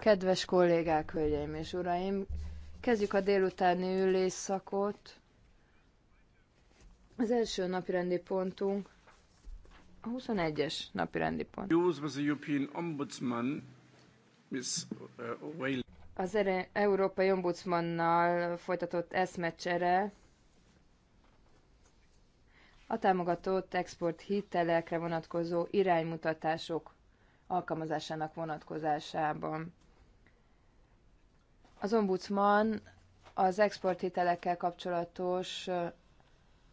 Kedves kollégák, hölgyeim és uraim, kezdjük a délutáni ülésszakot. Az első napirendi pontunk a 21-es napirendi pont. Uh, Az Európai Ombudsmannal folytatott eszmecsere a támogatott export hitelekre vonatkozó iránymutatások alkalmazásának vonatkozásában. Az ombudsman az exporthitelekkel kapcsolatos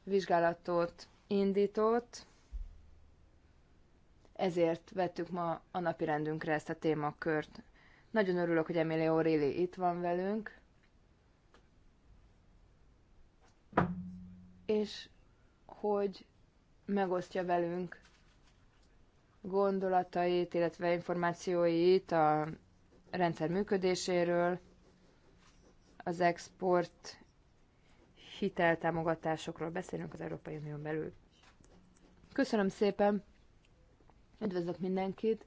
vizsgálatot indított, ezért vettük ma a napirendünkre ezt a témakört. Nagyon örülök, hogy Emilio Réli itt van velünk. És hogy megosztja velünk gondolatait, illetve információit a rendszer működéséről, az export hiteltámogatásokról beszélünk az Európai Unión belül. Köszönöm szépen! Üdvözlök mindenkit!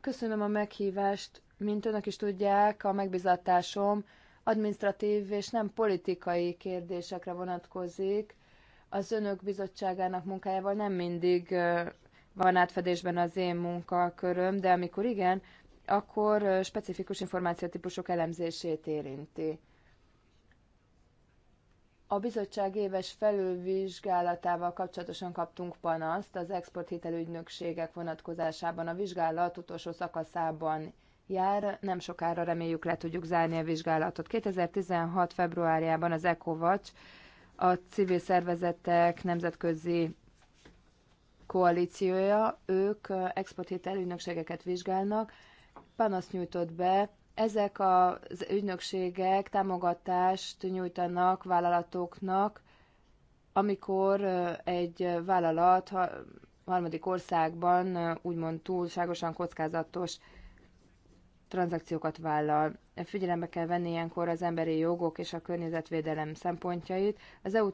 Köszönöm a meghívást. Mint önök is tudják, a megbizatásom administratív és nem politikai kérdésekre vonatkozik, az önök bizottságának munkájával nem mindig van átfedésben az én munkaköröm, de amikor igen, akkor specifikus információtípusok elemzését érinti. A bizottság éves felülvizsgálatával kapcsolatosan kaptunk panaszt az exporthitelügynökségek vonatkozásában. A vizsgálat utolsó szakaszában jár, nem sokára reméljük le tudjuk zárni a vizsgálatot. 2016. februárjában az ECOVACS a civil szervezetek nemzetközi koalíciója, ők exporthitel ügynökségeket vizsgálnak, panaszt nyújtott be, ezek az ügynökségek támogatást nyújtanak vállalatoknak, amikor egy vállalat harmadik országban úgymond túlságosan kockázatos tranzakciókat vállal. Figyelembe kell venni ilyenkor az emberi jogok és a környezetvédelem szempontjait. Az EU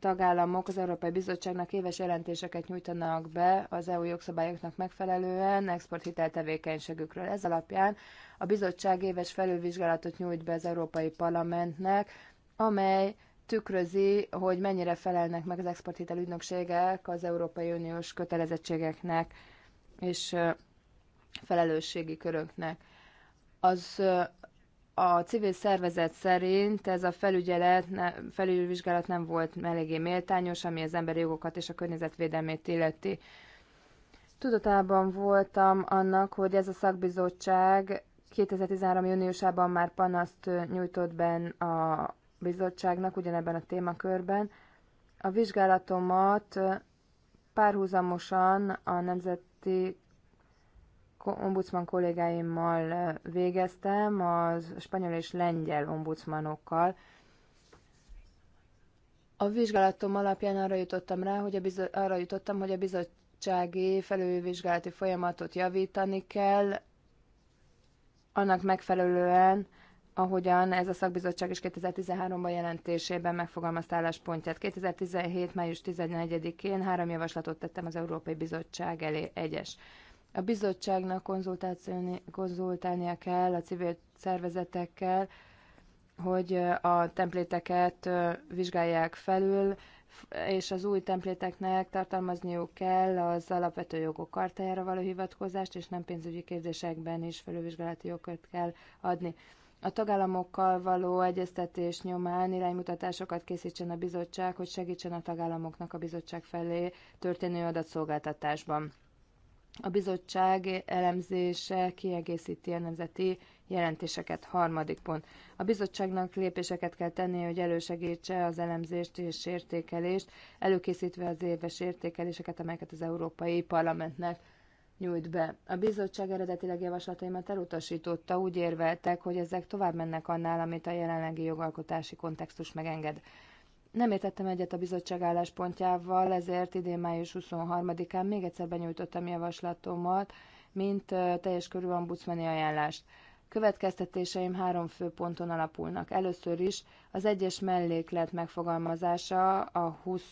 tagállamok az Európai Bizottságnak éves jelentéseket nyújtanak be az EU jogszabályoknak megfelelően exporthitel tevékenységükről. Ez alapján a bizottság éves felülvizsgálatot nyújt be az Európai Parlamentnek, amely tükrözi, hogy mennyire felelnek meg az exporthitel ügynökségek az Európai Uniós kötelezettségeknek és felelősségi köröknek. Az a civil szervezet szerint ez a felügyelet, felülvizsgálat nem volt eléggé méltányos, ami az emberi jogokat és a környezetvédelmét illeti. Tudatában voltam annak, hogy ez a szakbizottság 2013. júniusában már panaszt nyújtott benn a bizottságnak ugyanebben a témakörben. A vizsgálatomat párhuzamosan a Nemzeti ombudsman kollégáimmal végeztem, az spanyol és lengyel ombudsmanokkal. A vizsgálatom alapján arra jutottam rá, hogy a bizo- arra jutottam, hogy a bizottsági felülvizsgálati folyamatot javítani kell, annak megfelelően, ahogyan ez a szakbizottság is 2013-ban jelentésében megfogalmazta álláspontját. 2017. május 14-én három javaslatot tettem az Európai Bizottság elé egyes a bizottságnak konzultálnia kell a civil szervezetekkel, hogy a templéteket vizsgálják felül, és az új templéteknek tartalmazniuk kell az alapvető jogok kartájára való hivatkozást, és nem pénzügyi kérdésekben is felülvizsgálati jogot kell adni. A tagállamokkal való egyeztetés nyomán iránymutatásokat készítsen a bizottság, hogy segítsen a tagállamoknak a bizottság felé történő adatszolgáltatásban. A bizottság elemzése kiegészíti a nemzeti jelentéseket. Harmadik pont. A bizottságnak lépéseket kell tennie, hogy elősegítse az elemzést és értékelést, előkészítve az éves értékeléseket, amelyeket az Európai Parlamentnek nyújt be. A bizottság eredetileg javaslataimat elutasította, úgy érveltek, hogy ezek tovább mennek annál, amit a jelenlegi jogalkotási kontextus megenged. Nem értettem egyet a bizottság álláspontjával, ezért idén május 23-án még egyszer benyújtottam javaslatomat, mint teljes körű ombudsmani ajánlást. Következtetéseim három fő ponton alapulnak. Először is az egyes melléklet megfogalmazása a 20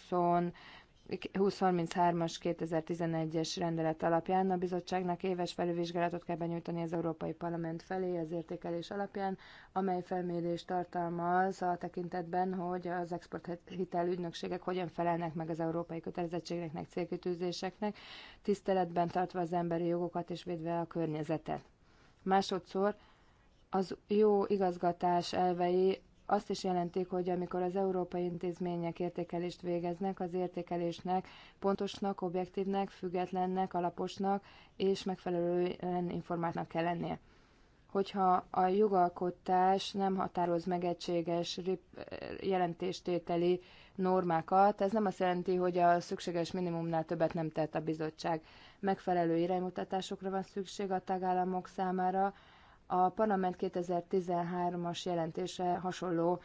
2033-as 2011-es rendelet alapján a bizottságnak éves felülvizsgálatot kell benyújtani az Európai Parlament felé az értékelés alapján, amely felmérés tartalmaz a tekintetben, hogy az exporthitel ügynökségek hogyan felelnek meg az európai kötelezettségeknek, célkitűzéseknek, tiszteletben tartva az emberi jogokat és védve a környezetet. Másodszor az jó igazgatás elvei azt is jelentik, hogy amikor az európai intézmények értékelést végeznek, az értékelésnek pontosnak, objektívnek, függetlennek, alaposnak és megfelelően informáltnak kell lennie. Hogyha a jogalkotás nem határoz meg egységes jelentéstételi normákat, ez nem azt jelenti, hogy a szükséges minimumnál többet nem tett a bizottság. Megfelelő iránymutatásokra van szükség a tagállamok számára, a parlament 2013-as jelentése hasonló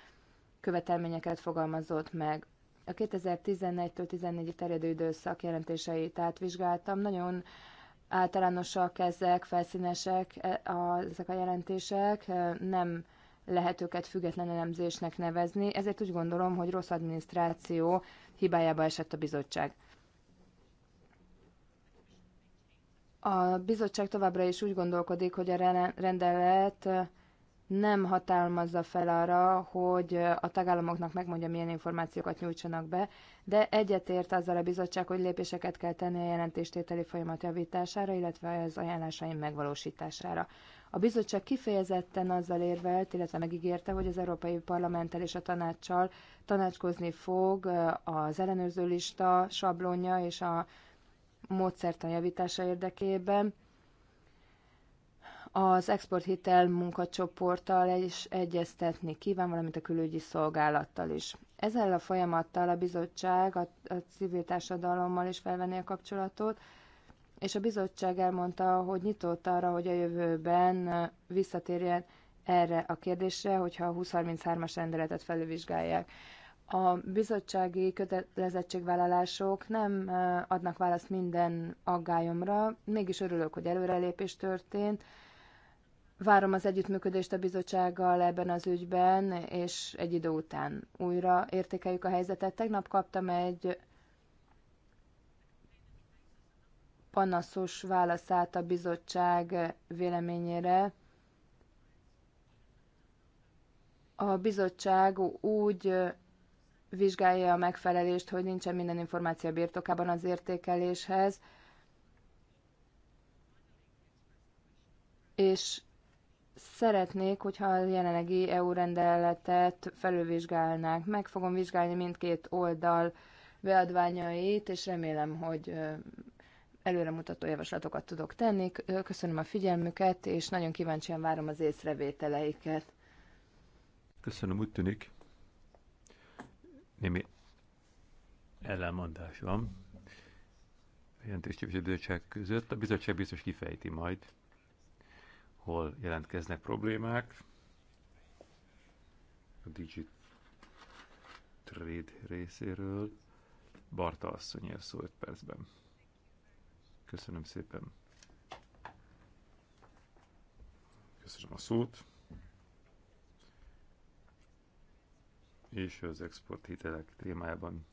követelményeket fogalmazott meg. A 2014-től 14 terjedő időszak jelentéseit átvizsgáltam. Nagyon általánosak ezek, felszínesek e, a, ezek a jelentések, e, nem lehet őket független elemzésnek nevezni, ezért úgy gondolom, hogy rossz adminisztráció hibájába esett a bizottság. A bizottság továbbra is úgy gondolkodik, hogy a rendelet nem hatalmazza fel arra, hogy a tagállamoknak megmondja, milyen információkat nyújtsanak be, de egyetért azzal a bizottság, hogy lépéseket kell tenni a jelentéstételi folyamat javítására, illetve az ajánlásaim megvalósítására. A bizottság kifejezetten azzal érvelt, illetve megígérte, hogy az Európai Parlamenttel és a tanácssal tanácskozni fog az ellenőrző lista sablonja és a módszertan javítása érdekében az exporthitel munkacsoporttal is egyeztetni kíván, valamint a külügyi szolgálattal is. Ezzel a folyamattal a bizottság a, a civil társadalommal is felvenné a kapcsolatot, és a bizottság elmondta, hogy nyitott arra, hogy a jövőben visszatérjen erre a kérdésre, hogyha a 2033-as rendeletet felülvizsgálják a bizottsági kötelezettségvállalások nem adnak választ minden aggályomra, mégis örülök, hogy előrelépés történt. Várom az együttműködést a bizottsággal ebben az ügyben, és egy idő után újra értékeljük a helyzetet. Tegnap kaptam egy panaszos válaszát a bizottság véleményére. A bizottság úgy vizsgálja a megfelelést, hogy nincsen minden információ birtokában az értékeléshez, és szeretnék, hogyha a jelenlegi EU rendeletet felülvizsgálnák. Meg fogom vizsgálni mindkét oldal beadványait, és remélem, hogy előremutató javaslatokat tudok tenni. Köszönöm a figyelmüket, és nagyon kíváncsian várom az észrevételeiket. Köszönöm, úgy tűnik, némi ellenmondás van a jelentéstépző bizottság között. A bizottság biztos kifejti majd, hol jelentkeznek problémák. A Digit Trade részéről Barta asszony szó 5 percben. Köszönöm szépen. Köszönöm a szót. és az exporthitelek témájában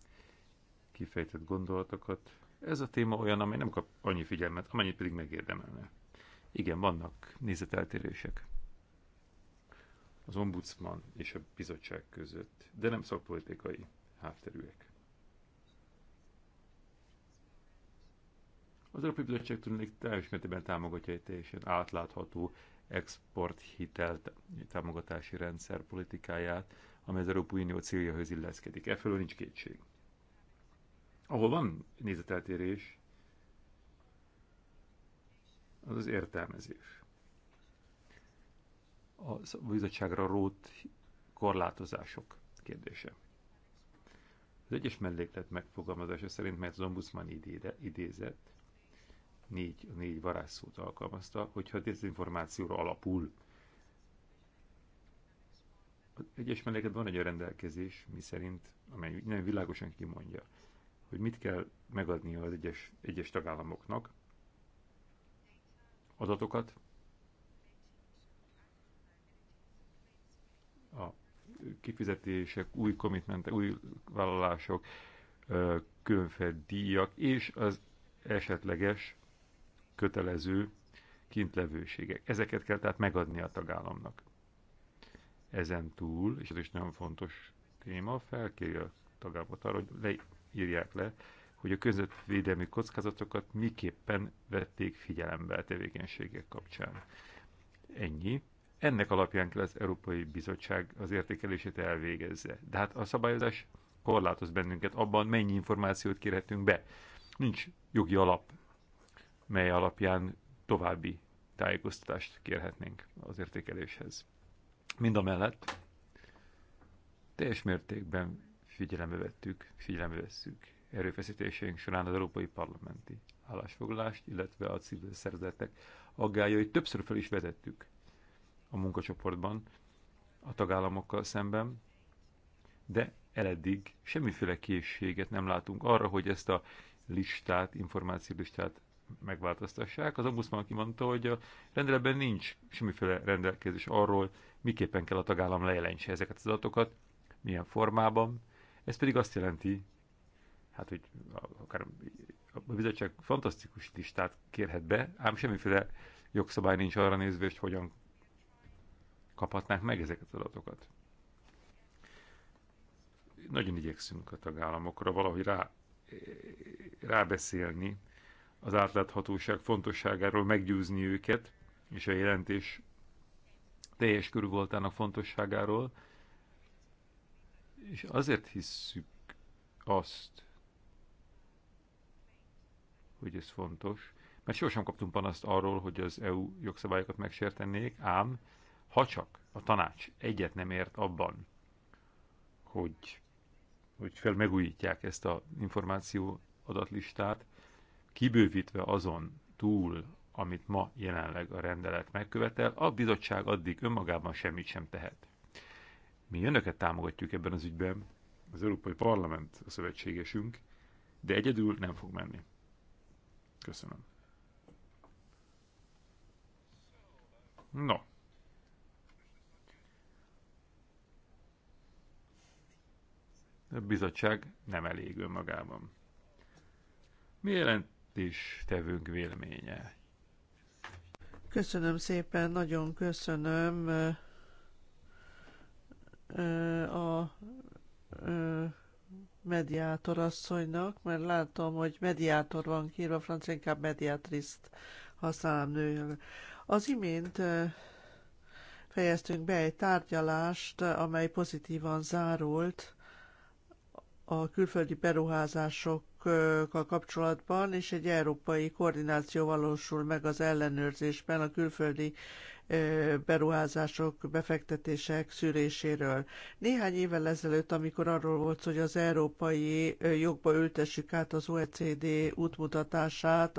kifejtett gondolatokat. Ez a téma olyan, amely nem kap annyi figyelmet, amennyit pedig megérdemelne. Igen, vannak nézeteltérések az ombudsman és a bizottság között, de nem szakpolitikai hátterűek. Az Európai Bizottság tűnik teljes mértékben támogatja egy teljesen átlátható export hitel támogatási rendszer politikáját, amely az Európai Unió céljahoz illeszkedik. Efelől nincs kétség. Ahol van nézeteltérés, az az értelmezés. A bizottságra rót korlátozások kérdése. Az egyes melléklet megfogalmazása szerint, mert az ombudsman idézett, négy, négy varázsszót alkalmazta, hogyha dezinformációra alapul egyes melléket van egy rendelkezés, mi szerint, amely nem világosan kimondja, hogy mit kell megadnia az egyes, egyes tagállamoknak, adatokat, a kifizetések, új kommitmentek, új vállalások, különféle díjak, és az esetleges kötelező kintlevőségek. Ezeket kell tehát megadni a tagállamnak. Ezen túl, és ez is nagyon fontos téma, felkéri a tagállamot arra, hogy leírják le, hogy a közvetvédelmi kockázatokat miképpen vették figyelembe a tevékenységek kapcsán. Ennyi. Ennek alapján kell az Európai Bizottság az értékelését elvégezze. De hát a szabályozás korlátoz bennünket abban, mennyi információt kérhetünk be. Nincs jogi alap, mely alapján további tájékoztatást kérhetnénk az értékeléshez. Mind a mellett teljes mértékben figyelembe vettük, figyelembe vesszük erőfeszítéseink során az Európai Parlamenti állásfoglalást, illetve a civil szervezetek aggályait többször fel is vetettük a munkacsoportban a tagállamokkal szemben, de eleddig semmiféle készséget nem látunk arra, hogy ezt a listát, információlistát megváltoztassák. Az ombudsman kimondta, hogy a rendeletben nincs semmiféle rendelkezés arról, miképpen kell a tagállam lejelentse ezeket az adatokat, milyen formában. Ez pedig azt jelenti, hát hogy akár a bizottság fantasztikus listát kérhet be, ám semmiféle jogszabály nincs arra nézve, hogy hogyan kaphatnák meg ezeket az adatokat. Nagyon igyekszünk a tagállamokra valahogy rá, rábeszélni az átláthatóság fontosságáról, meggyőzni őket, és a jelentés teljes körű voltának fontosságáról, és azért hisszük azt, hogy ez fontos, mert sosem kaptunk panaszt arról, hogy az EU jogszabályokat megsértenék, ám ha csak a tanács egyet nem ért abban, hogy, hogy fel megújítják ezt a információ adatlistát, kibővítve azon túl, amit ma jelenleg a rendelet megkövetel, a bizottság addig önmagában semmit sem tehet. Mi önöket támogatjuk ebben az ügyben, az Európai Parlament a szövetségesünk, de egyedül nem fog menni. Köszönöm. No. A bizottság nem elég önmagában. Mi jelentés tevünk véleménye? Köszönöm szépen, nagyon köszönöm a mediátor asszonynak, mert látom, hogy mediátor van kírva, francia inkább mediátriszt használom nőjön. Az imént fejeztünk be egy tárgyalást, amely pozitívan zárult a külföldi beruházásokkal kapcsolatban, és egy európai koordináció valósul meg az ellenőrzésben a külföldi beruházások, befektetések szűréséről. Néhány évvel ezelőtt, amikor arról volt, hogy az európai jogba ültessük át az OECD útmutatását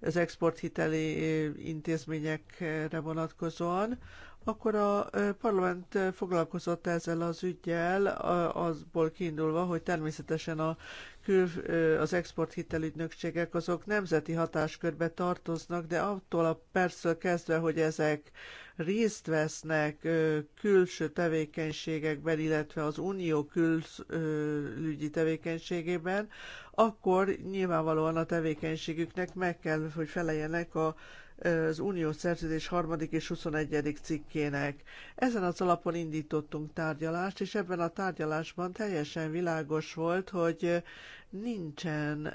az exporthiteli intézményekre vonatkozóan, akkor a parlament foglalkozott ezzel az ügyjel, azból kiindulva, hogy természetesen a kül, az exporthitelügynökségek azok nemzeti hatáskörbe tartoznak, de attól a perszől kezdve, hogy ezek részt vesznek külső tevékenységekben, illetve az unió külügyi tevékenységében, akkor nyilvánvalóan a tevékenységüknek meg kell, hogy feleljenek a az Unió szerződés harmadik és 21. cikkének. Ezen az alapon indítottunk tárgyalást, és ebben a tárgyalásban teljesen világos volt, hogy nincsen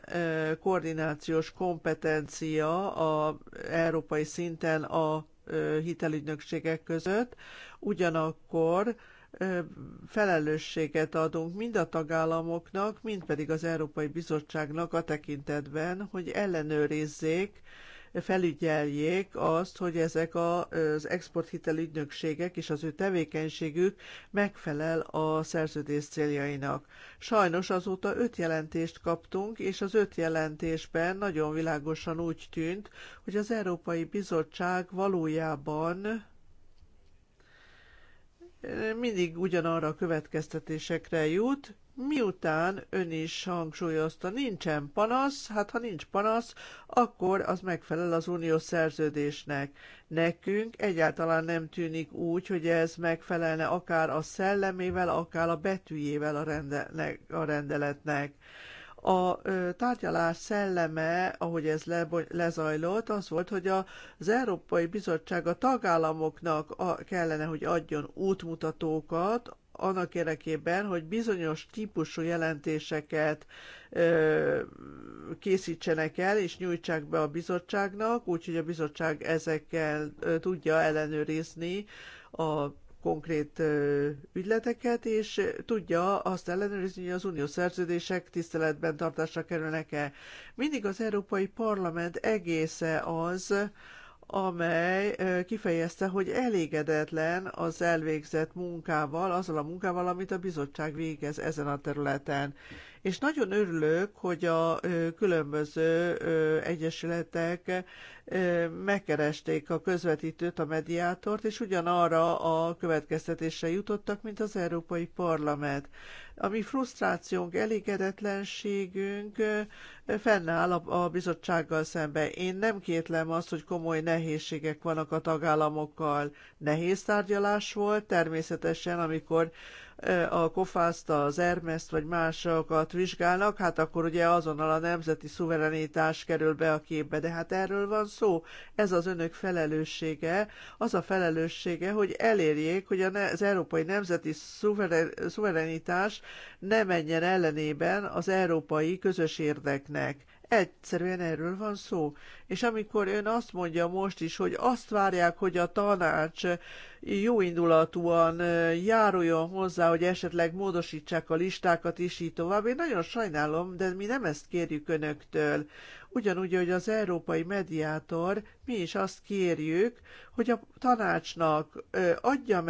koordinációs kompetencia a európai szinten a hitelügynökségek között, ugyanakkor felelősséget adunk mind a tagállamoknak, mind pedig az Európai Bizottságnak a tekintetben, hogy ellenőrizzék, felügyeljék azt, hogy ezek az exporthitel ügynökségek és az ő tevékenységük megfelel a szerződés céljainak. Sajnos azóta öt jelentést kaptunk, és az öt jelentésben nagyon világosan úgy tűnt, hogy az Európai Bizottság valójában eh, mindig ugyanarra a következtetésekre jut, miután ön is hangsúlyozta, nincsen panasz, hát ha nincs panasz, akkor az megfelel az uniós szerződésnek. Nekünk egyáltalán nem tűnik úgy, hogy ez megfelelne akár a szellemével, akár a betűjével a, rende- a rendeletnek. A tárgyalás szelleme, ahogy ez lezajlott, az volt, hogy az Európai Bizottság a tagállamoknak kellene, hogy adjon útmutatókat annak érdekében, hogy bizonyos típusú jelentéseket ö, készítsenek el és nyújtsák be a bizottságnak, úgyhogy a bizottság ezekkel ö, tudja ellenőrizni a konkrét ügyleteket, és tudja azt ellenőrizni, hogy az unió szerződések tiszteletben tartásra kerülnek-e. Mindig az Európai Parlament egésze az, amely kifejezte, hogy elégedetlen az elvégzett munkával, azzal a munkával, amit a bizottság végez ezen a területen. És nagyon örülök, hogy a különböző egyesületek megkeresték a közvetítőt, a mediátort, és ugyanarra a következtetésre jutottak, mint az Európai Parlament. A mi frusztrációnk, elégedetlenségünk fennáll a bizottsággal szemben. Én nem kétlem azt, hogy komoly nehézségek vannak a tagállamokkal. Nehéz tárgyalás volt, természetesen, amikor a kofászt, az ermeszt vagy másokat vizsgálnak, hát akkor ugye azonnal a nemzeti szuverenitás kerül be a képbe, de hát erről van szó szó. Ez az önök felelőssége, az a felelőssége, hogy elérjék, hogy az európai nemzeti szuverenitás ne menjen ellenében az európai közös érdeknek. Egyszerűen erről van szó. És amikor ön azt mondja most is, hogy azt várják, hogy a tanács jóindulatúan járuljon hozzá, hogy esetleg módosítsák a listákat is így tovább, én nagyon sajnálom, de mi nem ezt kérjük önöktől. Ugyanúgy, hogy az európai mediátor, mi is azt kérjük, hogy a tanácsnak adja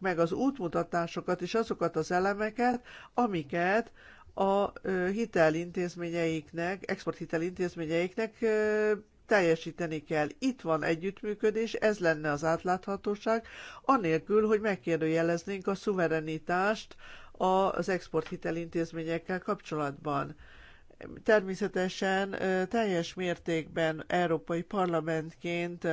meg az útmutatásokat és azokat az elemeket, amiket a hitelintézményeiknek, exporthitelintézményeiknek teljesíteni kell. Itt van együttműködés, ez lenne az átláthatóság, anélkül, hogy megkérdőjeleznénk a szuverenitást az exporthitelintézményekkel kapcsolatban természetesen teljes mértékben európai parlamentként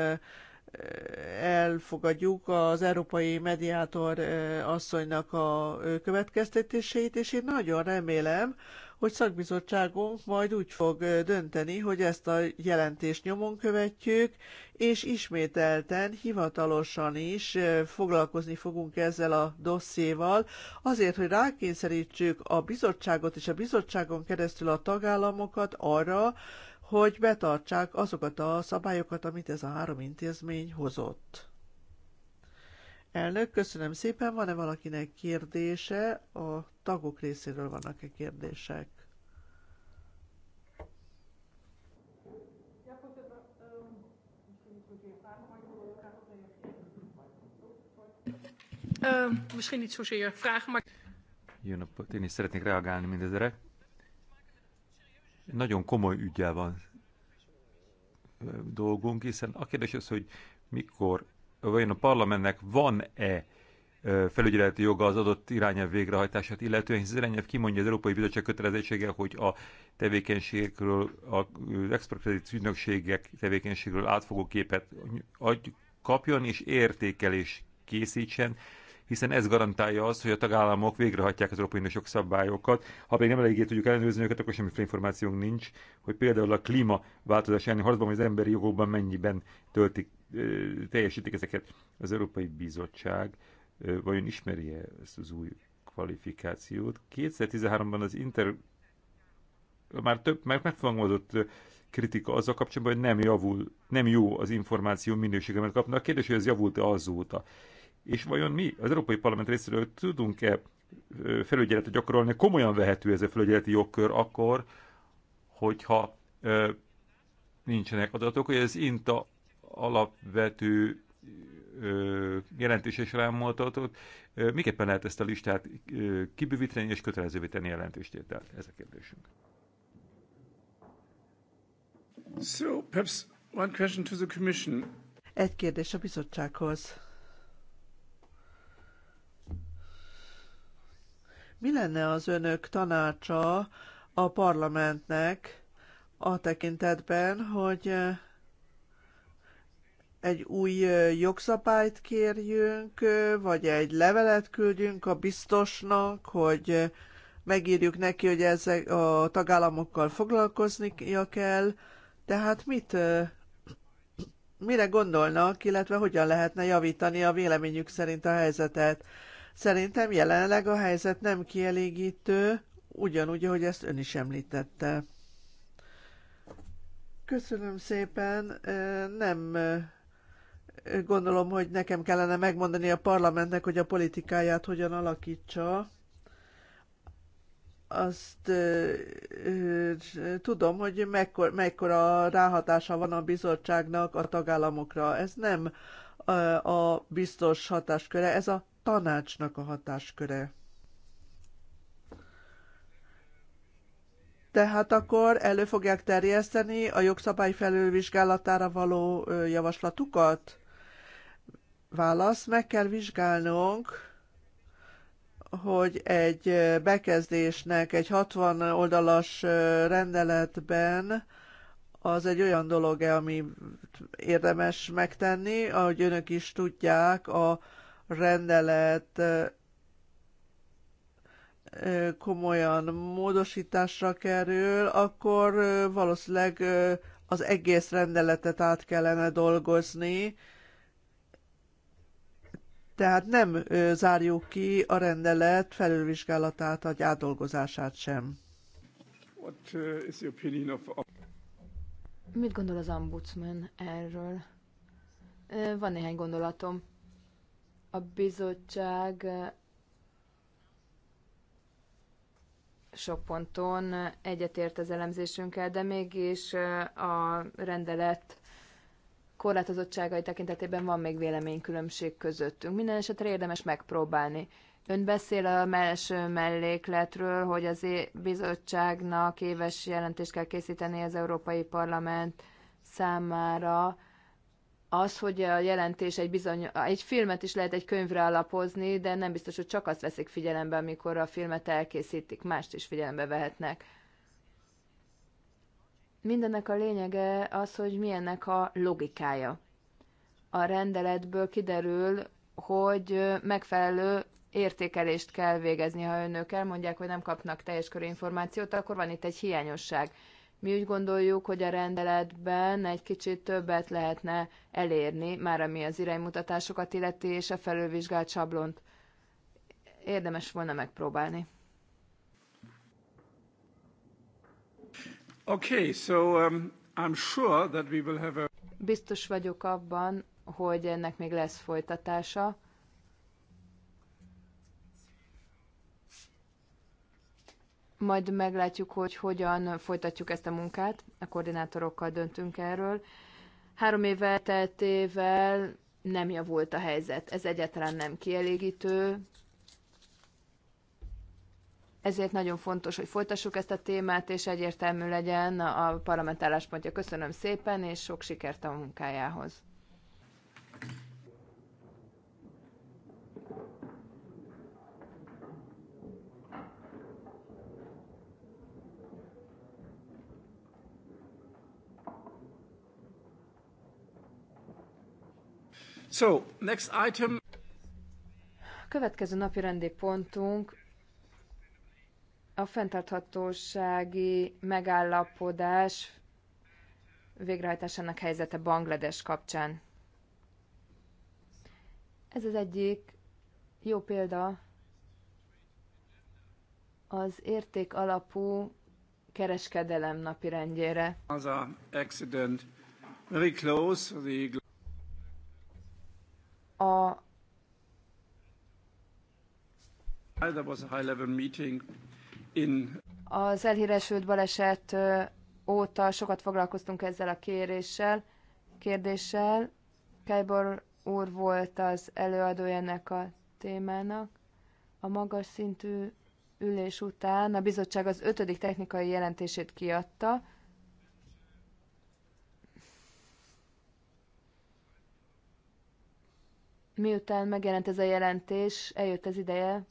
elfogadjuk az európai mediátor asszonynak a következtetéseit, és én nagyon remélem, hogy szakbizottságunk majd úgy fog dönteni, hogy ezt a jelentést nyomon követjük, és ismételten, hivatalosan is foglalkozni fogunk ezzel a dosszéval, azért, hogy rákényszerítsük a bizottságot és a bizottságon keresztül a tagállamokat arra, hogy betartsák azokat a szabályokat, amit ez a három intézmény hozott. Elnök, köszönöm szépen. Van-e valakinek kérdése? A tagok részéről vannak-e kérdések? Jó napot, én is szeretnék reagálni mindezre. Nagyon komoly ügyel van dolgunk, hiszen a kérdés az, hogy mikor vajon a parlamentnek van-e felügyeleti joga az adott irányelv végrehajtását, illetően hisz az irányelv kimondja az Európai Bizottság kötelezettsége, hogy a tevékenységekről, az exportkredit ügynökségek tevékenységről átfogó képet kapjon és értékelés készítsen, hiszen ez garantálja azt, hogy a tagállamok végrehajtják az Európai Uniósok szabályokat. Ha még nem eléggé tudjuk ellenőrizni őket, akkor semmiféle információnk nincs, hogy például a klímaváltozás elleni harcban, vagy az emberi jogokban mennyiben töltik teljesítik ezeket. Az Európai Bizottság vajon ismeri -e ezt az új kvalifikációt? 2013-ban az Inter már több, már megfogalmazott kritika azzal kapcsolatban, hogy nem javul, nem jó az információ minősége, mert kapnak. A kérdés, hogy ez javult-e azóta. És vajon mi az Európai Parlament részéről tudunk-e felügyeletet gyakorolni? Komolyan vehető ez a felügyeleti jogkör akkor, hogyha ö, nincsenek adatok, hogy az INTA alapvető jelentés is rámutatott. Miképpen lehet ezt a listát kibővíteni és kötelezővé tenni jelentéstételt? Ez a kérdésünk. So, perhaps one question to the commission. Egy kérdés a bizottsághoz. Mi lenne az önök tanácsa a parlamentnek a tekintetben, hogy egy új jogszabályt kérjünk, vagy egy levelet küldjünk a biztosnak, hogy megírjuk neki, hogy ezek a tagállamokkal foglalkoznia kell. Tehát mit, mire gondolnak, illetve hogyan lehetne javítani a véleményük szerint a helyzetet? Szerintem jelenleg a helyzet nem kielégítő, ugyanúgy, ahogy ezt ön is említette. Köszönöm szépen, nem gondolom, hogy nekem kellene megmondani a parlamentnek, hogy a politikáját hogyan alakítsa. Azt ö, ö, tudom, hogy mekkor, mekkora ráhatása van a bizottságnak a tagállamokra. Ez nem a, a biztos hatásköre, ez a tanácsnak a hatásköre. Tehát akkor elő fogják terjeszteni a jogszabály felülvizsgálatára való javaslatukat? Válasz, meg kell vizsgálnunk, hogy egy bekezdésnek egy 60 oldalas rendeletben az egy olyan dolog-e, ami érdemes megtenni, ahogy önök is tudják, a rendelet komolyan módosításra kerül, akkor valószínűleg az egész rendeletet át kellene dolgozni, tehát nem zárjuk ki a rendelet felülvizsgálatát, vagy átdolgozását sem. What is your opinion of... Mit gondol az ombudsman erről? Van néhány gondolatom. A bizottság sok ponton egyetért az elemzésünkkel, de mégis a rendelet korlátozottságai tekintetében van még véleménykülönbség közöttünk. Minden esetre érdemes megpróbálni. Ön beszél a első mellékletről, hogy az bizottságnak éves jelentést kell készíteni az Európai Parlament számára. Az, hogy a jelentés egy bizony, egy filmet is lehet egy könyvre alapozni, de nem biztos, hogy csak azt veszik figyelembe, amikor a filmet elkészítik, mást is figyelembe vehetnek Mindennek a lényege az, hogy milyennek a logikája. A rendeletből kiderül, hogy megfelelő értékelést kell végezni, ha önök elmondják, hogy nem kapnak teljes körű információt, akkor van itt egy hiányosság. Mi úgy gondoljuk, hogy a rendeletben egy kicsit többet lehetne elérni, már ami az iránymutatásokat illeti, és a felülvizsgált sablont érdemes volna megpróbálni. Okay, so um, I'm sure that we will have a... Biztos vagyok abban, hogy ennek még lesz folytatása. Majd meglátjuk, hogy hogyan folytatjuk ezt a munkát. A koordinátorokkal döntünk erről. Három év teltével nem javult a helyzet. Ez egyáltalán nem kielégítő. Ezért nagyon fontos, hogy folytassuk ezt a témát, és egyértelmű legyen a parlament álláspontja. Köszönöm szépen, és sok sikert a munkájához. So, next item. Következő napi rendi pontunk a fenntarthatósági megállapodás végrehajtásának helyzete Banglades kapcsán. Ez az egyik jó példa az érték alapú kereskedelem napirendjére. Az a accident very close the... A There was a high level meeting az elhíresült baleset óta sokat foglalkoztunk ezzel a kéréssel, kérdéssel. Kejbor úr volt az előadó ennek a témának. A magas szintű ülés után a bizottság az ötödik technikai jelentését kiadta. Miután megjelent ez a jelentés, eljött az ideje,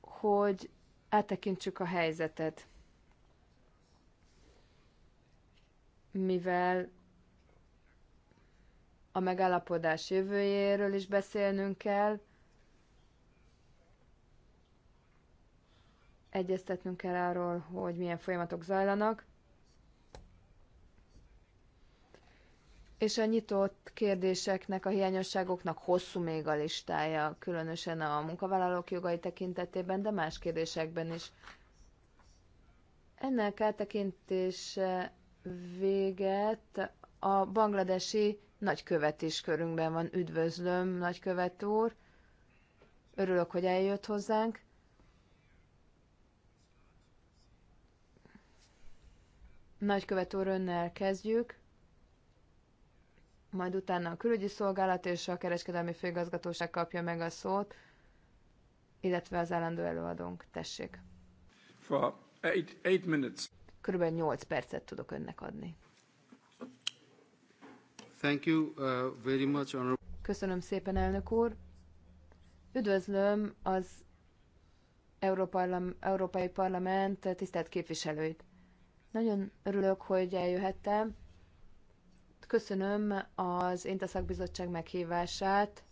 hogy áttekintsük a helyzetet. Mivel a megállapodás jövőjéről is beszélnünk kell, egyeztetnünk kell arról, hogy milyen folyamatok zajlanak, és a nyitott kérdéseknek, a hiányosságoknak hosszú még a listája, különösen a munkavállalók jogai tekintetében, de más kérdésekben is. Ennek áttekintés véget a bangladesi nagykövet is körünkben van. Üdvözlöm, nagykövet úr! Örülök, hogy eljött hozzánk. Nagykövet úr, önnel kezdjük majd utána a külügyi szolgálat és a kereskedelmi főigazgatóság kapja meg a szót, illetve az állandó előadónk. Tessék. For eight, eight minutes. Körülbelül 8 percet tudok önnek adni. Thank you, uh, very much, Köszönöm szépen, elnök úr. Üdvözlöm az Európarlam, Európai Parlament tisztelt képviselőit. Nagyon örülök, hogy eljöhettem Köszönöm az Intaszakbizottság meghívását.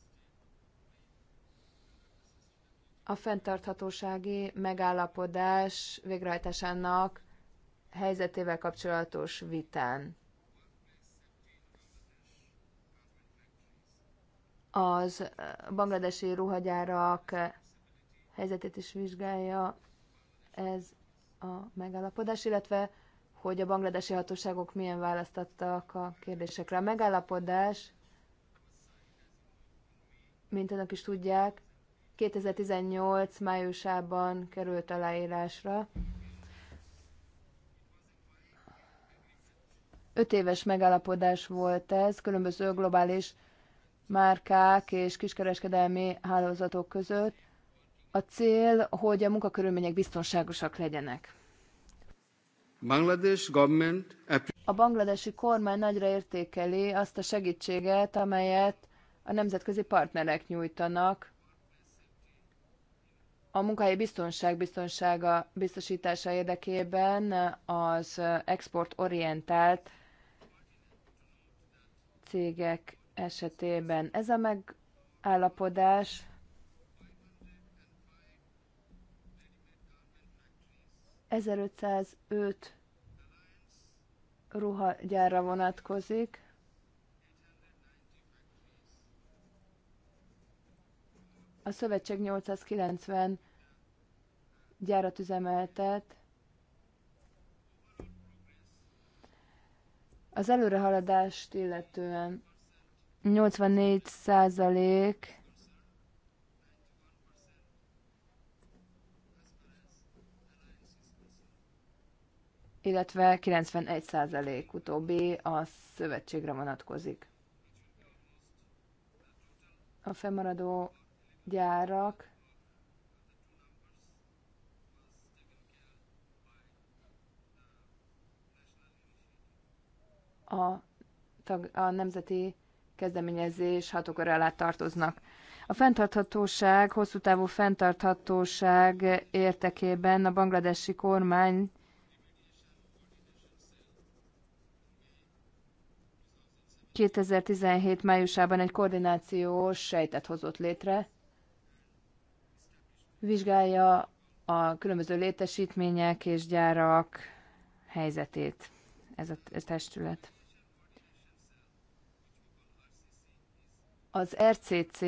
A fenntarthatósági megállapodás végrehajtásának helyzetével kapcsolatos vitán. Az bangladesi ruhagyárak helyzetét is vizsgálja ez a megállapodás, illetve hogy a bangladesi hatóságok milyen választ adtak a kérdésekre. A megállapodás, mint önök is tudják, 2018 májusában került aláírásra. Öt éves megállapodás volt ez, különböző globális márkák és kiskereskedelmi hálózatok között. A cél, hogy a munkakörülmények biztonságosak legyenek. A bangladesi kormány nagyra értékeli azt a segítséget, amelyet a nemzetközi partnerek nyújtanak a munkahelyi biztonság biztonsága biztosítása érdekében az exportorientált cégek esetében. Ez a megállapodás 1505 ruhagyárra vonatkozik. A szövetség 890 gyárat üzemeltet. Az előrehaladást illetően 84 százalék illetve 91% utóbbi a szövetségre vonatkozik. A fennmaradó gyárak a, tag, a nemzeti kezdeményezés hatókor alá tartoznak. A fenntarthatóság, hosszú távú fenntarthatóság értekében a bangladesi kormány 2017 májusában egy koordinációs sejtet hozott létre, vizsgálja a különböző létesítmények és gyárak helyzetét ez a testület. Az RCC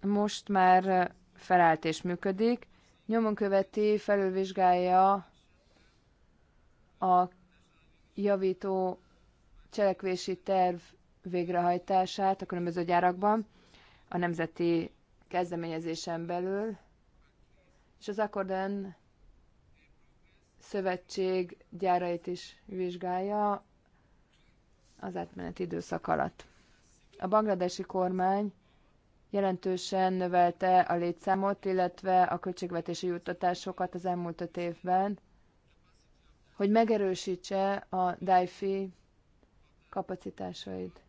most már felállt és működik, nyomon követi, felülvizsgálja a javító cselekvési terv végrehajtását a különböző gyárakban a nemzeti kezdeményezésen belül, és az Akkorden Szövetség gyárait is vizsgálja az átmeneti időszak alatt. A bangladesi kormány jelentősen növelte a létszámot, illetve a költségvetési juttatásokat az elmúlt öt évben, hogy megerősítse a DAIFI kapacitásaid.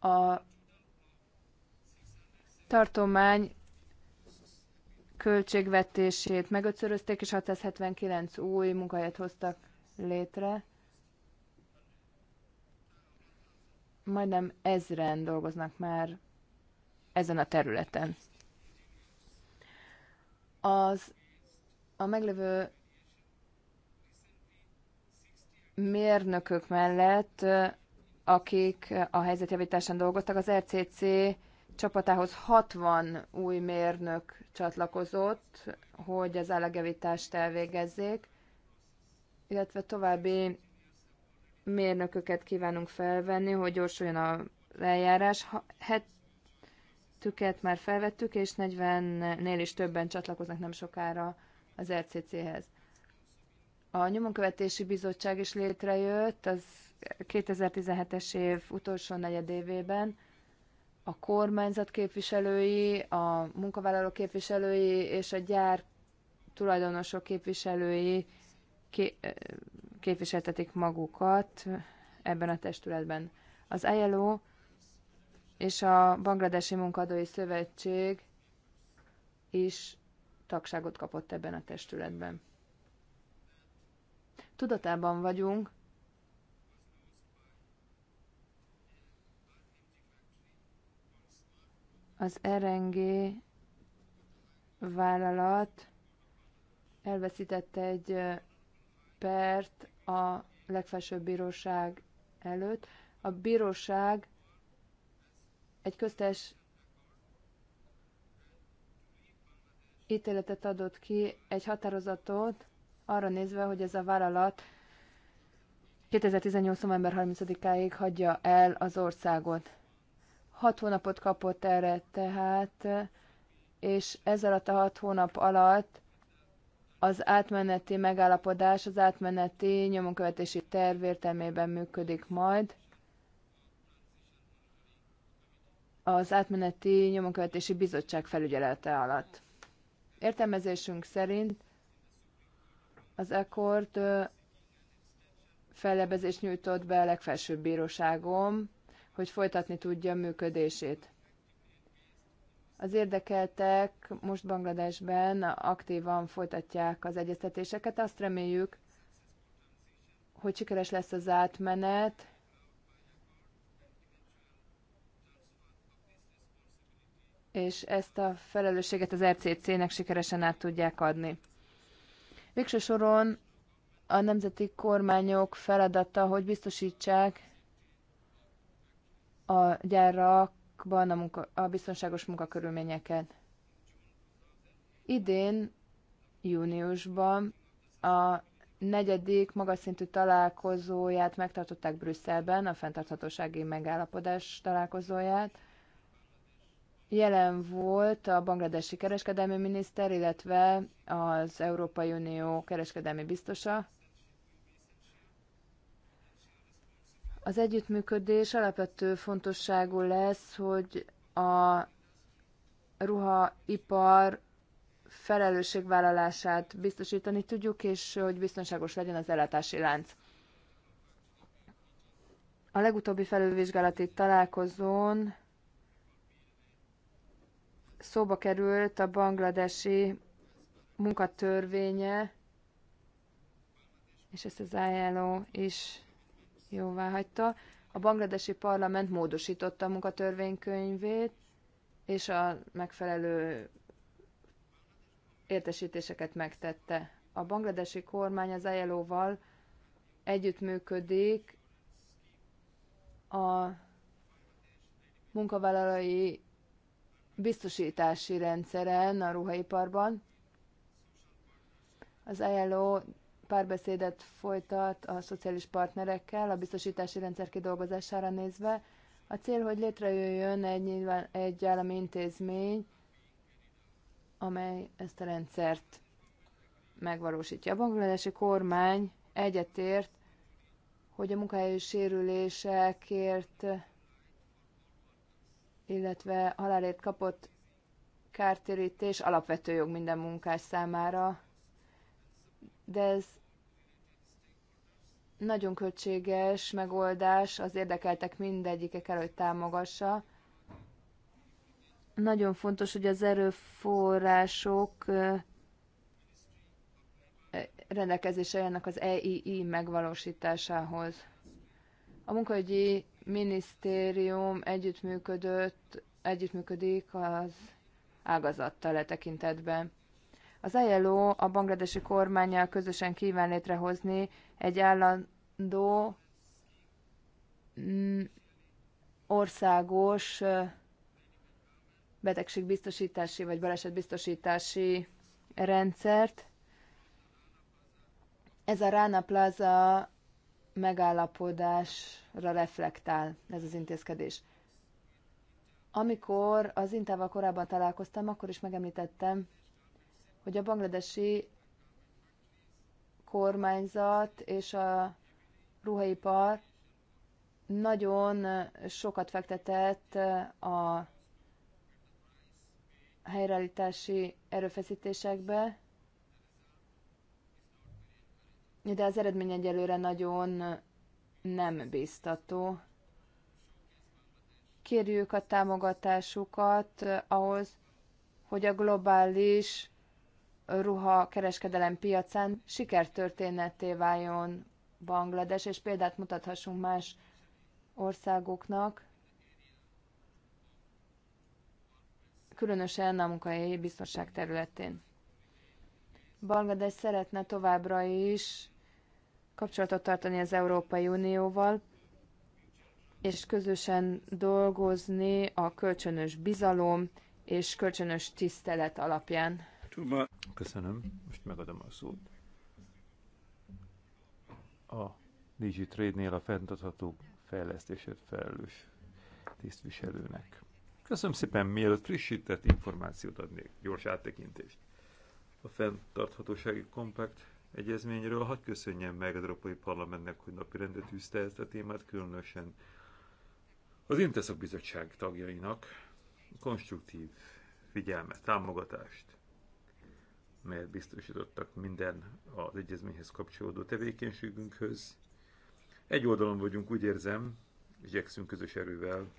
A tartomány költségvetését megötszörözték, és 679 új munkahelyet hoztak létre. Majdnem ezren dolgoznak már ezen a területen. Az a meglevő mérnökök mellett, akik a helyzetjavításán dolgoztak, az RCC csapatához 60 új mérnök csatlakozott, hogy az állagjavítást elvégezzék, illetve további mérnököket kívánunk felvenni, hogy gyorsuljon a eljárás. Hetüket már felvettük, és 40-nél is többen csatlakoznak nem sokára az RCC-hez. A Nyomonkövetési Bizottság is létrejött az 2017-es év utolsó negyedévében. A kormányzat képviselői, a munkavállalók képviselői és a gyár tulajdonosok képviselői képviseltetik magukat ebben a testületben. Az ILO és a Bangladesi Munkadói Szövetség is tagságot kapott ebben a testületben. Tudatában vagyunk, az RNG vállalat elveszítette egy pert a legfelsőbb bíróság előtt. A bíróság egy köztes ítéletet adott ki, egy határozatot, arra nézve, hogy ez a vállalat 2018. november 30-áig hagyja el az országot. Hat hónapot kapott erre tehát, és ez alatt a hat hónap alatt az átmeneti megállapodás, az átmeneti nyomonkövetési terv értelmében működik majd. Az átmeneti nyomonkövetési bizottság felügyelete alatt. Értelmezésünk szerint az ekkort fellebezést nyújtott be a legfelsőbb bíróságom, hogy folytatni tudja működését. Az érdekeltek most Bangladesben aktívan folytatják az egyeztetéseket. Azt reméljük, hogy sikeres lesz az átmenet, és ezt a felelősséget az RCC-nek sikeresen át tudják adni. Végső soron a nemzeti kormányok feladata, hogy biztosítsák a gyárakban a, munka, a biztonságos munkakörülményeket. Idén, júniusban a negyedik magas szintű találkozóját megtartották Brüsszelben, a fenntarthatósági megállapodás találkozóját jelen volt a bangladesi kereskedelmi miniszter, illetve az Európai Unió kereskedelmi biztosa. Az együttműködés alapvető fontosságú lesz, hogy a ruhaipar felelősségvállalását biztosítani tudjuk, és hogy biztonságos legyen az ellátási lánc. A legutóbbi felülvizsgálati találkozón szóba került a bangladesi munkatörvénye, és ezt az ajánló is jóvá hagyta. A bangladesi parlament módosította a munkatörvénykönyvét, és a megfelelő értesítéseket megtette. A bangladesi kormány az ajánlóval együttműködik a munkavállalói biztosítási rendszeren a ruhaiparban. Az ILO párbeszédet folytat a szociális partnerekkel a biztosítási rendszer kidolgozására nézve. A cél, hogy létrejöjjön egy, nyilván, egy állami intézmény, amely ezt a rendszert megvalósítja. A bangladesi kormány egyetért, hogy a munkahelyi sérülésekért illetve halálért kapott kártérítés alapvető jog minden munkás számára, de ez nagyon költséges megoldás, az érdekeltek mindegyike kell, hogy támogassa. Nagyon fontos, hogy az erőforrások rendelkezésre jönnek az EII megvalósításához. A munkaügyi minisztérium együttműködött, együttműködik az ágazattal e tekintetben. Az ILO a bangladesi kormányjal közösen kíván létrehozni egy állandó mm, országos betegségbiztosítási vagy balesetbiztosítási rendszert. Ez a Rana Plaza megállapodásra reflektál ez az intézkedés. Amikor az Intával korábban találkoztam, akkor is megemlítettem, hogy a bangladesi kormányzat és a ruhaipar nagyon sokat fektetett a helyreállítási erőfeszítésekbe, de az eredmény egyelőre nagyon nem biztató. Kérjük a támogatásukat ahhoz, hogy a globális ruha kereskedelem piacán sikertörténetté váljon Banglades, és példát mutathassunk más országoknak, különösen a munkahelyi biztonság területén. Banglades szeretne továbbra is kapcsolatot tartani az Európai Unióval, és közösen dolgozni a kölcsönös bizalom és kölcsönös tisztelet alapján. Köszönöm, most megadom a szót. A DigiTrade-nél a fenntartható fejlesztésért felelős tisztviselőnek. Köszönöm szépen, mielőtt frissített információt adnék, gyors áttekintést. A fenntarthatósági kompakt egyezményről. Hadd köszönjem meg az Európai Parlamentnek, hogy napirendre tűzte ezt a témát, különösen az Inteszak Bizottság tagjainak konstruktív figyelmet, támogatást, melyet biztosítottak minden az egyezményhez kapcsolódó tevékenységünkhöz. Egy oldalon vagyunk, úgy érzem, igyekszünk közös erővel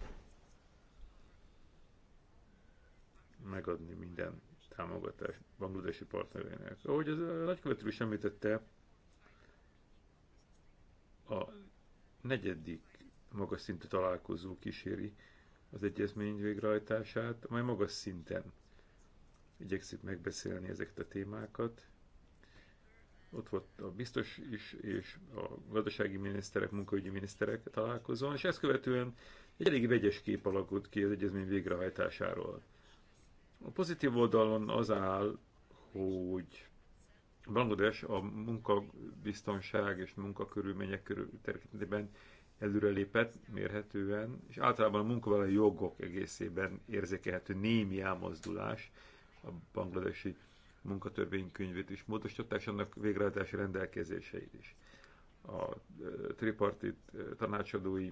megadni minden támogatás bangladesi partnerének. Ahogy az nagykövető is említette, a negyedik magas szintű találkozó kíséri az egyezmény végrehajtását, majd magas szinten igyekszik megbeszélni ezeket a témákat. Ott volt a biztos is, és a gazdasági miniszterek, munkaügyi miniszterek találkozón, és ezt követően egy elég vegyes kép alakult ki az egyezmény végrehajtásáról. A pozitív oldalon az áll, hogy Bangladesh a munkabiztonság és munkakörülmények tekintetében előrelépett mérhetően, és általában a munkavállalói jogok egészében érzékelhető némi elmozdulás. A bangladesi munkatörvénykönyvét is módosították, és annak végrehajtási rendelkezéseit is. A tripartit tanácsadói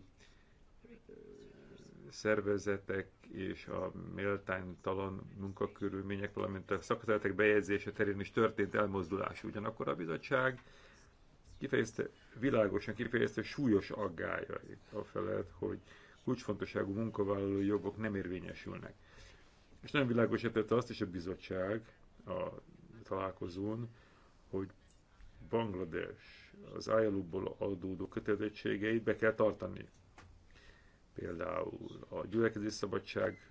szervezetek és a méltánytalan munkakörülmények, valamint a szakterületek bejegyzése terén is történt elmozdulás. Ugyanakkor a bizottság kifejezte, világosan kifejezte súlyos aggályait a felett, hogy kulcsfontosságú munkavállalói jogok nem érvényesülnek. És nem világosította azt is a bizottság a találkozón, hogy Banglades az ILO-ból adódó kötelezettségeit be kell tartani például a gyülekezés szabadság,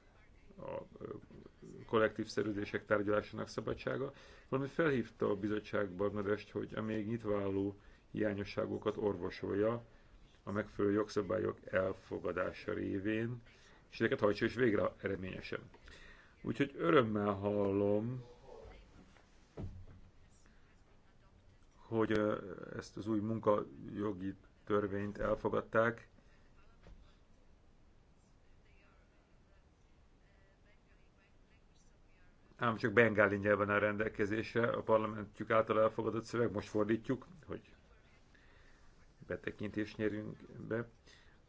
a kollektív szerződések tárgyalásának szabadsága, valamint felhívta a bizottság Barnadest, hogy a még nyitváló hiányosságokat orvosolja a megfelelő jogszabályok elfogadása révén, és ezeket hajtsa is végre eredményesen. Úgyhogy örömmel hallom, hogy ezt az új munkajogi törvényt elfogadták, ám csak bengáli nyelven áll rendelkezésre a parlamentjük által elfogadott szöveg, most fordítjuk, hogy betekintést nyerünk be.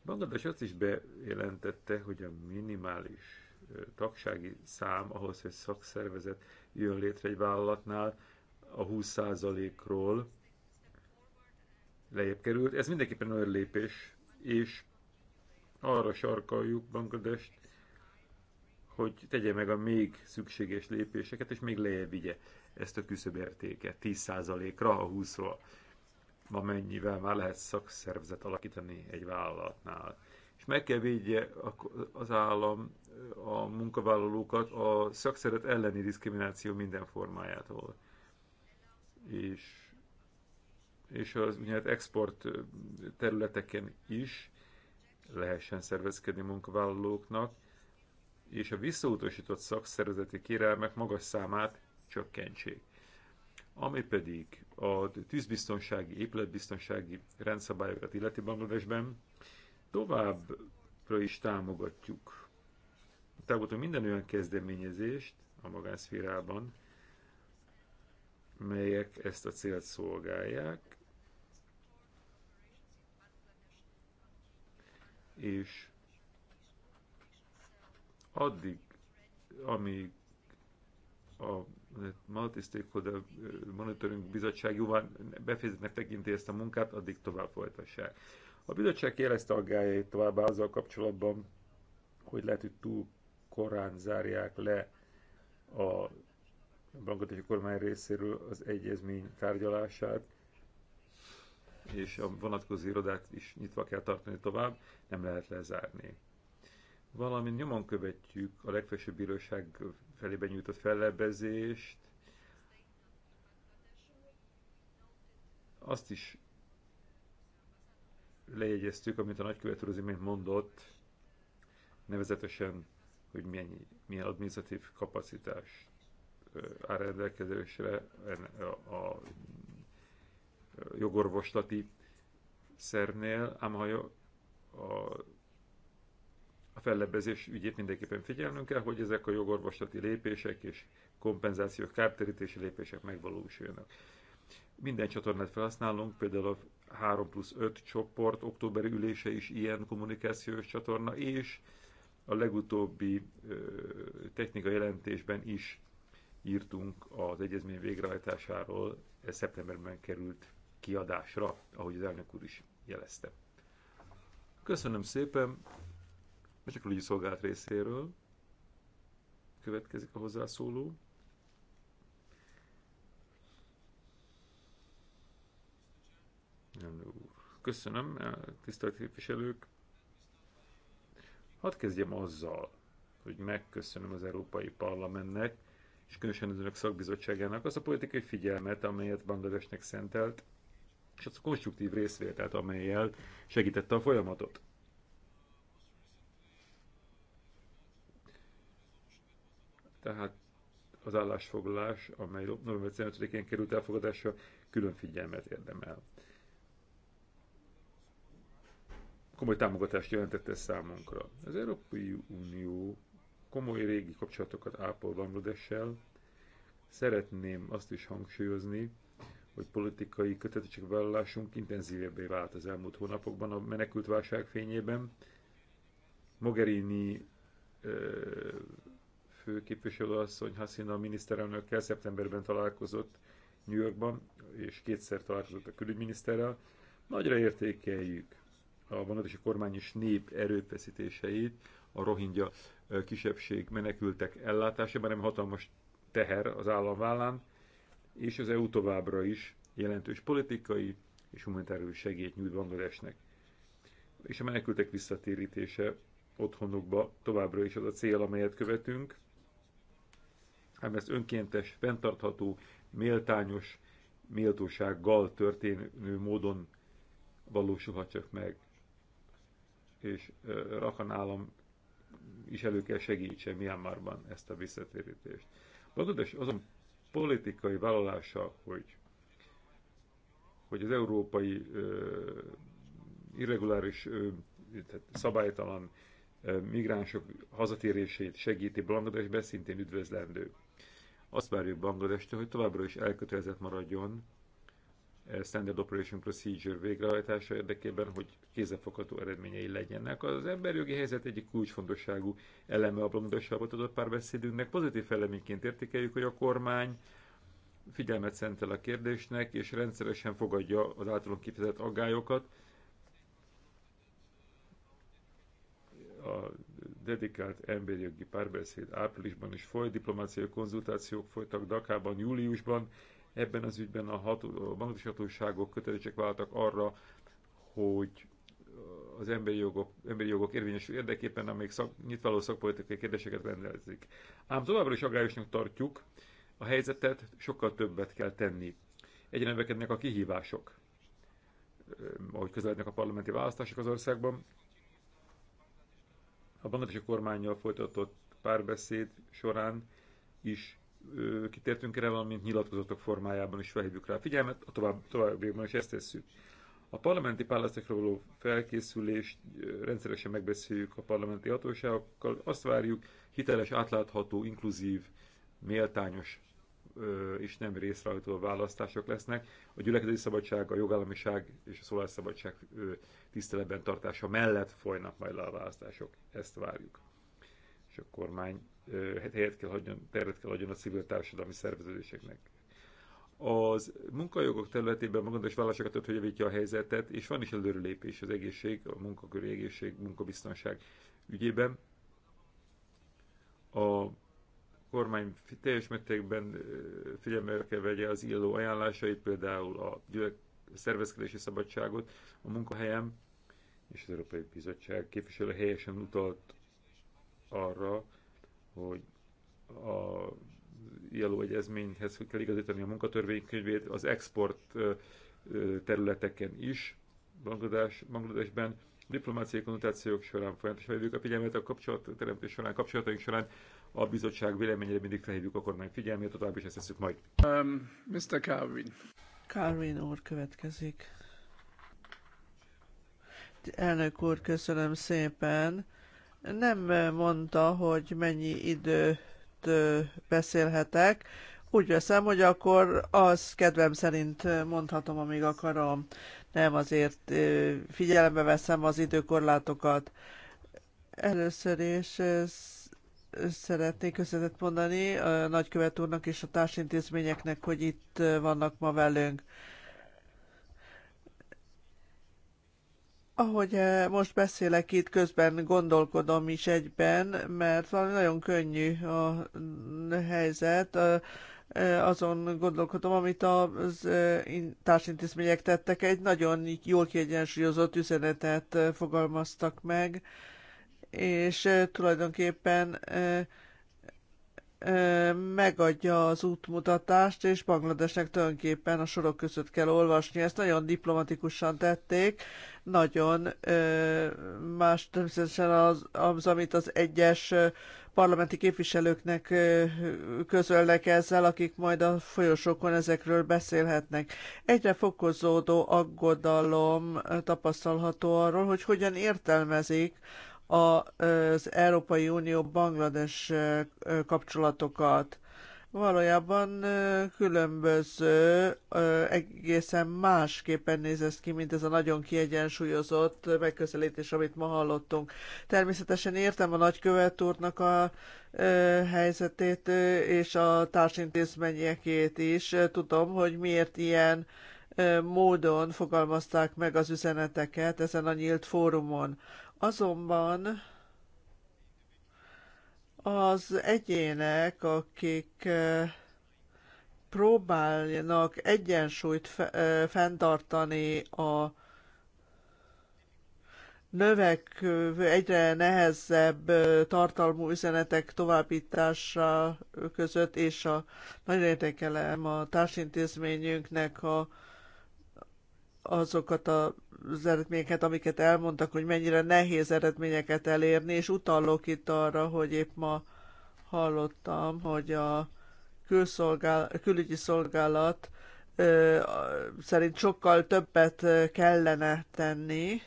Bangladesh azt is bejelentette, hogy a minimális tagsági szám ahhoz, hogy szakszervezet jön létre egy vállalatnál, a 20%-ról lejjebb került. Ez mindenképpen olyan lépés, és arra sarkaljuk Bangladest, hogy tegye meg a még szükséges lépéseket, és még lejjebb vigye ezt a küszöbértéket 10%-ra a 20-ról, mennyivel már lehet szakszervezet alakítani egy vállalatnál. És meg kell védje az állam a munkavállalókat a szakszervezet elleni diszkrimináció minden formájától. És, és az úgynevezett export területeken is lehessen szervezkedni munkavállalóknak, és a visszautasított szakszervezeti kérelmek magas számát csökkentsék. Ami pedig a tűzbiztonsági, épületbiztonsági rendszabályokat illeti Bangladesben, továbbra is támogatjuk. Támogatunk minden olyan kezdeményezést a magánszférában, melyek ezt a célt szolgálják, és addig, amíg a Multi Stakeholder Monitoring Bizottság jóval befejezetnek tekinti ezt a munkát, addig tovább folytassák. A bizottság jelezte aggájait továbbá azzal kapcsolatban, hogy lehet, hogy túl korán zárják le a bankotási kormány részéről az egyezmény tárgyalását, és a vonatkozó irodát is nyitva kell tartani tovább, nem lehet lezárni valamint nyomon követjük a legfelsőbb bíróság felé benyújtott fellebbezést. Azt is lejegyeztük, amit a nagykövet úr az imént mondott, nevezetesen, hogy milyen, milyen adminisztratív kapacitás áll rendelkezésre a, a jogorvoslati szervnél, ám ha a a fellebbezés ügyét mindenképpen figyelnünk kell, hogy ezek a jogorvoslati lépések és kompenzációk, kárterítési lépések megvalósuljanak. Minden csatornát felhasználunk, például a 3 plusz 5 csoport októberi ülése is ilyen kommunikációs csatorna, és a legutóbbi technika technikai jelentésben is írtunk az egyezmény végrehajtásáról, ez szeptemberben került kiadásra, ahogy az elnök úr is jelezte. Köszönöm szépen, és csak külügyi szolgált részéről következik a hozzászóló. Köszönöm, eh, tisztelt képviselők! Hadd kezdjem azzal, hogy megköszönöm az Európai Parlamentnek, és különösen az önök szakbizottságának az a politikai figyelmet, amelyet Bangladesnek szentelt, és az a konstruktív részvételt, amelyel segítette a folyamatot. tehát az állásfoglalás, amely november 15-én került elfogadásra, külön figyelmet érdemel. Komoly támogatást jelentette számunkra. Az Európai Unió komoly régi kapcsolatokat ápol Bangladessel. Szeretném azt is hangsúlyozni, hogy politikai kötelezettségvállalásunk intenzívebbé vált az elmúlt hónapokban a menekült válság fényében. Mogherini ö, fő képviselőasszony Hasina miniszterelnökkel szeptemberben találkozott New Yorkban, és kétszer találkozott a külügyminiszterrel. Nagyra értékeljük a a kormány és nép erőfeszítéseit a rohingya kisebbség menekültek ellátásában, ami hatalmas teher az államvállán, és az EU továbbra is jelentős politikai és humanitárius segélyt nyújt Bangladesnek. És a menekültek visszatérítése otthonukba továbbra is az a cél, amelyet követünk, hanem ez önkéntes, fenntartható, méltányos méltósággal történő módon valósulhat csak meg. És Rakan állam is elő kell segítse Myanmarban ezt a visszatérítést. Bangladesh azon politikai vállalása, hogy, hogy az európai uh, irreguláris, uh, szabálytalan uh, migránsok hazatérését segíti Bangladesbe, szintén üdvözlendő. Azt várjuk Bangladesh-t, hogy továbbra is elkötelezett maradjon e Standard Operation Procedure végrehajtása érdekében, hogy kézzelfogható eredményei legyenek. Az emberjogi helyzet egyik kulcsfontosságú eleme a Bangladesában adott párbeszédünknek. Pozitív eleményként értékeljük, hogy a kormány figyelmet szentel a kérdésnek, és rendszeresen fogadja az általunk kifejezett aggályokat, a dedikált emberi jogi párbeszéd áprilisban is folyt, diplomáciai konzultációk folytak Dakában, júliusban. Ebben az ügyben a, ható, a bangladesi hatóságok kötelezések váltak arra, hogy az emberi jogok, emberi jogok érvényesül érdekében, amelyik szak, nyitvaló szakpolitikai kérdéseket rendelzik. Ám továbbra is aggályosnak tartjuk a helyzetet, sokkal többet kell tenni. Egyre növekednek a kihívások, eh, ahogy közelednek a parlamenti választások az országban, a bangladesi kormányjal folytatott párbeszéd során is ö, kitértünk erre, valamint nyilatkozatok formájában is felhívjuk rá a figyelmet, a tovább, továbbiakban is ezt tesszük. A parlamenti pálasztokra való felkészülést rendszeresen megbeszéljük a parlamenti hatóságokkal. Azt várjuk, hiteles, átlátható, inkluzív, méltányos és nem részrehajtó választások lesznek. A gyülekezeti szabadság, a jogállamiság és a szólásszabadság tiszteletben tartása mellett folynak majd le a választások. Ezt várjuk. És a kormány hát helyet kell hagyjon, teret kell adjon a civil társadalmi szerveződéseknek. Az munkajogok területében magadás vállalásokat tört, hogy javítja a helyzetet, és van is előrelépés az egészség, a munkaköri egészség, munkabiztonság ügyében. A kormány teljes mértékben figyelme kell vegye az illó ajánlásait, például a szervezkedési szabadságot a munkahelyem, és az Európai Bizottság képviselő helyesen utalt arra, hogy a ILO egyezményhez kell igazítani a munkatörvénykönyvét az export területeken is, Bangladesh, Bangladesben, diplomáciai konzultációk során folyamatosan vagyunk a figyelmet a kapcsolatteremtés során, kapcsolataink során a bizottság véleményére mindig felhívjuk a kormány figyelmét, tovább is ezt tesszük majd. Um, Mr. Calvin. Calvin úr következik. Elnök úr, köszönöm szépen. Nem mondta, hogy mennyi időt beszélhetek. Úgy veszem, hogy akkor az kedvem szerint mondhatom, amíg akarom. Nem azért figyelembe veszem az időkorlátokat. Először is szeretnék köszönetet mondani a nagykövet úrnak és a társintézményeknek, hogy itt vannak ma velünk. Ahogy most beszélek itt, közben gondolkodom is egyben, mert valami nagyon könnyű a helyzet. Azon gondolkodom, amit a társintézmények tettek, egy nagyon jól kiegyensúlyozott üzenetet fogalmaztak meg és tulajdonképpen megadja az útmutatást, és Bangladesnek tulajdonképpen a sorok között kell olvasni. Ezt nagyon diplomatikusan tették, nagyon más természetesen az, az amit az egyes parlamenti képviselőknek közölnek ezzel, akik majd a folyosókon ezekről beszélhetnek. Egyre fokozódó aggodalom tapasztalható arról, hogy hogyan értelmezik az Európai Unió Banglades kapcsolatokat. Valójában különböző, egészen másképpen néz ez ki, mint ez a nagyon kiegyensúlyozott megközelítés, amit ma hallottunk. Természetesen értem a nagykövet úrnak a helyzetét és a társintézményekét is. Tudom, hogy miért ilyen módon fogalmazták meg az üzeneteket ezen a nyílt fórumon. Azonban az egyének, akik eh, próbálnak egyensúlyt eh, fenntartani a növekvő, egyre nehezebb eh, tartalmú üzenetek továbbítása között, és a nagy értékelem a társintézményünknek a, azokat a az eredményeket, amiket elmondtak, hogy mennyire nehéz eredményeket elérni, és utalok itt arra, hogy épp ma hallottam, hogy a külszolgál, külügyi szolgálat ö, szerint sokkal többet kellene tenni.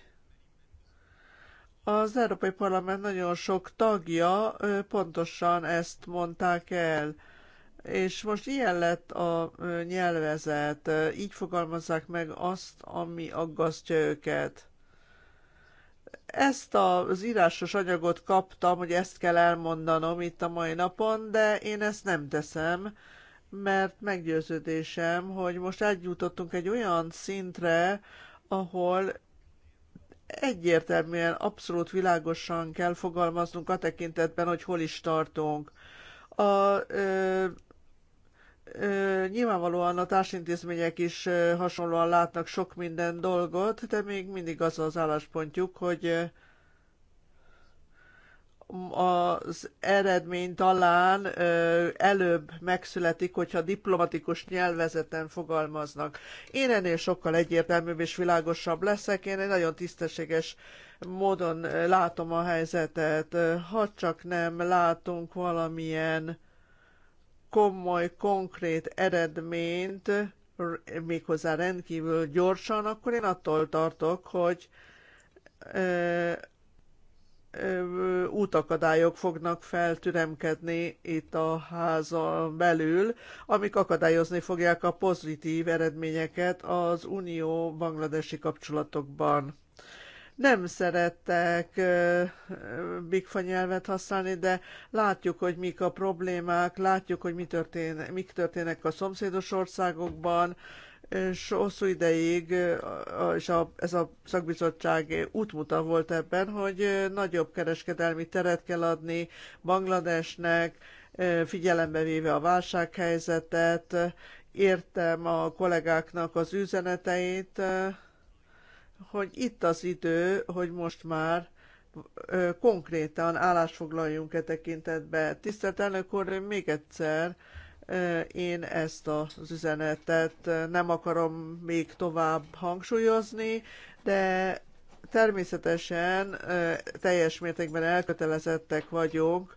Az Európai Parlament nagyon sok tagja ö, pontosan ezt mondták el és most ilyen lett a nyelvezet, így fogalmazzák meg azt, ami aggasztja őket. Ezt az írásos anyagot kaptam, hogy ezt kell elmondanom itt a mai napon, de én ezt nem teszem, mert meggyőződésem, hogy most eljutottunk egy olyan szintre, ahol egyértelműen, abszolút világosan kell fogalmaznunk a tekintetben, hogy hol is tartunk. A ö, nyilvánvalóan a társintézmények is hasonlóan látnak sok minden dolgot, de még mindig az az álláspontjuk, hogy az eredmény talán előbb megszületik, hogyha diplomatikus nyelvezeten fogalmaznak. Én ennél sokkal egyértelműbb és világosabb leszek, én egy nagyon tisztességes módon látom a helyzetet. Ha csak nem látunk valamilyen komoly, konkrét eredményt, méghozzá rendkívül gyorsan, akkor én attól tartok, hogy ö, ö, útakadályok fognak feltüremkedni itt a házon belül, amik akadályozni fogják a pozitív eredményeket az unió-bangladesi kapcsolatokban nem szerettek bigfa nyelvet használni, de látjuk, hogy mik a problémák, látjuk, hogy mi történ, mik történnek a szomszédos országokban, és hosszú ideig, és a, ez a szakbizottság útmuta volt ebben, hogy nagyobb kereskedelmi teret kell adni Bangladesnek, figyelembe véve a válsághelyzetet, értem a kollégáknak az üzeneteit, hogy itt az idő, hogy most már konkrétan állásfoglaljunk e tekintetbe. Tisztelt elnök úr, még egyszer én ezt az üzenetet nem akarom még tovább hangsúlyozni, de természetesen teljes mértékben elkötelezettek vagyunk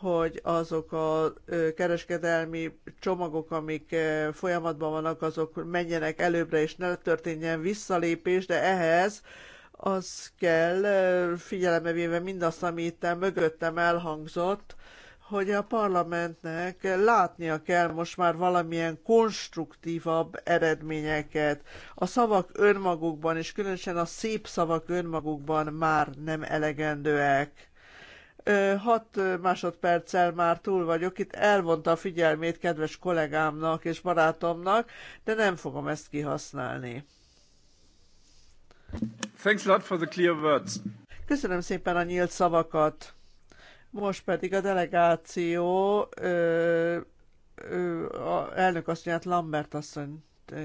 hogy azok a kereskedelmi csomagok, amik folyamatban vannak, azok menjenek előbbre, és ne történjen visszalépés, de ehhez az kell, figyelembe véve mindazt, ami itt mögöttem elhangzott, hogy a parlamentnek látnia kell most már valamilyen konstruktívabb eredményeket. A szavak önmagukban, és különösen a szép szavak önmagukban már nem elegendőek Hat másodperccel már túl vagyok, itt elmondta a figyelmét kedves kollégámnak és barátomnak, de nem fogom ezt kihasználni. Thanks a lot for the clear words. Köszönöm szépen a nyílt szavakat. Most pedig a delegáció ö, ö, a elnök asszonyát, Lambert asszonyt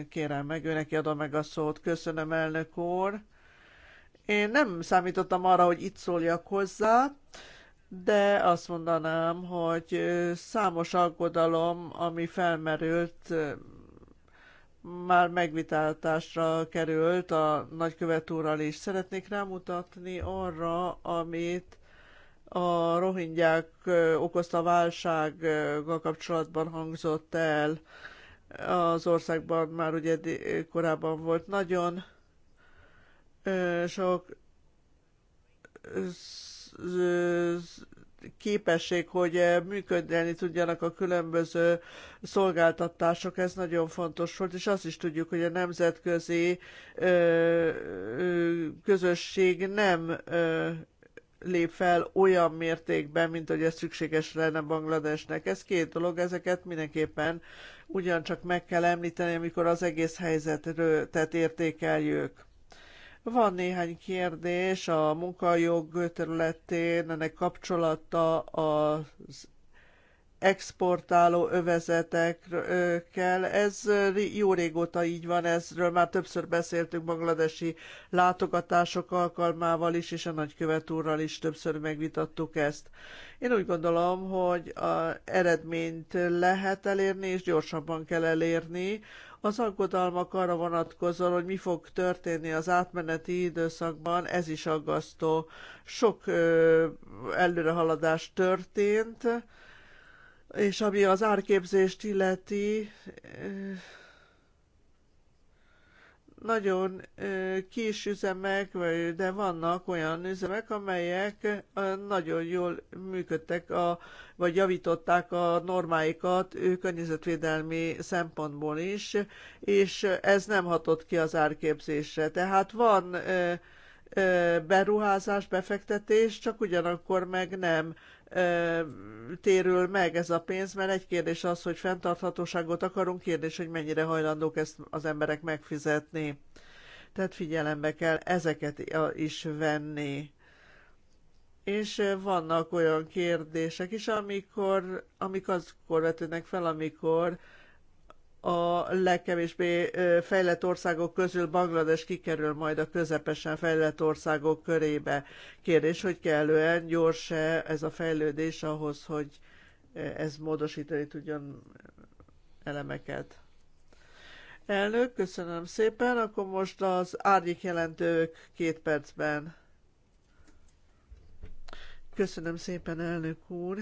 kérem meg, neki adom meg a szót. Köszönöm, elnök úr. Én nem számítottam arra, hogy itt szóljak hozzá, de azt mondanám, hogy számos aggodalom, ami felmerült, már megvitáltásra került a nagykövet úrral is. Szeretnék rámutatni arra, amit a rohingyák okozta válsággal kapcsolatban hangzott el az országban, már ugye korábban volt nagyon sok képesség, hogy működni tudjanak a különböző szolgáltatások, ez nagyon fontos volt, és azt is tudjuk, hogy a nemzetközi közösség nem lép fel olyan mértékben, mint hogy ez szükséges lenne Bangladesnek. Ez két dolog, ezeket mindenképpen ugyancsak meg kell említeni, amikor az egész helyzetről tehát értékeljük. Van néhány kérdés a munkajog területén, ennek kapcsolata az exportáló övezetekkel. Ez jó régóta így van, ezről már többször beszéltünk bangladesi látogatások alkalmával is, és a nagykövet úrral is többször megvitattuk ezt. Én úgy gondolom, hogy a eredményt lehet elérni, és gyorsabban kell elérni. Az aggodalmak arra vonatkozóan, hogy mi fog történni az átmeneti időszakban, ez is aggasztó. Sok előrehaladás történt, és ami az árképzést illeti, nagyon kis üzemek, de vannak olyan üzemek, amelyek nagyon jól működtek, a, vagy javították a normáikat környezetvédelmi szempontból is, és ez nem hatott ki az árképzésre. Tehát van beruházás, befektetés, csak ugyanakkor meg nem térül meg ez a pénz, mert egy kérdés az, hogy fenntarthatóságot akarunk, kérdés, hogy mennyire hajlandók ezt az emberek megfizetni. Tehát figyelembe kell ezeket is venni. És vannak olyan kérdések is, amikor, amik azkor vetődnek fel, amikor a legkevésbé fejlett országok közül Banglades kikerül majd a közepesen fejlett országok körébe. Kérdés, hogy kellően gyors-e ez a fejlődés ahhoz, hogy ez módosítani tudjon elemeket. Elnök, köszönöm szépen. Akkor most az árnyék jelentők két percben. Köszönöm szépen, elnök úr.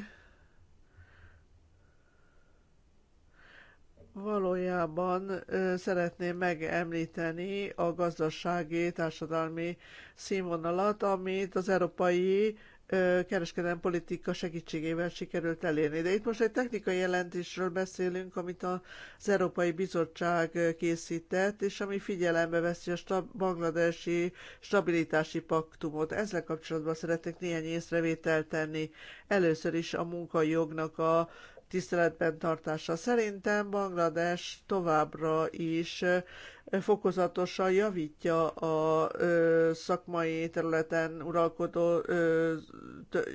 Valójában szeretném megemlíteni a gazdasági, társadalmi színvonalat, amit az európai kereskedelmi politika segítségével sikerült elérni. De itt most egy technikai jelentésről beszélünk, amit az Európai Bizottság készített, és ami figyelembe veszi a stab- bangladesi stabilitási paktumot. Ezzel kapcsolatban szeretnék néhány észrevételt tenni. Először is a munkajognak a tiszteletben tartása. Szerintem Banglades továbbra is fokozatosan javítja a szakmai területen uralkodó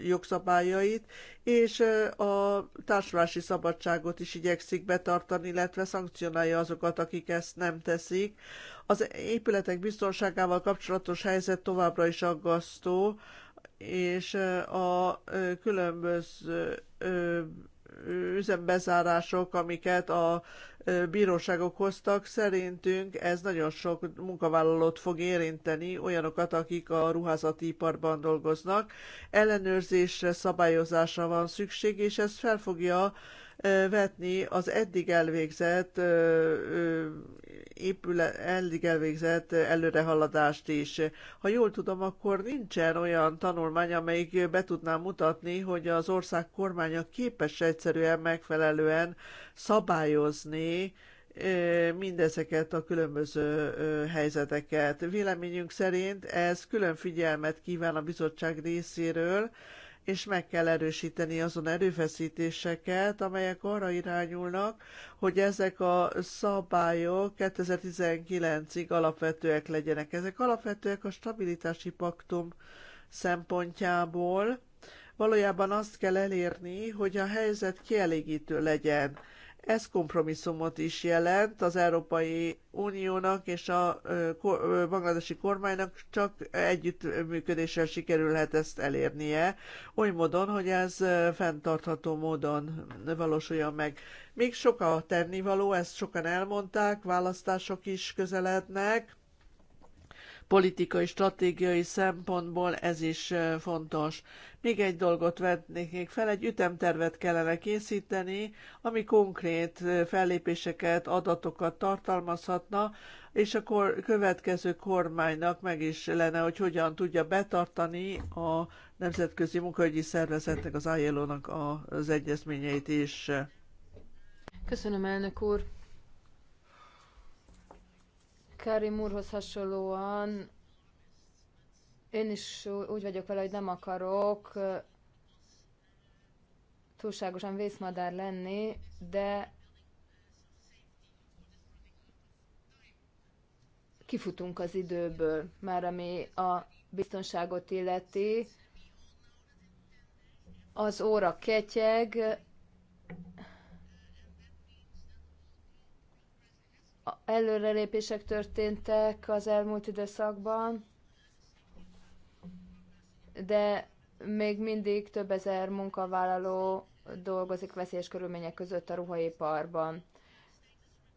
jogszabályait, és a társulási szabadságot is igyekszik betartani, illetve szankcionálja azokat, akik ezt nem teszik. Az épületek biztonságával kapcsolatos helyzet továbbra is aggasztó, és a különböző üzembezárások, amiket a bíróságok hoztak, szerintünk ez nagyon sok munkavállalót fog érinteni, olyanokat, akik a ruházati iparban dolgoznak. Ellenőrzésre, szabályozásra van szükség, és ez fel fogja vetni az eddig elvégzett épület, eddig elvégzett előrehaladást is. Ha jól tudom, akkor nincsen olyan tanulmány, amelyik be tudná mutatni, hogy az ország kormánya képes egyszerűen megfelelően szabályozni mindezeket a különböző helyzeteket. Véleményünk szerint ez külön figyelmet kíván a bizottság részéről, és meg kell erősíteni azon erőfeszítéseket, amelyek arra irányulnak, hogy ezek a szabályok 2019-ig alapvetőek legyenek. Ezek alapvetőek a stabilitási paktum szempontjából. Valójában azt kell elérni, hogy a helyzet kielégítő legyen ez kompromisszumot is jelent az Európai Uniónak és a bangladesi kormánynak csak együttműködéssel sikerülhet ezt elérnie, oly módon, hogy ez fenntartható módon valósuljon meg. Még sok a tennivaló, ezt sokan elmondták, választások is közelednek, politikai, stratégiai szempontból ez is fontos. Még egy dolgot vennék még fel, egy ütemtervet kellene készíteni, ami konkrét fellépéseket, adatokat tartalmazhatna, és akkor következő kormánynak meg is lenne, hogy hogyan tudja betartani a Nemzetközi Munkahogyi Szervezetnek, az ILO-nak az egyezményeit is. Köszönöm, elnök úr! Kari úrhoz hasonlóan én is úgy vagyok vele, hogy nem akarok túlságosan vészmadár lenni, de kifutunk az időből, már ami a biztonságot illeti. Az óra ketyeg, előrelépések történtek az elmúlt időszakban, de még mindig több ezer munkavállaló dolgozik veszélyes körülmények között a ruhaiparban.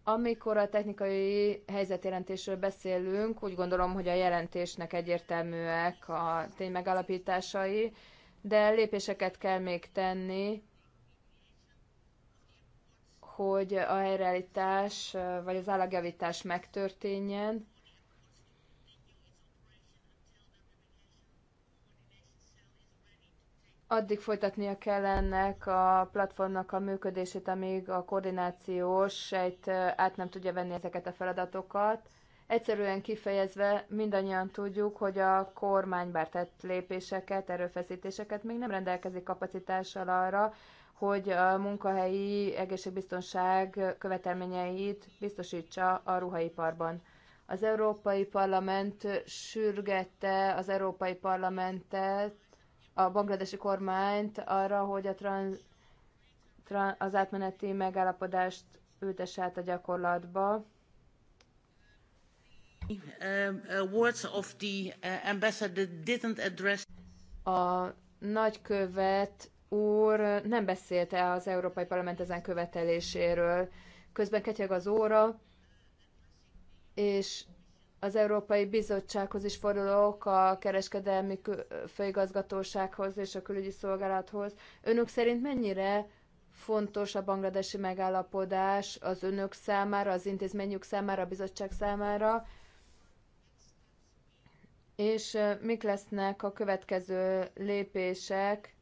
Amikor a technikai helyzetjelentésről beszélünk, úgy gondolom, hogy a jelentésnek egyértelműek a tény megállapításai, de lépéseket kell még tenni hogy a helyreállítás vagy az állagjavítás megtörténjen. Addig folytatnia kell ennek a platformnak a működését, amíg a koordinációs sejt át nem tudja venni ezeket a feladatokat. Egyszerűen kifejezve mindannyian tudjuk, hogy a kormány bár tett lépéseket, erőfeszítéseket még nem rendelkezik kapacitással arra, hogy a munkahelyi egészségbiztonság követelményeit biztosítsa a ruhaiparban. Az Európai Parlament sürgette az Európai Parlamentet, a bangladesi kormányt arra, hogy a trans, trans, az átmeneti megállapodást ültesse át a gyakorlatba. Uh, uh, words of the uh, ambassador didn't address. A nagykövet úr nem beszélt el az Európai Parlament ezen követeléséről. Közben ketyeg az óra, és az Európai Bizottsághoz is fordulok, a kereskedelmi főigazgatósághoz és a külügyi szolgálathoz. Önök szerint mennyire fontos a bangladesi megállapodás az önök számára, az intézményük számára, a bizottság számára, és eh, mik lesznek a következő lépések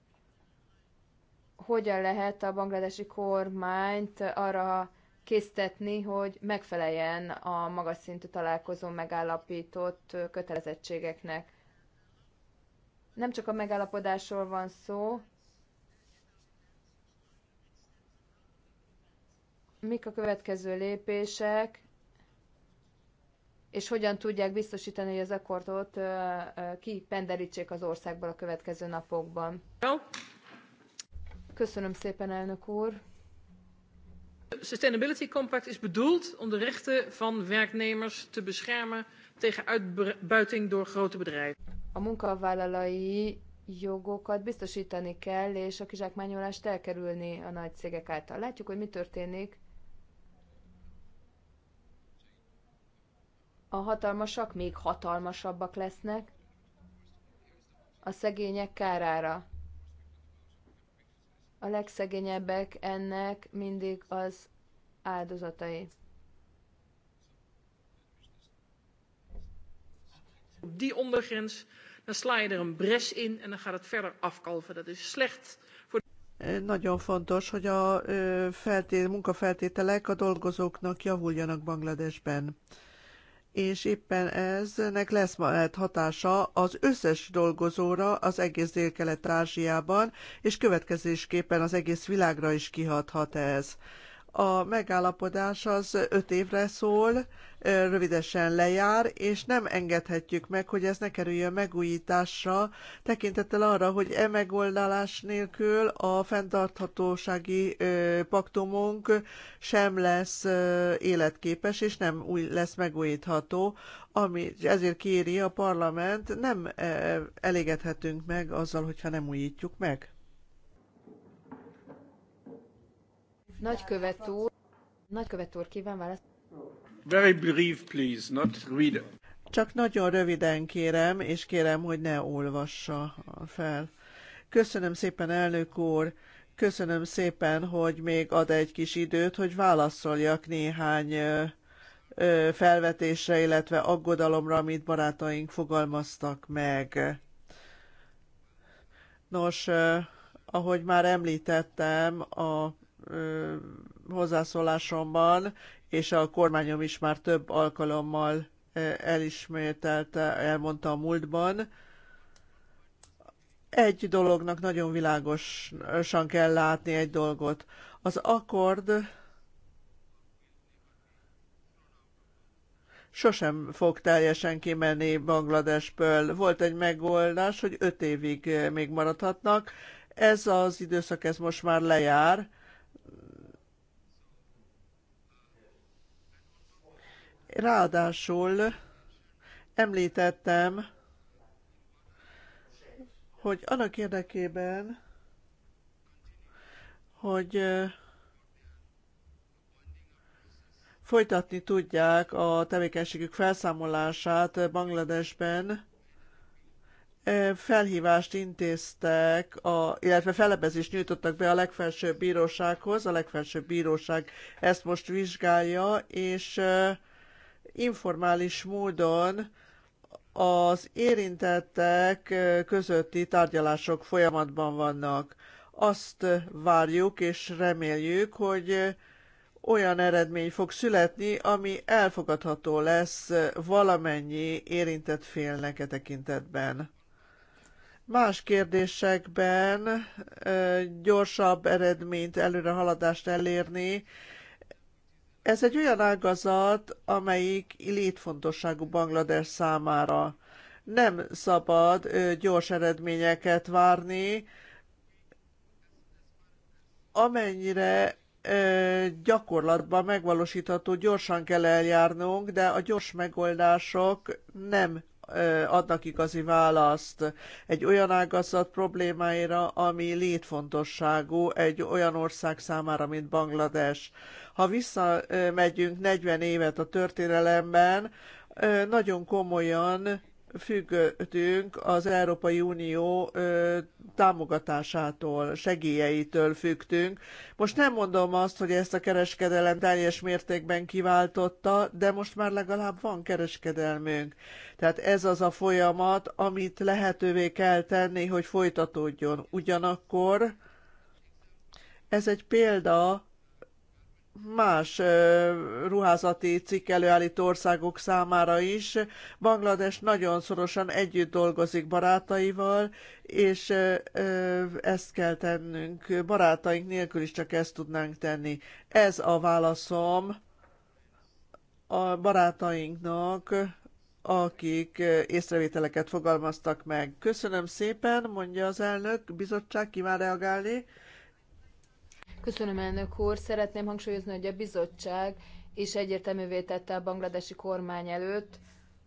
hogyan lehet a bangladesi kormányt arra késztetni, hogy megfeleljen a magas szintű találkozón megállapított kötelezettségeknek. Nem csak a megállapodásról van szó, mik a következő lépések, és hogyan tudják biztosítani, hogy az akkordot kipenderítsék az országból a következő napokban. Köszönöm szépen, elnök úr. Sustainability Compact is bedoeld om de rechten van werknemers te beschermen tegen uitbuiting door grote bedrijven. A munkavállalói jogokat biztosítani kell, és a kizsákmányolást elkerülni a nagy cégek által. Látjuk, hogy mi történik a hatalmasak még hatalmasabbak lesznek a szegények kárára a legszegényebbek ennek mindig az áldozatai. die ondergrens, dan sla je er een bres in en dan gaat het verder afkalven. Dat is slecht voor. Eh, nagyon fontos, hogy a felté- munkafeltételek a dolgozóknak javuljanak Bangladesben és éppen eznek lesz majd hatása az összes dolgozóra az egész Dél-Kelet-Ázsiában, és következésképpen az egész világra is kihathat ez. A megállapodás az öt évre szól, rövidesen lejár, és nem engedhetjük meg, hogy ez ne kerüljön megújításra, tekintettel arra, hogy e megoldalás nélkül a fenntarthatósági paktumunk sem lesz életképes, és nem új lesz megújítható, ami ezért kéri a parlament, nem elégedhetünk meg azzal, hogyha nem újítjuk meg. Nagykövet úr, nagykövet úr kíván választ. Very brief, please, not read. Csak nagyon röviden kérem, és kérem, hogy ne olvassa fel. Köszönöm szépen, elnök úr. Köszönöm szépen, hogy még ad egy kis időt, hogy válaszoljak néhány felvetésre, illetve aggodalomra, amit barátaink fogalmaztak meg. Nos, ahogy már említettem, a hozzászólásomban, és a kormányom is már több alkalommal elismételte, elmondta a múltban, egy dolognak nagyon világosan kell látni egy dolgot. Az akkord sosem fog teljesen kimenni Bangladesből. Volt egy megoldás, hogy öt évig még maradhatnak. Ez az időszak, ez most már lejár, Ráadásul említettem, hogy annak érdekében, hogy folytatni tudják a tevékenységük felszámolását Bangladesben, felhívást intéztek, a, illetve felebezést nyújtottak be a legfelsőbb bírósághoz, a legfelsőbb bíróság ezt most vizsgálja, és informális módon az érintettek közötti tárgyalások folyamatban vannak. Azt várjuk és reméljük, hogy olyan eredmény fog születni, ami elfogadható lesz valamennyi érintett félnek e tekintetben. Más kérdésekben gyorsabb eredményt, előrehaladást elérni, ez egy olyan ágazat, amelyik létfontosságú Banglades számára. Nem szabad ö, gyors eredményeket várni, amennyire ö, gyakorlatban megvalósítható, gyorsan kell eljárnunk, de a gyors megoldások nem adnak igazi választ egy olyan ágazat problémáira, ami létfontosságú egy olyan ország számára, mint Banglades. Ha visszamegyünk 40 évet a történelemben, nagyon komolyan függöttünk az Európai Unió ö, támogatásától, segélyeitől függtünk. Most nem mondom azt, hogy ezt a kereskedelem teljes mértékben kiváltotta, de most már legalább van kereskedelmünk. Tehát ez az a folyamat, amit lehetővé kell tenni, hogy folytatódjon. Ugyanakkor ez egy példa más ruházati cikk előállító országok számára is. Banglades nagyon szorosan együtt dolgozik barátaival, és ezt kell tennünk. Barátaink nélkül is csak ezt tudnánk tenni. Ez a válaszom a barátainknak, akik észrevételeket fogalmaztak meg. Köszönöm szépen, mondja az elnök. Bizottság már reagálni? Köszönöm, elnök úr. Szeretném hangsúlyozni, hogy a bizottság is egyértelművé tette a bangladesi kormány előtt,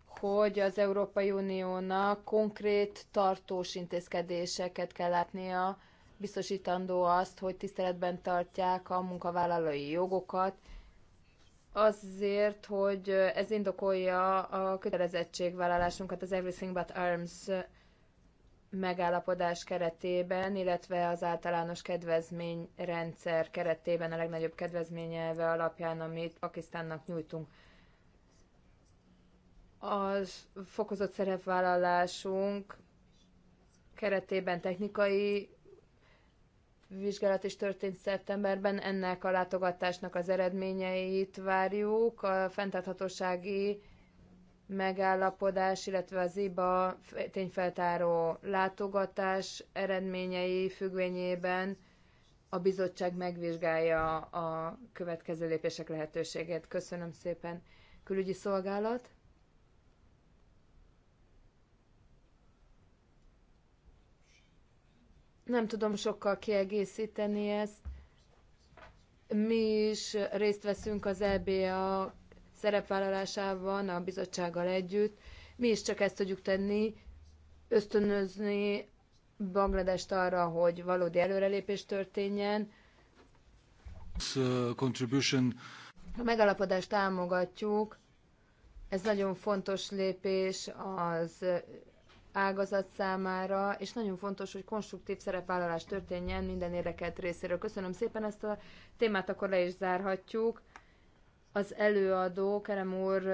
hogy az Európai Uniónak konkrét tartós intézkedéseket kell látnia, biztosítandó azt, hogy tiszteletben tartják a munkavállalói jogokat, azért, hogy ez indokolja a kötelezettségvállalásunkat az Everything But Arms megállapodás keretében, illetve az általános kedvezményrendszer keretében a legnagyobb kedvezményelve alapján, amit Pakisztánnak nyújtunk. Az fokozott szerepvállalásunk keretében technikai vizsgálat is történt szeptemberben. Ennek a látogatásnak az eredményeit várjuk. A fenntarthatósági megállapodás, illetve az IBA tényfeltáró látogatás eredményei függvényében a bizottság megvizsgálja a következő lépések lehetőségét. Köszönöm szépen. Külügyi szolgálat. Nem tudom sokkal kiegészíteni ezt. Mi is részt veszünk az EBA szerepvállalásában a bizottsággal együtt. Mi is csak ezt tudjuk tenni, ösztönözni Bangladest arra, hogy valódi előrelépés történjen. Uh, a megalapodást támogatjuk, ez nagyon fontos lépés az ágazat számára, és nagyon fontos, hogy konstruktív szerepvállalás történjen minden érdekelt részéről. Köszönöm szépen ezt a témát, akkor le is zárhatjuk az előadó Kerem úr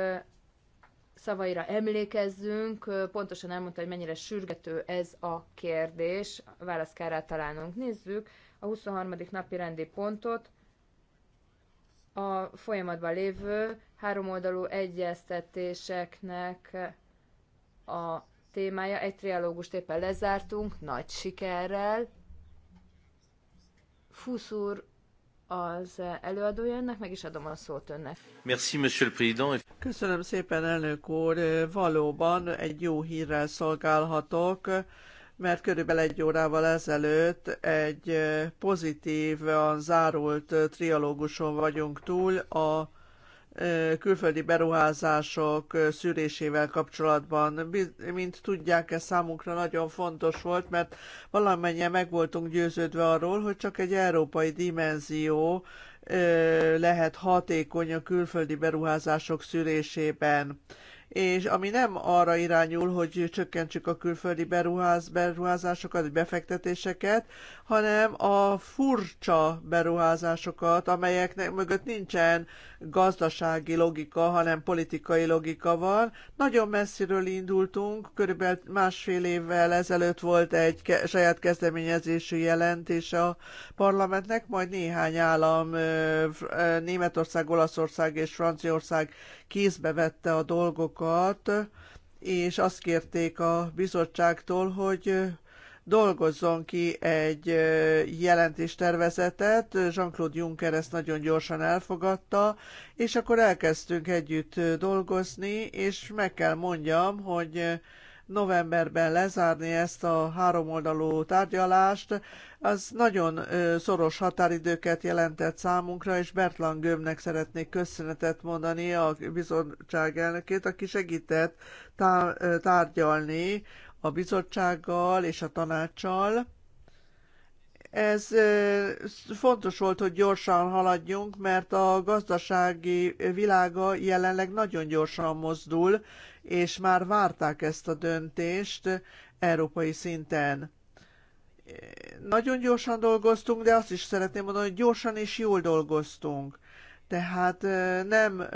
szavaira emlékezzünk, pontosan elmondta, hogy mennyire sürgető ez a kérdés, választ kell rá találnunk. Nézzük a 23. napi rendi pontot, a folyamatban lévő háromoldalú egyeztetéseknek a témája. Egy triálógust éppen lezártunk, nagy sikerrel. Fuszúr az előadója ennek, meg is adom a szót önnek. Merci, monsieur le président. Köszönöm szépen, elnök úr. Valóban egy jó hírrel szolgálhatok, mert körülbelül egy órával ezelőtt egy pozitív, zárult trialóguson vagyunk túl a külföldi beruházások szűrésével kapcsolatban. Mint tudják, ez számunkra nagyon fontos volt, mert valamennyien meg voltunk győződve arról, hogy csak egy európai dimenzió lehet hatékony a külföldi beruházások szűrésében és ami nem arra irányul, hogy csökkentsük a külföldi beruház, beruházásokat, vagy befektetéseket, hanem a furcsa beruházásokat, amelyek mögött nincsen gazdasági logika, hanem politikai logika van. Nagyon messziről indultunk, körülbelül másfél évvel ezelőtt volt egy ke- saját kezdeményezésű jelentés a parlamentnek, majd néhány állam, Németország, Olaszország és Franciaország kézbe vette a dolgokat, és azt kérték a bizottságtól, hogy dolgozzon ki egy jelentéstervezetet, Jean-Claude Juncker ezt nagyon gyorsan elfogadta, és akkor elkezdtünk együtt dolgozni, és meg kell mondjam, hogy novemberben lezárni ezt a háromoldalú tárgyalást, az nagyon szoros határidőket jelentett számunkra, és Bertlan Gömnek szeretnék köszönetet mondani a bizottság elnökét, aki segített tárgyalni a bizottsággal és a tanácssal. Ez fontos volt, hogy gyorsan haladjunk, mert a gazdasági világa jelenleg nagyon gyorsan mozdul, és már várták ezt a döntést európai szinten nagyon gyorsan dolgoztunk, de azt is szeretném mondani, hogy gyorsan és jól dolgoztunk. Tehát nem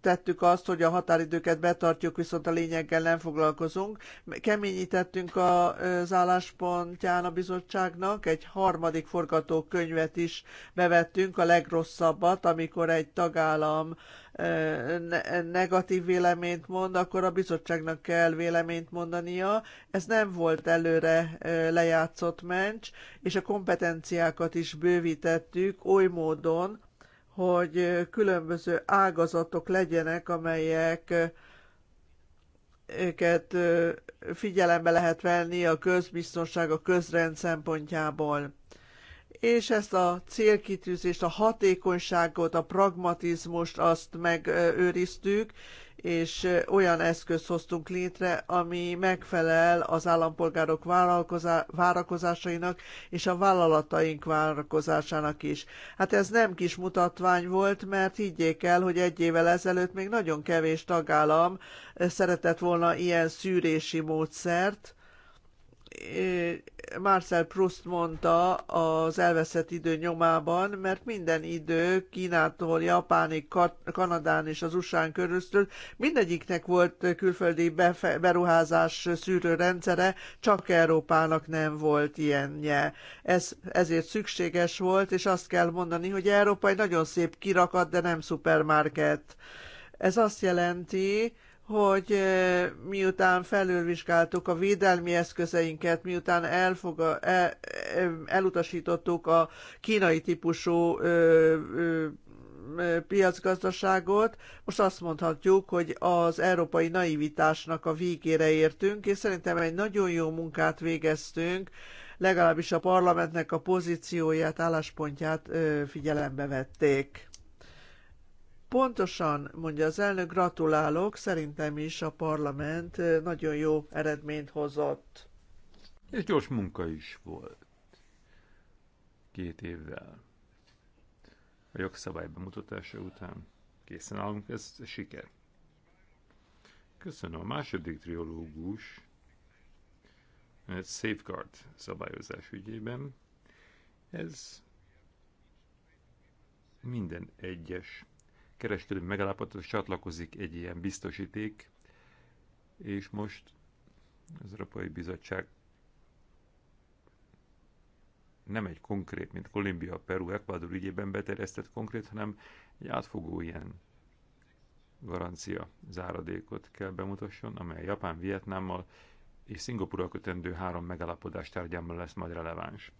tettük azt, hogy a határidőket betartjuk, viszont a lényeggel nem foglalkozunk. Keményítettünk az álláspontján a bizottságnak, egy harmadik forgatókönyvet is bevettünk, a legrosszabbat, amikor egy tagállam negatív véleményt mond, akkor a bizottságnak kell véleményt mondania. Ez nem volt előre lejátszott mencs, és a kompetenciákat is bővítettük oly módon, hogy különböző ágazatok legyenek, amelyek őket figyelembe lehet venni a közbiztonság, a közrend szempontjából. És ezt a célkitűzést, a hatékonyságot, a pragmatizmust azt megőriztük, és olyan eszközt hoztunk létre, ami megfelel az állampolgárok várakozásainak és a vállalataink várakozásának is. Hát ez nem kis mutatvány volt, mert higgyék el, hogy egy évvel ezelőtt még nagyon kevés tagállam szeretett volna ilyen szűrési módszert, Marcel Proust mondta az elveszett idő nyomában, mert minden idő Kínától, Japánig, Kanadán és az USA-n köröztül mindegyiknek volt külföldi beruházás szűrő rendszere, csak Európának nem volt ilyenje. Ez, ezért szükséges volt, és azt kell mondani, hogy Európa egy nagyon szép kirakat, de nem szupermarket. Ez azt jelenti, hogy miután felülvizsgáltuk a védelmi eszközeinket, miután elfoga, el, e, elutasítottuk a kínai típusú ö, ö, piacgazdaságot. Most azt mondhatjuk, hogy az európai naivitásnak a végére értünk, és szerintem egy nagyon jó munkát végeztünk, legalábbis a parlamentnek a pozícióját, álláspontját figyelembe vették. Pontosan, mondja az elnök, gratulálok, szerintem is a parlament nagyon jó eredményt hozott. És gyors munka is volt. Két évvel. A jogszabály bemutatása után készen állunk, ez siker. Köszönöm. A második triológus egy safeguard szabályozás ügyében. Ez minden egyes kereskedelmi megállapodáshoz csatlakozik egy ilyen biztosíték, és most az Európai Bizottság nem egy konkrét, mint Kolumbia, Peru, Ecuador ügyében beterjesztett konkrét, hanem egy átfogó ilyen garancia záradékot kell bemutasson, amely Japán, Vietnámmal és Szingapurral kötendő három megállapodás tárgyában lesz majd releváns.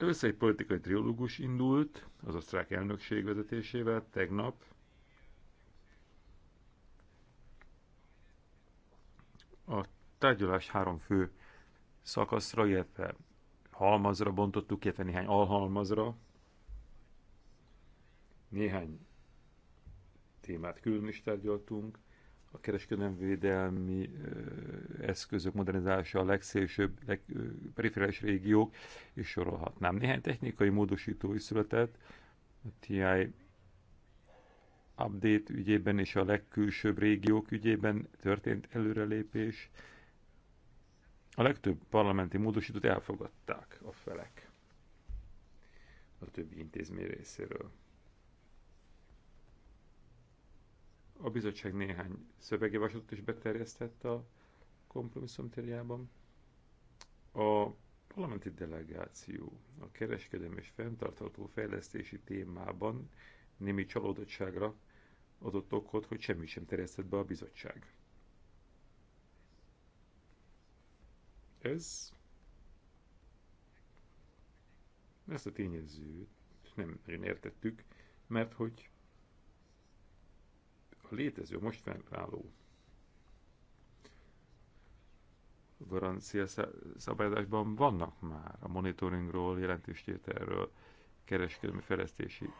Először egy politikai triológus indult az osztrák elnökség vezetésével tegnap. A tárgyalás három fő szakaszra, illetve halmazra bontottuk, illetve néhány alhalmazra. Néhány témát külön is tárgyaltunk, a kereskedelmi védelmi eszközök modernizálása a legszélsőbb, legperifériás régiók, és sorolhatnám. Néhány technikai módosító is született, a TI update ügyében és a legkülsőbb régiók ügyében történt előrelépés. A legtöbb parlamenti módosítót elfogadták a felek a többi intézmény részéről. A bizottság néhány szövegjavaslatot is beterjesztett a kompromisszum térjában. A parlamenti delegáció a kereskedelmi és fenntartható fejlesztési témában némi csalódottságra adott okot, hogy semmi sem terjesztett be a bizottság. Ez ezt a tényezőt nem nagyon értettük, mert hogy létező, most fennálló garancia szabályozásban vannak már a monitoringról, jelentéstételről, kereskedelmi fejlesztési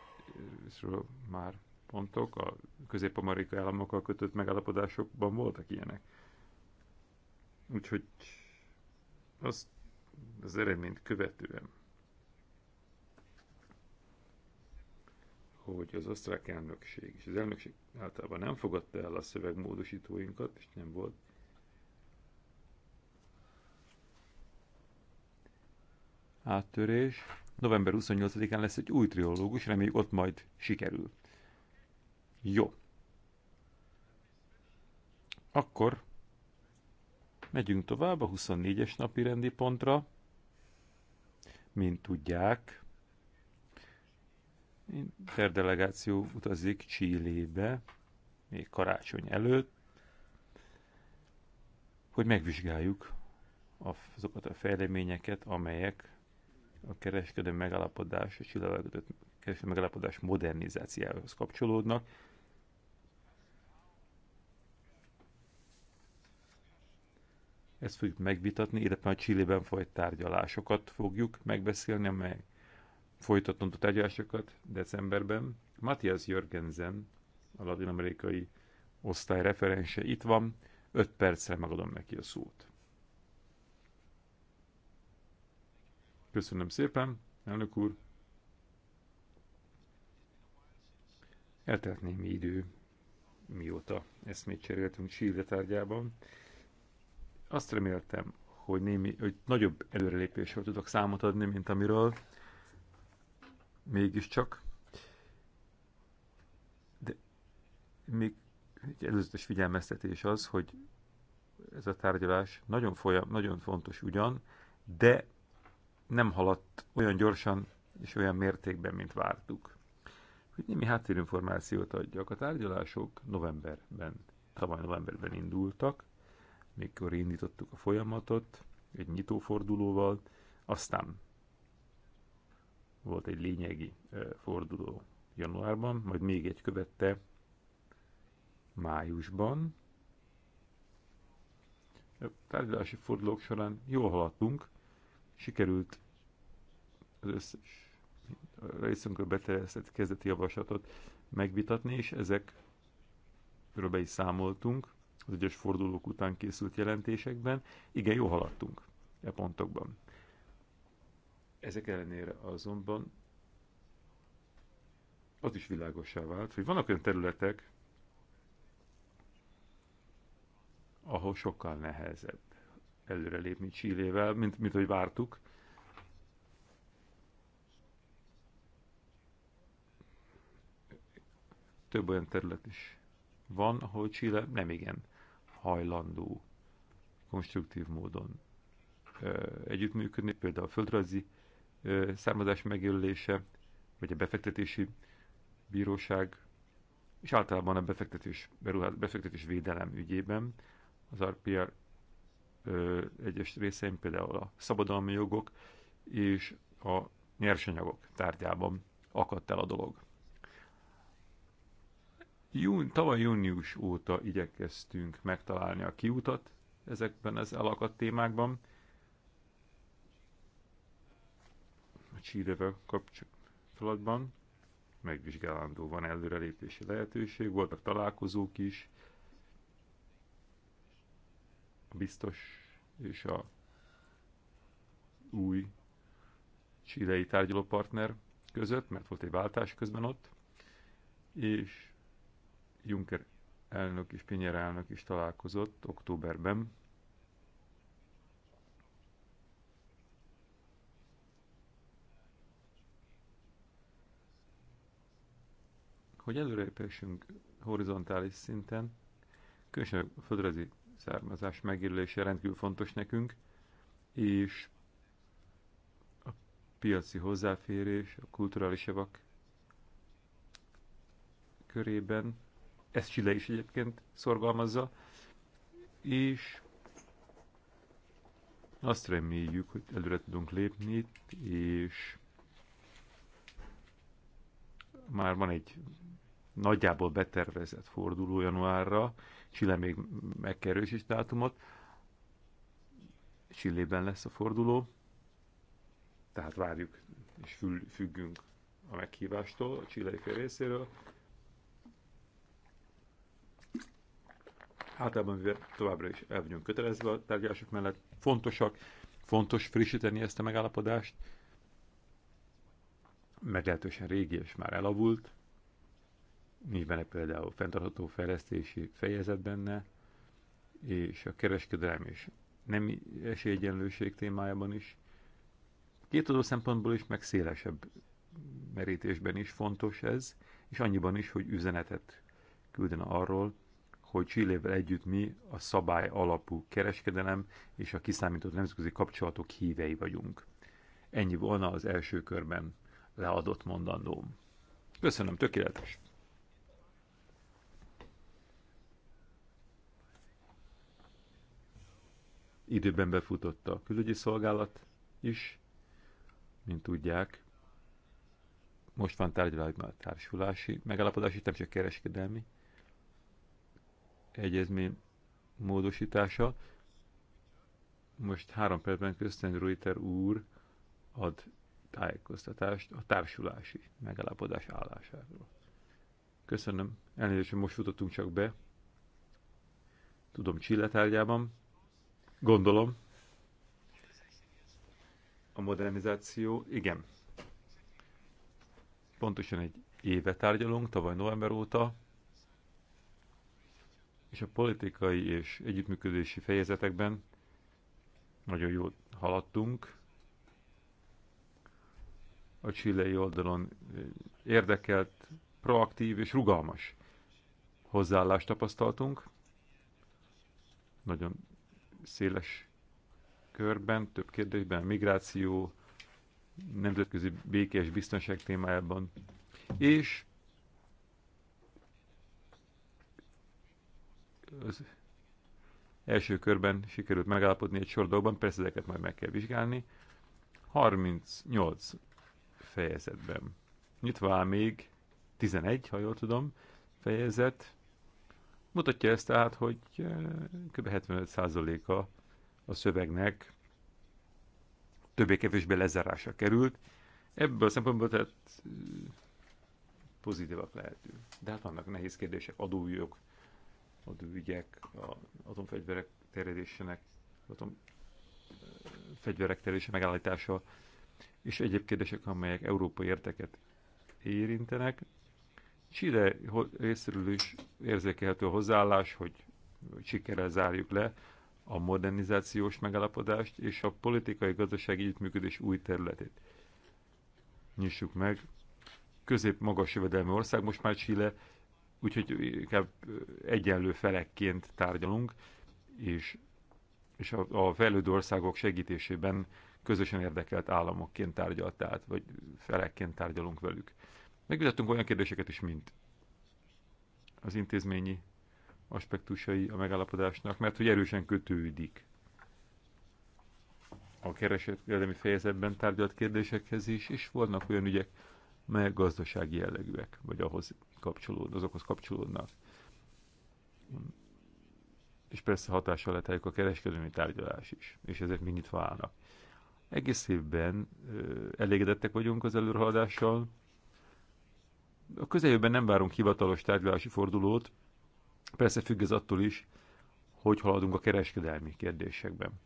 eh, már pontok, a közép-amerikai államokkal kötött megállapodásokban voltak ilyenek. Úgyhogy az az eredményt követően hogy az osztrák elnökség, és az elnökség általában nem fogadta el a szövegmódosítóinkat, és nem volt. Áttörés. November 28-án lesz egy új triológus, reméljük ott majd sikerül. Jó. Akkor megyünk tovább a 24-es napi rendi pontra. Mint tudják, Per delegáció utazik Csillébe, még karácsony előtt, hogy megvizsgáljuk azokat a fejleményeket, amelyek a kereskedő megállapodás, a Csillével kereskedő megállapodás modernizációhoz kapcsolódnak, ezt fogjuk megvitatni, illetve a Csillében folyt tárgyalásokat fogjuk megbeszélni, amelyek folytatnunk a tárgyalásokat decemberben. Matthias Jörgensen, a latin-amerikai osztály referense itt van, 5 perccel megadom neki a szót. Köszönöm szépen, elnök úr. Eltelt némi idő, mióta eszmét cseréltünk Chile tárgyában. Azt reméltem, hogy, némi, hogy nagyobb előrelépésről tudok számot adni, mint amiről mégiscsak. De még egy előzetes figyelmeztetés az, hogy ez a tárgyalás nagyon, folyam, nagyon fontos ugyan, de nem haladt olyan gyorsan és olyan mértékben, mint vártuk. Hogy némi háttérinformációt adjak. A tárgyalások novemberben, tavaly novemberben indultak, mikor indítottuk a folyamatot, egy nyitófordulóval, aztán volt egy lényegi forduló januárban, majd még egy követte májusban. A tárgyalási fordulók során jól haladtunk, sikerült az összes részünkről beterjesztett kezdeti javaslatot megvitatni, és ezek, be is számoltunk az egyes fordulók után készült jelentésekben. Igen, jó haladtunk e pontokban. Ezek ellenére azonban az is világosá vált, hogy vannak olyan területek, ahol sokkal nehezebb előrelépni Csillével, mint, mint hogy vártuk. Több olyan terület is van, ahol Chile nem igen hajlandó konstruktív módon ö, együttműködni, például a földrajzi származás megjelölése, vagy a befektetési bíróság, és általában a befektetés, beruház, befektetés védelem ügyében az RPR ö, egyes részein, például a szabadalmi jogok és a nyersanyagok tárgyában akadt el a dolog. Jún, tavaly június óta igyekeztünk megtalálni a kiutat ezekben az elakadt témákban, Csírevel kapcsolatban megvizsgálandó van előrelépési lehetőség, voltak találkozók is, a biztos és a új csilei tárgyalópartner között, mert volt egy váltás közben ott, és Juncker elnök és Pinyer elnök is találkozott októberben, hogy előrépésünk horizontális szinten, különösen a földrezi származás megjelölése rendkívül fontos nekünk, és a piaci hozzáférés, a kulturális javak körében, ezt Csile is egyébként szorgalmazza, és azt reméljük, hogy előre tudunk lépni, és már van egy nagyjából betervezett forduló januárra, Chile még megkerősít dátumot, Chilében lesz a forduló, tehát várjuk és függünk a meghívástól a csillai fél részéről. Általában továbbra is el vagyunk kötelezve a tárgyalások mellett. Fontosak, fontos frissíteni ezt a megállapodást. Meglehetősen régi és már elavult nincs benne például fenntartható fejlesztési fejezet benne, és a kereskedelem és nem esélyegyenlőség témájában is. Két adó szempontból is, meg szélesebb merítésben is fontos ez, és annyiban is, hogy üzenetet küldene arról, hogy Csillével együtt mi a szabály alapú kereskedelem és a kiszámított nemzetközi kapcsolatok hívei vagyunk. Ennyi volna az első körben leadott mondandóm. Köszönöm, tökéletes! időben befutott a külügyi szolgálat is, mint tudják. Most van tárgyalásban a társulási megállapodás, itt nem csak kereskedelmi egyezmény módosítása. Most három percben Közten Reuter úr ad tájékoztatást a társulási megállapodás állásáról. Köszönöm. Elnézést, hogy most futottunk csak be. Tudom, Csilletárgyában. tárgyában Gondolom. A modernizáció, igen. Pontosan egy éve tárgyalunk, tavaly november óta, és a politikai és együttműködési fejezetekben nagyon jól haladtunk. A csillai oldalon eh, érdekelt, proaktív és rugalmas hozzáállást tapasztaltunk. Nagyon széles körben, több kérdésben, migráció, nemzetközi békés biztonság témájában, és az első körben sikerült megállapodni egy sor dolgban, persze ezeket majd meg kell vizsgálni, 38 fejezetben. Nyitva áll még 11, ha jól tudom, fejezet, Mutatja ezt tehát, hogy eh, kb. 75%-a a szövegnek többé-kevésbé lezárása került. Ebből a szempontból tehát eh, pozitívak lehetünk. De hát vannak nehéz kérdések, adójog, adóügyek, a atomfegyverek terjedésének, atomfegyverek eh, terjedése megállítása, és egyéb kérdések, amelyek európai érteket érintenek, Chile részéről is érzékelhető a hozzáállás, hogy sikerrel zárjuk le a modernizációs megállapodást és a politikai-gazdasági együttműködés új területét. Nyissuk meg. Közép-magas jövedelmi ország most már Chile, úgyhogy inkább egyenlő felekként tárgyalunk, és, és a, a fejlődő országok segítésében közösen érdekelt államokként tárgyalt, tehát, vagy felekként tárgyalunk velük. Megvitattunk olyan kérdéseket is, mint az intézményi aspektusai a megállapodásnak, mert hogy erősen kötődik a kereskedelmi fejezetben tárgyalt kérdésekhez is, és vannak olyan ügyek, melyek gazdasági jellegűek, vagy ahhoz kapcsolód, azokhoz kapcsolódnak. És persze hatással lehet a kereskedelmi tárgyalás is, és ezek mind nyitva állnak. Egész évben ö, elégedettek vagyunk az előrehaladással, a közeljövőben nem várunk hivatalos tárgyalási fordulót, persze függ ez attól is, hogy haladunk a kereskedelmi kérdésekben.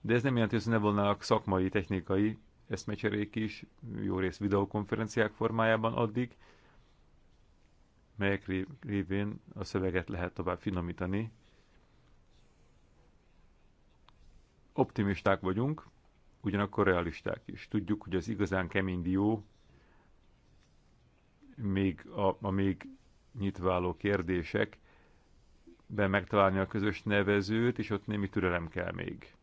De ez nem jelenti, hogy ne volnának szakmai, technikai eszmecserék is, jó rész videokonferenciák formájában addig, melyek révén a szöveget lehet tovább finomítani. Optimisták vagyunk, ugyanakkor realisták is. Tudjuk, hogy az igazán kemény dió még a, a még nyitváló kérdésekben megtalálni a közös nevezőt, és ott némi türelem kell még.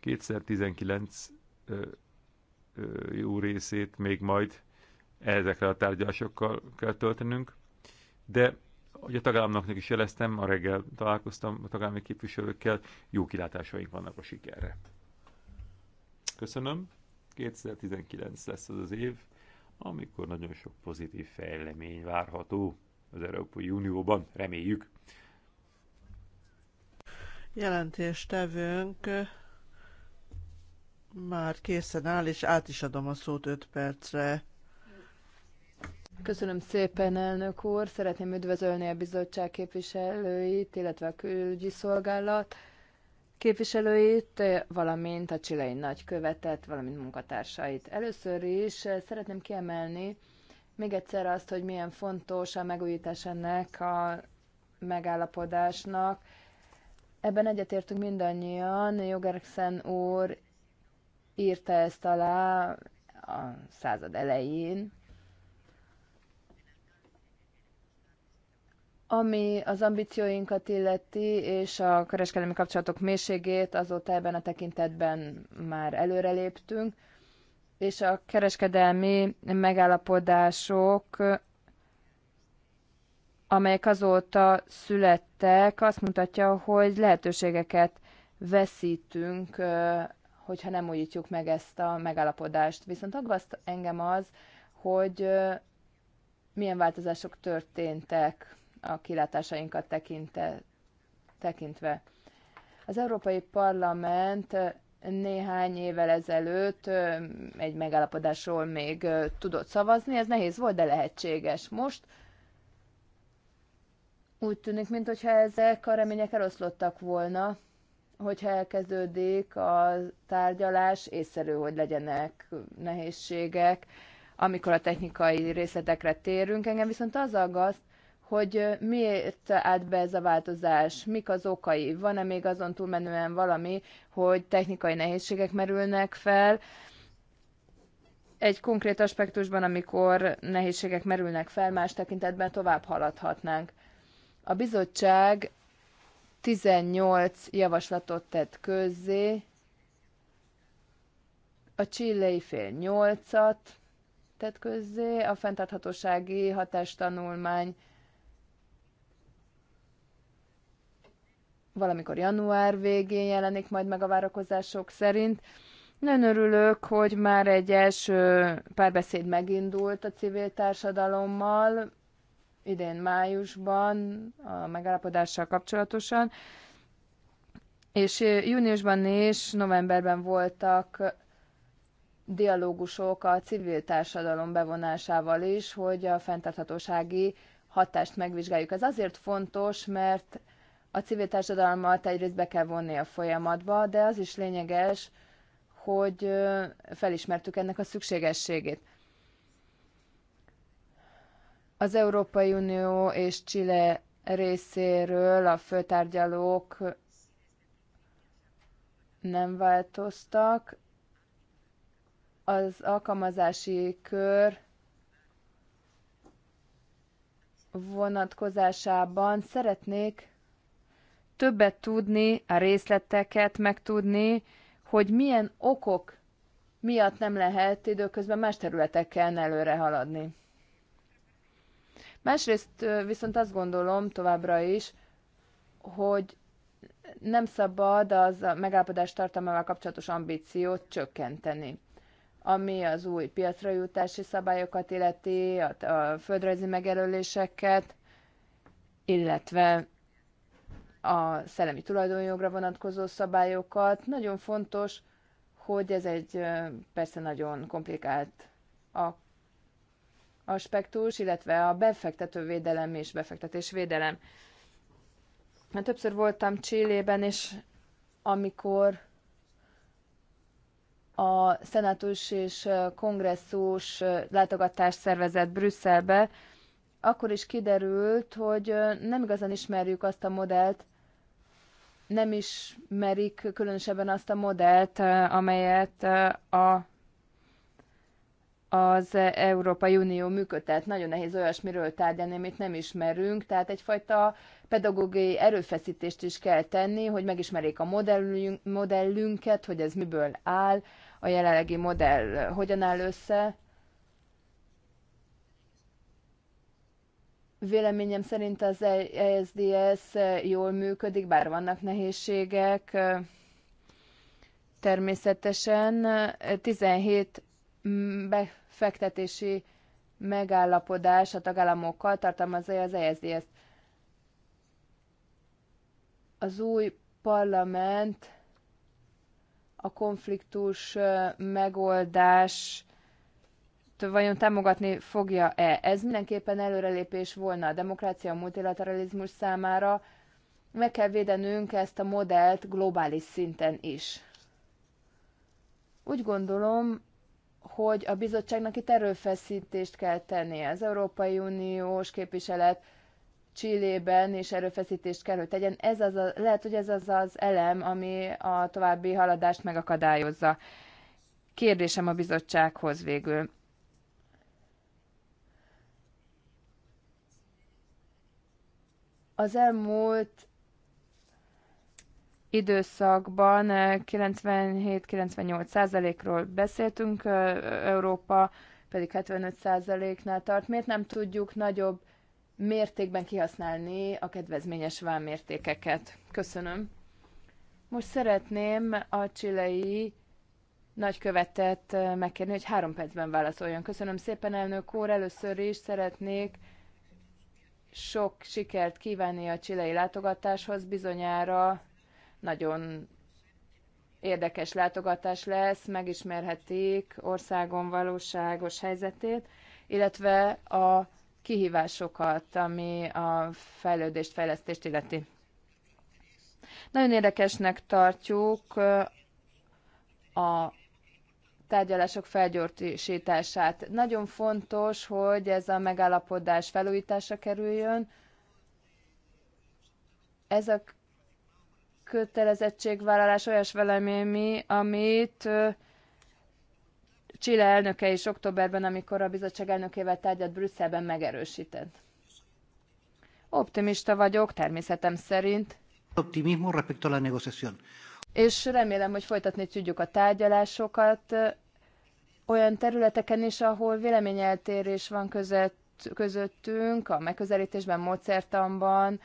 2019 ö, ö, jó részét még majd ezekre a tárgyalásokkal kell töltenünk, de hogy a tagállamnak is jeleztem, a reggel találkoztam a tagállami képviselőkkel, jó kilátásaink vannak a sikerre. Köszönöm. 2019 lesz az az év, amikor nagyon sok pozitív fejlemény várható az Európai Unióban, reméljük. Jelentéstevőnk már készen áll, és át is adom a szót 5 percre. Köszönöm szépen, elnök úr. Szeretném üdvözölni a bizottság képviselőit, illetve a külügyi szolgálat képviselőit, valamint a csilei nagykövetet, valamint munkatársait. Először is eh, szeretném kiemelni még egyszer azt, hogy milyen fontos a megújítás ennek a megállapodásnak. Ebben egyetértünk mindannyian, Jogerksen úr írta ezt alá a század elején, Ami az ambícióinkat illeti, és a kereskedelmi kapcsolatok mélységét, azóta ebben a tekintetben már előreléptünk, és a kereskedelmi megállapodások, amelyek azóta születtek, azt mutatja, hogy lehetőségeket veszítünk, hogyha nem újítjuk meg ezt a megállapodást. Viszont aggaszt engem az, hogy milyen változások történtek a kilátásainkat tekinte, tekintve. Az Európai Parlament néhány évvel ezelőtt egy megállapodásról még tudott szavazni, ez nehéz volt, de lehetséges. Most úgy tűnik, mintha ezek a remények eloszlottak volna, hogyha elkezdődik a tárgyalás, észszerű, hogy legyenek nehézségek, amikor a technikai részletekre térünk. Engem viszont az aggaszt, hogy miért állt be ez a változás, mik az okai, van-e még azon túlmenően valami, hogy technikai nehézségek merülnek fel, egy konkrét aspektusban, amikor nehézségek merülnek fel, más tekintetben tovább haladhatnánk. A bizottság 18 javaslatot tett közzé, a csillei fél 8-at tett közzé, a fenntarthatósági hatástanulmány valamikor január végén jelenik majd meg a várakozások szerint. Nagyon örülök, hogy már egy első párbeszéd megindult a civil társadalommal, idén májusban a megállapodással kapcsolatosan, és júniusban és novemberben voltak dialógusok a civil társadalom bevonásával is, hogy a fenntarthatósági hatást megvizsgáljuk. Ez azért fontos, mert a civil társadalmat egyrészt be kell vonni a folyamatba, de az is lényeges, hogy felismertük ennek a szükségességét. Az Európai Unió és Chile részéről a főtárgyalók nem változtak. Az alkalmazási kör vonatkozásában szeretnék többet tudni, a részleteket megtudni, hogy milyen okok miatt nem lehet időközben más területeken előre haladni. Másrészt viszont azt gondolom továbbra is, hogy nem szabad az a megállapodás tartalmával kapcsolatos ambíciót csökkenteni, ami az új piacra jutási szabályokat illeti, a, a földrajzi megerőléseket, illetve a szellemi tulajdonjogra vonatkozó szabályokat. Nagyon fontos, hogy ez egy persze nagyon komplikált a aspektus, illetve a befektetővédelem és befektetésvédelem. Mert többször voltam Csillében, és amikor a szenátus és kongresszus látogatást szervezett Brüsszelbe, akkor is kiderült, hogy nem igazán ismerjük azt a modellt, nem ismerik különösebben azt a modellt, amelyet a, az Európai Unió működtet. Nagyon nehéz olyasmiről tárgyalni, amit nem ismerünk, tehát egyfajta pedagógiai erőfeszítést is kell tenni, hogy megismerjék a modellünk, modellünket, hogy ez miből áll, a jelenlegi modell hogyan áll össze, Véleményem szerint az ESDS eh, jól működik, bár vannak nehézségek. Eh, természetesen 17 eh, mm, befektetési megállapodás a tagállamokkal tartalmazza az esds Az új parlament a konfliktus megoldás vajon támogatni fogja-e. Ez mindenképpen előrelépés volna a demokrácia, a multilateralizmus számára. Meg kell védenünk ezt a modellt globális szinten is. Úgy gondolom, hogy a bizottságnak itt erőfeszítést kell tennie. Az Európai Uniós képviselet Csillében és erőfeszítést kell, hogy tegyen. Ez az a, lehet, hogy ez az az elem, ami a további haladást megakadályozza. Kérdésem a bizottsághoz végül. Az elmúlt időszakban 97-98 eh, százalékról beszéltünk, eh, Európa pedig 75 nál tart. Miért nem tudjuk nagyobb mértékben kihasználni a kedvezményes vámértékeket? Köszönöm. Most szeretném a csilei nagykövetet eh, megkérni, hogy három percben válaszoljon. Köszönöm szépen, elnök úr. Először is szeretnék sok sikert kívánni a csilei látogatáshoz, bizonyára nagyon érdekes látogatás lesz, megismerhetik országon valóságos helyzetét, illetve a kihívásokat, ami a fejlődést, fejlesztést illeti. Nagyon érdekesnek tartjuk a tárgyalások felgyorsítását. Nagyon fontos, hogy ez a megállapodás felújításra kerüljön. Ez a kötelezettségvállalás olyas valami, amit Csile elnöke is októberben, amikor a bizottság elnökével tárgyat Brüsszelben megerősített. Optimista vagyok, természetem szerint. Optimismo respecto a la negociación és remélem, hogy folytatni tudjuk a tárgyalásokat olyan területeken is, ahol véleményeltérés van között, közöttünk, a megközelítésben, módszertanban.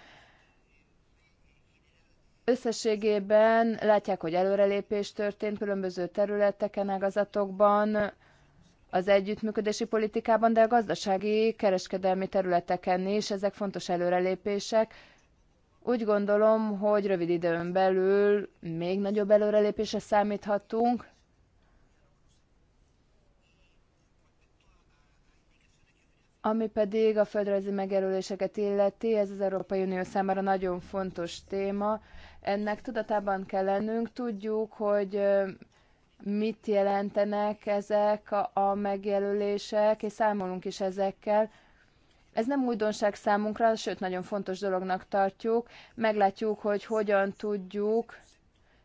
Összességében látják, hogy előrelépés történt különböző területeken, ágazatokban, az együttműködési politikában, de a gazdasági, kereskedelmi területeken is ezek fontos előrelépések úgy gondolom, hogy rövid időn belül még nagyobb előrelépésre számíthatunk, Ami pedig a földrajzi megjelöléseket illeti, ez az Európai Unió számára nagyon fontos téma. Ennek tudatában kell lennünk, tudjuk, hogy mit jelentenek ezek a megjelölések, és számolunk is ezekkel. Ez nem újdonság számunkra, sőt, nagyon fontos dolognak tartjuk. Meglátjuk, hogy hogyan tudjuk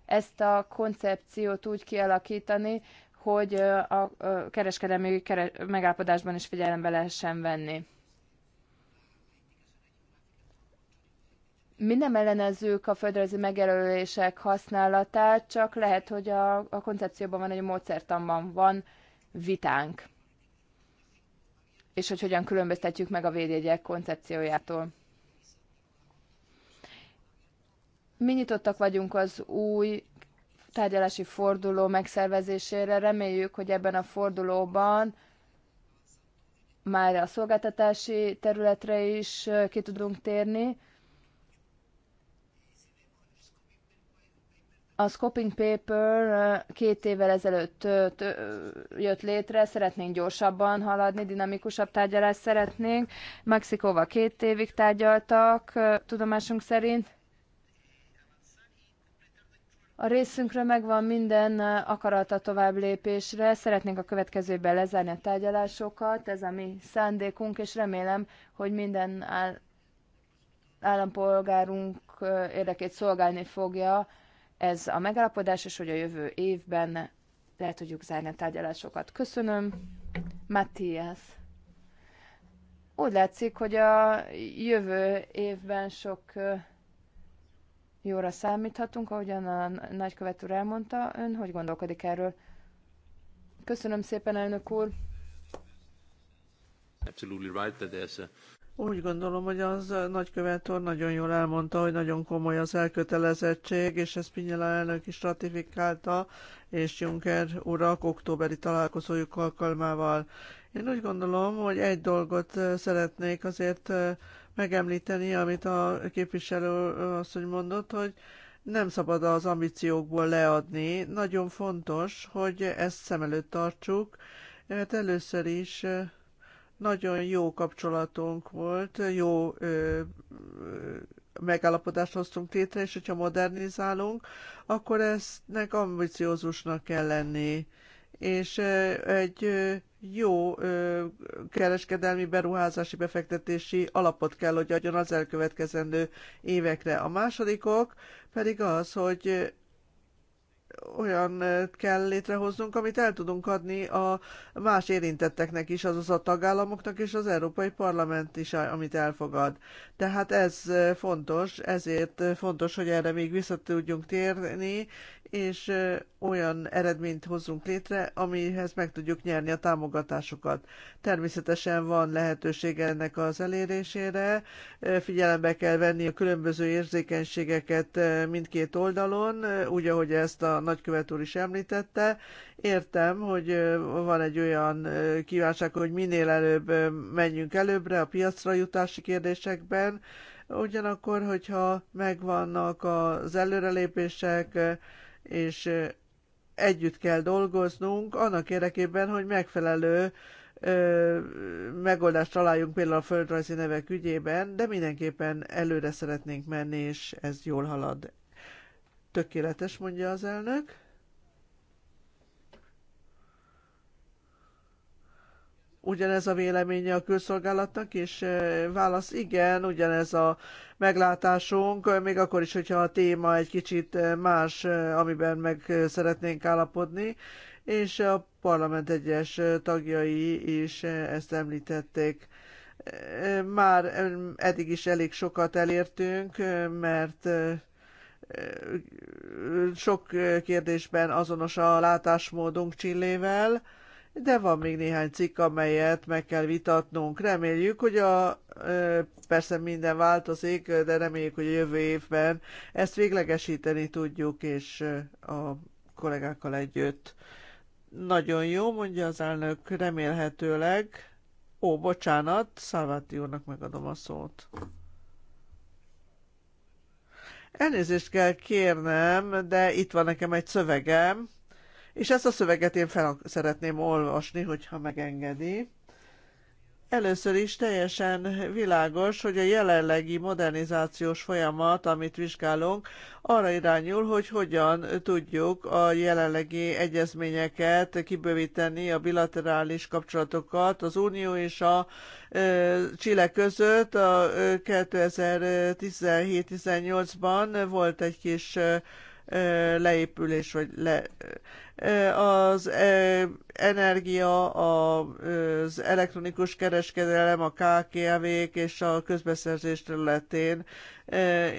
ezt a koncepciót úgy kialakítani, hogy a kereskedelmi megállapodásban is figyelembe lehessen venni. Mi nem ellenezzük a földrajzi megjelölések használatát, csak lehet, hogy a, a koncepcióban van egy módszertanban van vitánk és hogy hogyan különböztetjük meg a védjegyek koncepciójától. Mi nyitottak vagyunk az új tárgyalási forduló megszervezésére. Reméljük, hogy ebben a fordulóban már a szolgáltatási területre is ki tudunk térni, A scoping paper két évvel ezelőtt jött létre, szeretnénk gyorsabban haladni, dinamikusabb tárgyalást szeretnénk. Mexikóval két évig tárgyaltak, tudomásunk szerint. A részünkről megvan minden akarata tovább lépésre. Szeretnénk a következőben lezárni a tárgyalásokat, ez a mi szándékunk, és remélem, hogy minden áll állampolgárunk érdekét szolgálni fogja ez a megállapodás, és hogy a jövő évben le tudjuk zárni a tárgyalásokat. Köszönöm, Matthias. Úgy látszik, hogy a jövő évben sok jóra számíthatunk, ahogyan a nagykövet úr elmondta. Ön hogy gondolkodik erről? Köszönöm szépen, elnök úr. Absolutely right that there's a úgy gondolom, hogy az nagykövet úr nagyon jól elmondta, hogy nagyon komoly az elkötelezettség, és ezt Pinyela elnök is ratifikálta, és Juncker urak októberi találkozójuk alkalmával. Én úgy gondolom, hogy egy dolgot szeretnék azért megemlíteni, amit a képviselő azt hogy mondott, hogy nem szabad az ambíciókból leadni. Nagyon fontos, hogy ezt szem előtt tartsuk, mert először is nagyon jó kapcsolatunk volt, jó ö, megállapodást hoztunk tétre, és hogyha modernizálunk, akkor eznek ambiciózusnak kell lenni. És egy jó kereskedelmi beruházási befektetési alapot kell, hogy adjon az elkövetkezendő évekre. A másodikok pedig az, hogy olyan kell létrehoznunk, amit el tudunk adni a más érintetteknek is, azaz a tagállamoknak és az Európai Parlament is, amit elfogad. Tehát ez fontos, ezért fontos, hogy erre még vissza tudjunk térni, és olyan eredményt hozzunk létre, amihez meg tudjuk nyerni a támogatásokat. Természetesen van lehetőség ennek az elérésére, figyelembe kell venni a különböző érzékenységeket mindkét oldalon, úgy, ahogy ezt a a nagykövet úr is említette. Értem, hogy van egy olyan kívánság, hogy minél előbb menjünk előbbre a piacra jutási kérdésekben, ugyanakkor, hogyha megvannak az előrelépések, és együtt kell dolgoznunk annak érdekében, hogy megfelelő ö, megoldást találjunk például a földrajzi nevek ügyében, de mindenképpen előre szeretnénk menni, és ez jól halad. Tökéletes, mondja az elnök. ugyanez a véleménye a külszolgálatnak, és válasz igen, ugyanez a meglátásunk, még akkor is, hogyha a téma egy kicsit más, amiben meg szeretnénk állapodni, és a parlament egyes tagjai is ezt említették. Már eddig is elég sokat elértünk, mert sok kérdésben azonos a látásmódunk Csillével, de van még néhány cikk, amelyet meg kell vitatnunk. Reméljük, hogy a, persze minden változik, de reméljük, hogy a jövő évben ezt véglegesíteni tudjuk, és a kollégákkal együtt. Nagyon jó, mondja az elnök, remélhetőleg. Ó, bocsánat, Szalváti úrnak megadom a szót. Elnézést kell kérnem, de itt van nekem egy szövegem, és ezt a szöveget én fel szeretném olvasni, hogyha megengedi. Először is teljesen világos, hogy a jelenlegi modernizációs folyamat, amit vizsgálunk, arra irányul, hogy hogyan tudjuk a jelenlegi egyezményeket kibővíteni, a bilaterális kapcsolatokat az Unió és a Csile között. A 2017-18-ban volt egy kis leépülés, vagy le, az energia, az elektronikus kereskedelem, a KKV-k és a közbeszerzés területén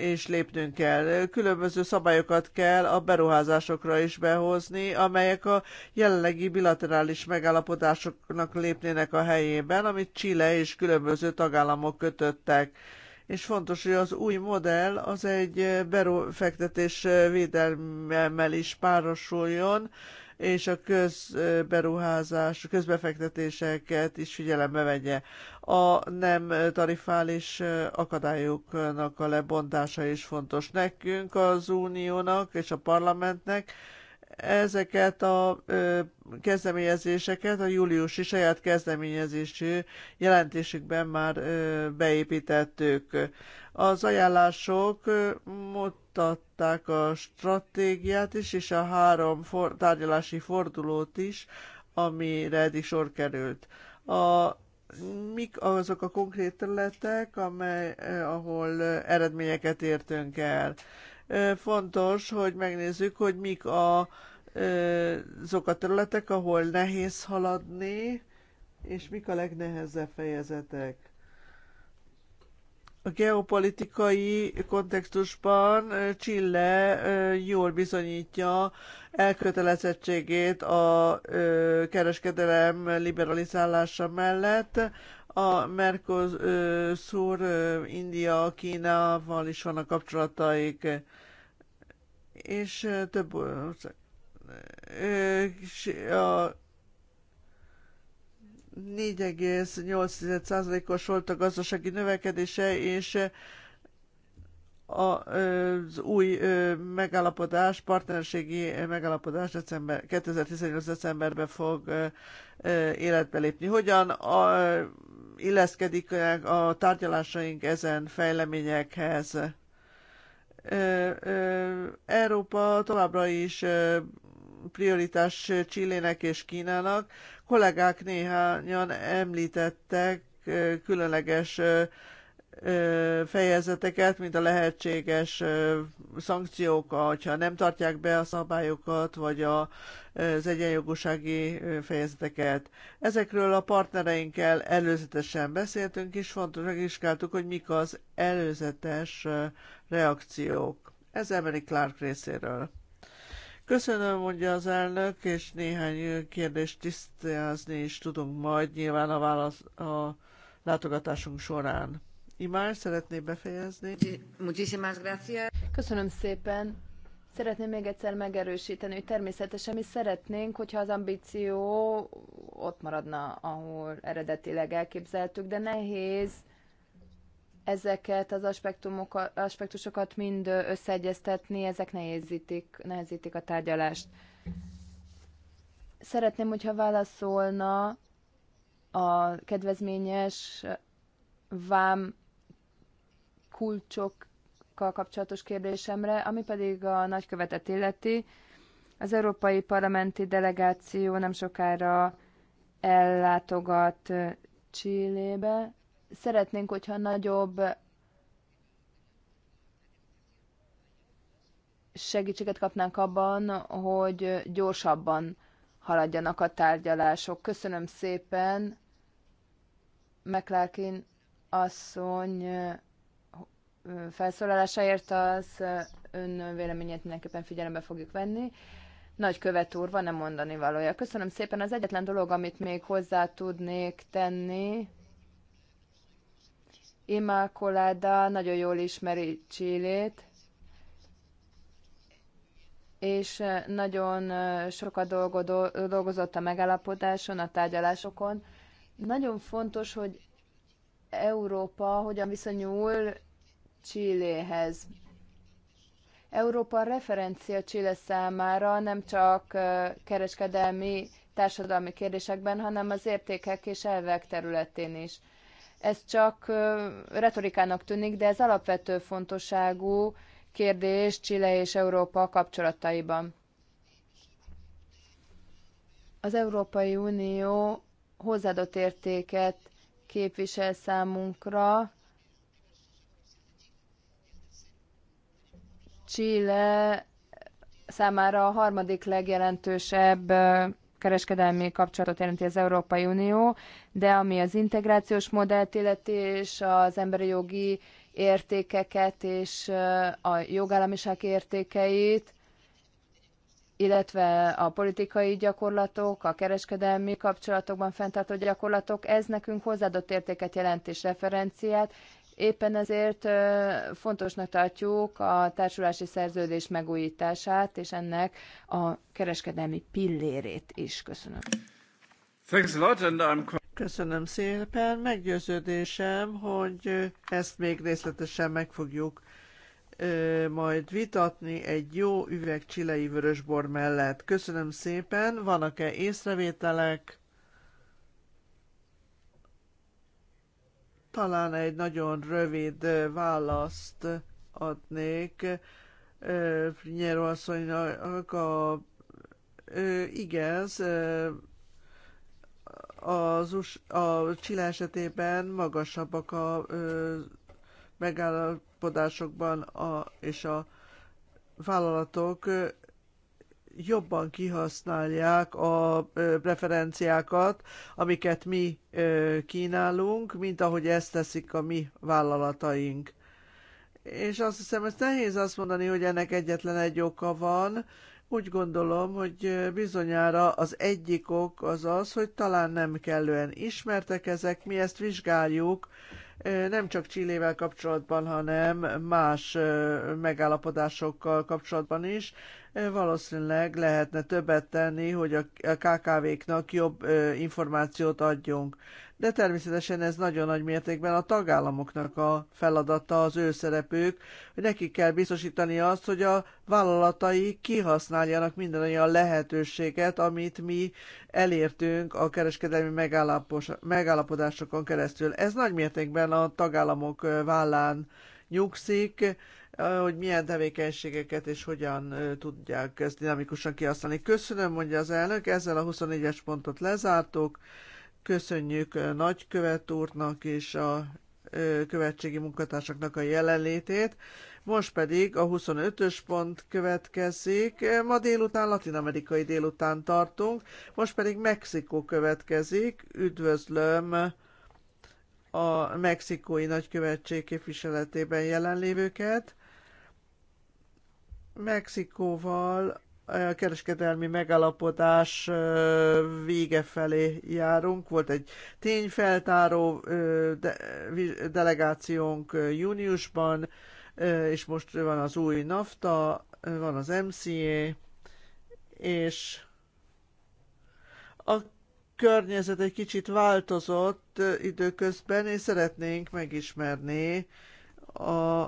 és lépnünk kell. Különböző szabályokat kell a beruházásokra is behozni, amelyek a jelenlegi bilaterális megállapodásoknak lépnének a helyében, amit Chile és különböző tagállamok kötöttek és fontos, hogy az új modell az egy befektetés védelmemmel is párosuljon, és a közberuházás, közbefektetéseket is figyelembe vegye. A nem tarifális akadályoknak a lebontása is fontos nekünk, az uniónak és a parlamentnek, ezeket a kezdeményezéseket a júliusi saját kezdeményezésű jelentésükben már beépítettük. Az ajánlások mutatták a stratégiát is, és a három for- tárgyalási fordulót is, amire eddig sor került. A mik azok a konkrét területek, amely, ahol eredményeket értünk el. Fontos, hogy megnézzük, hogy mik a azok a területek, ahol nehéz haladni, és mik a legnehezebb fejezetek. A geopolitikai kontextusban Chile jól bizonyítja elkötelezettségét a kereskedelem liberalizálása mellett. A Mercosur, India, Kínával is vannak kapcsolataik, és több ország a 4,8%-os volt a gazdasági növekedése, és az új megállapodás, partnerségi megállapodás december, 2018. decemberben fog életbe lépni. Hogyan a, illeszkedik a tárgyalásaink ezen fejleményekhez? Európa továbbra is prioritás Csillének és Kínának. Kollégák néhányan említettek különleges fejezeteket, mint a lehetséges szankciók, ha nem tartják be a szabályokat, vagy a, az egyenjogúsági fejezeteket. Ezekről a partnereinkkel előzetesen beszéltünk, és fontos, megvizsgáltuk, hogy mik az előzetes reakciók. Ez Emily Clark részéről. Köszönöm, mondja az elnök, és néhány kérdést tisztázni is tudunk majd nyilván a, válasz, a látogatásunk során. Imár, szeretné befejezni? Köszönöm szépen. Szeretném még egyszer megerősíteni, hogy természetesen mi szeretnénk, hogyha az ambíció ott maradna, ahol eredetileg elképzeltük, de nehéz ezeket az aspektumokat, aspektusokat mind összeegyeztetni, ezek nehézítik, nehezítik a tárgyalást. Szeretném, hogyha válaszolna a kedvezményes vám kulcsokkal kapcsolatos kérdésemre, ami pedig a nagykövetet illeti. Az Európai Parlamenti Delegáció nem sokára ellátogat Csillébe, szeretnénk, hogyha nagyobb segítséget kapnánk abban, hogy gyorsabban haladjanak a tárgyalások. Köszönöm szépen, Meklákin asszony felszólalásáért az ön véleményét mindenképpen figyelembe fogjuk venni. Nagy követ úr, van-e mondani valója? Köszönöm szépen. Az egyetlen dolog, amit még hozzá tudnék tenni, Immaculada nagyon jól ismeri Csillét, és eh, nagyon eh, sokat dolgozott a megállapodáson, a tárgyalásokon. Nagyon fontos, hogy Európa hogyan viszonyul Csilléhez. Európa referencia Chile számára nem csak eh, kereskedelmi, társadalmi kérdésekben, hanem az értékek és elvek területén is. Ez csak retorikának tűnik, de ez alapvető fontosságú kérdés Chile és Európa kapcsolataiban. Az Európai Unió hozzáadott értéket képvisel számunkra. Chile számára a harmadik legjelentősebb kereskedelmi kapcsolatot jelenti az Európai Unió, de ami az integrációs modellt illeti, és az emberi jogi értékeket és a jogállamiság értékeit, illetve a politikai gyakorlatok, a kereskedelmi kapcsolatokban fenntartott gyakorlatok, ez nekünk hozzáadott értéket jelent és referenciát, Éppen ezért fontosnak tartjuk a társulási szerződés megújítását, és ennek a kereskedelmi pillérét is. Köszönöm. Köszönöm szépen. Meggyőződésem, hogy ezt még részletesen meg fogjuk majd vitatni egy jó üveg csilei vörösbor mellett. Köszönöm szépen. Vannak-e észrevételek? Talán egy nagyon rövid választ adnék Nyerő asszonynak a igen, az US, a Csile esetében magasabbak a megállapodásokban a, és a vállalatok jobban kihasználják a preferenciákat, amiket mi kínálunk, mint ahogy ezt teszik a mi vállalataink. És azt hiszem, ez nehéz azt mondani, hogy ennek egyetlen egy oka van. Úgy gondolom, hogy bizonyára az egyik ok az az, hogy talán nem kellően ismertek ezek, mi ezt vizsgáljuk, nem csak Csillével kapcsolatban, hanem más megállapodásokkal kapcsolatban is valószínűleg lehetne többet tenni, hogy a KKV-knak jobb információt adjunk de természetesen ez nagyon nagy mértékben a tagállamoknak a feladata, az ő szerepük, hogy nekik kell biztosítani azt, hogy a vállalatai kihasználjanak minden olyan lehetőséget, amit mi elértünk a kereskedelmi megállapodásokon keresztül. Ez nagy mértékben a tagállamok vállán nyugszik, hogy milyen tevékenységeket és hogyan tudják ezt dinamikusan kihasználni. Köszönöm, mondja az elnök, ezzel a 24-es pontot lezártuk. Köszönjük nagykövet úrnak és a követségi munkatársaknak a jelenlétét. Most pedig a 25-ös pont következik. Ma délután, latinamerikai délután tartunk, most pedig Mexikó következik. Üdvözlöm a mexikói nagykövetség képviseletében jelenlévőket. Mexikóval a kereskedelmi megalapodás vége felé járunk. Volt egy tényfeltáró delegációnk júniusban, és most van az új NAFTA, van az MCA, és a környezet egy kicsit változott időközben, és szeretnénk megismerni a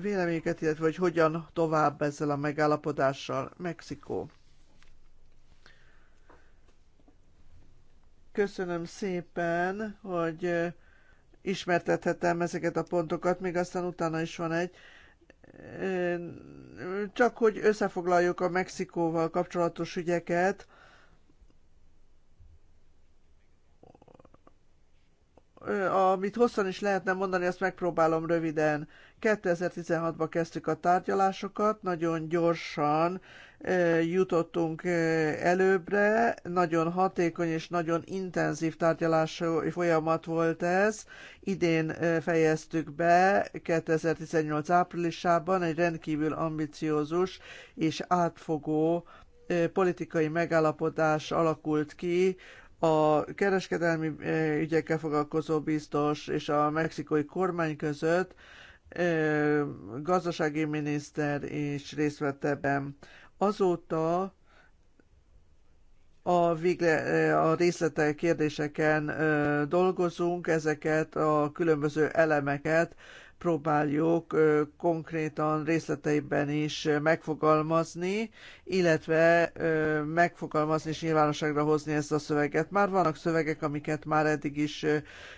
véleményeket, illetve hogy hogyan tovább ezzel a megállapodással. Mexikó. Köszönöm szépen, hogy ismertethetem ezeket a pontokat, még aztán utána is van egy. Csak hogy összefoglaljuk a Mexikóval kapcsolatos ügyeket, amit hosszan is lehetne mondani, azt megpróbálom röviden. 2016-ban kezdtük a tárgyalásokat, nagyon gyorsan jutottunk előbbre, nagyon hatékony és nagyon intenzív tárgyalási folyamat volt ez. Idén fejeztük be 2018 áprilisában egy rendkívül ambiciózus és átfogó politikai megállapodás alakult ki a kereskedelmi eh, ügyekkel foglalkozó biztos és a mexikói kormány között eh, gazdasági miniszter is részt vett ebben. Azóta a, végle, eh, a részlete kérdéseken dolgozunk, ezeket a különböző elemeket próbáljuk konkrétan részleteiben is megfogalmazni, illetve megfogalmazni és nyilvánosságra hozni ezt a szöveget. Már vannak szövegek, amiket már eddig is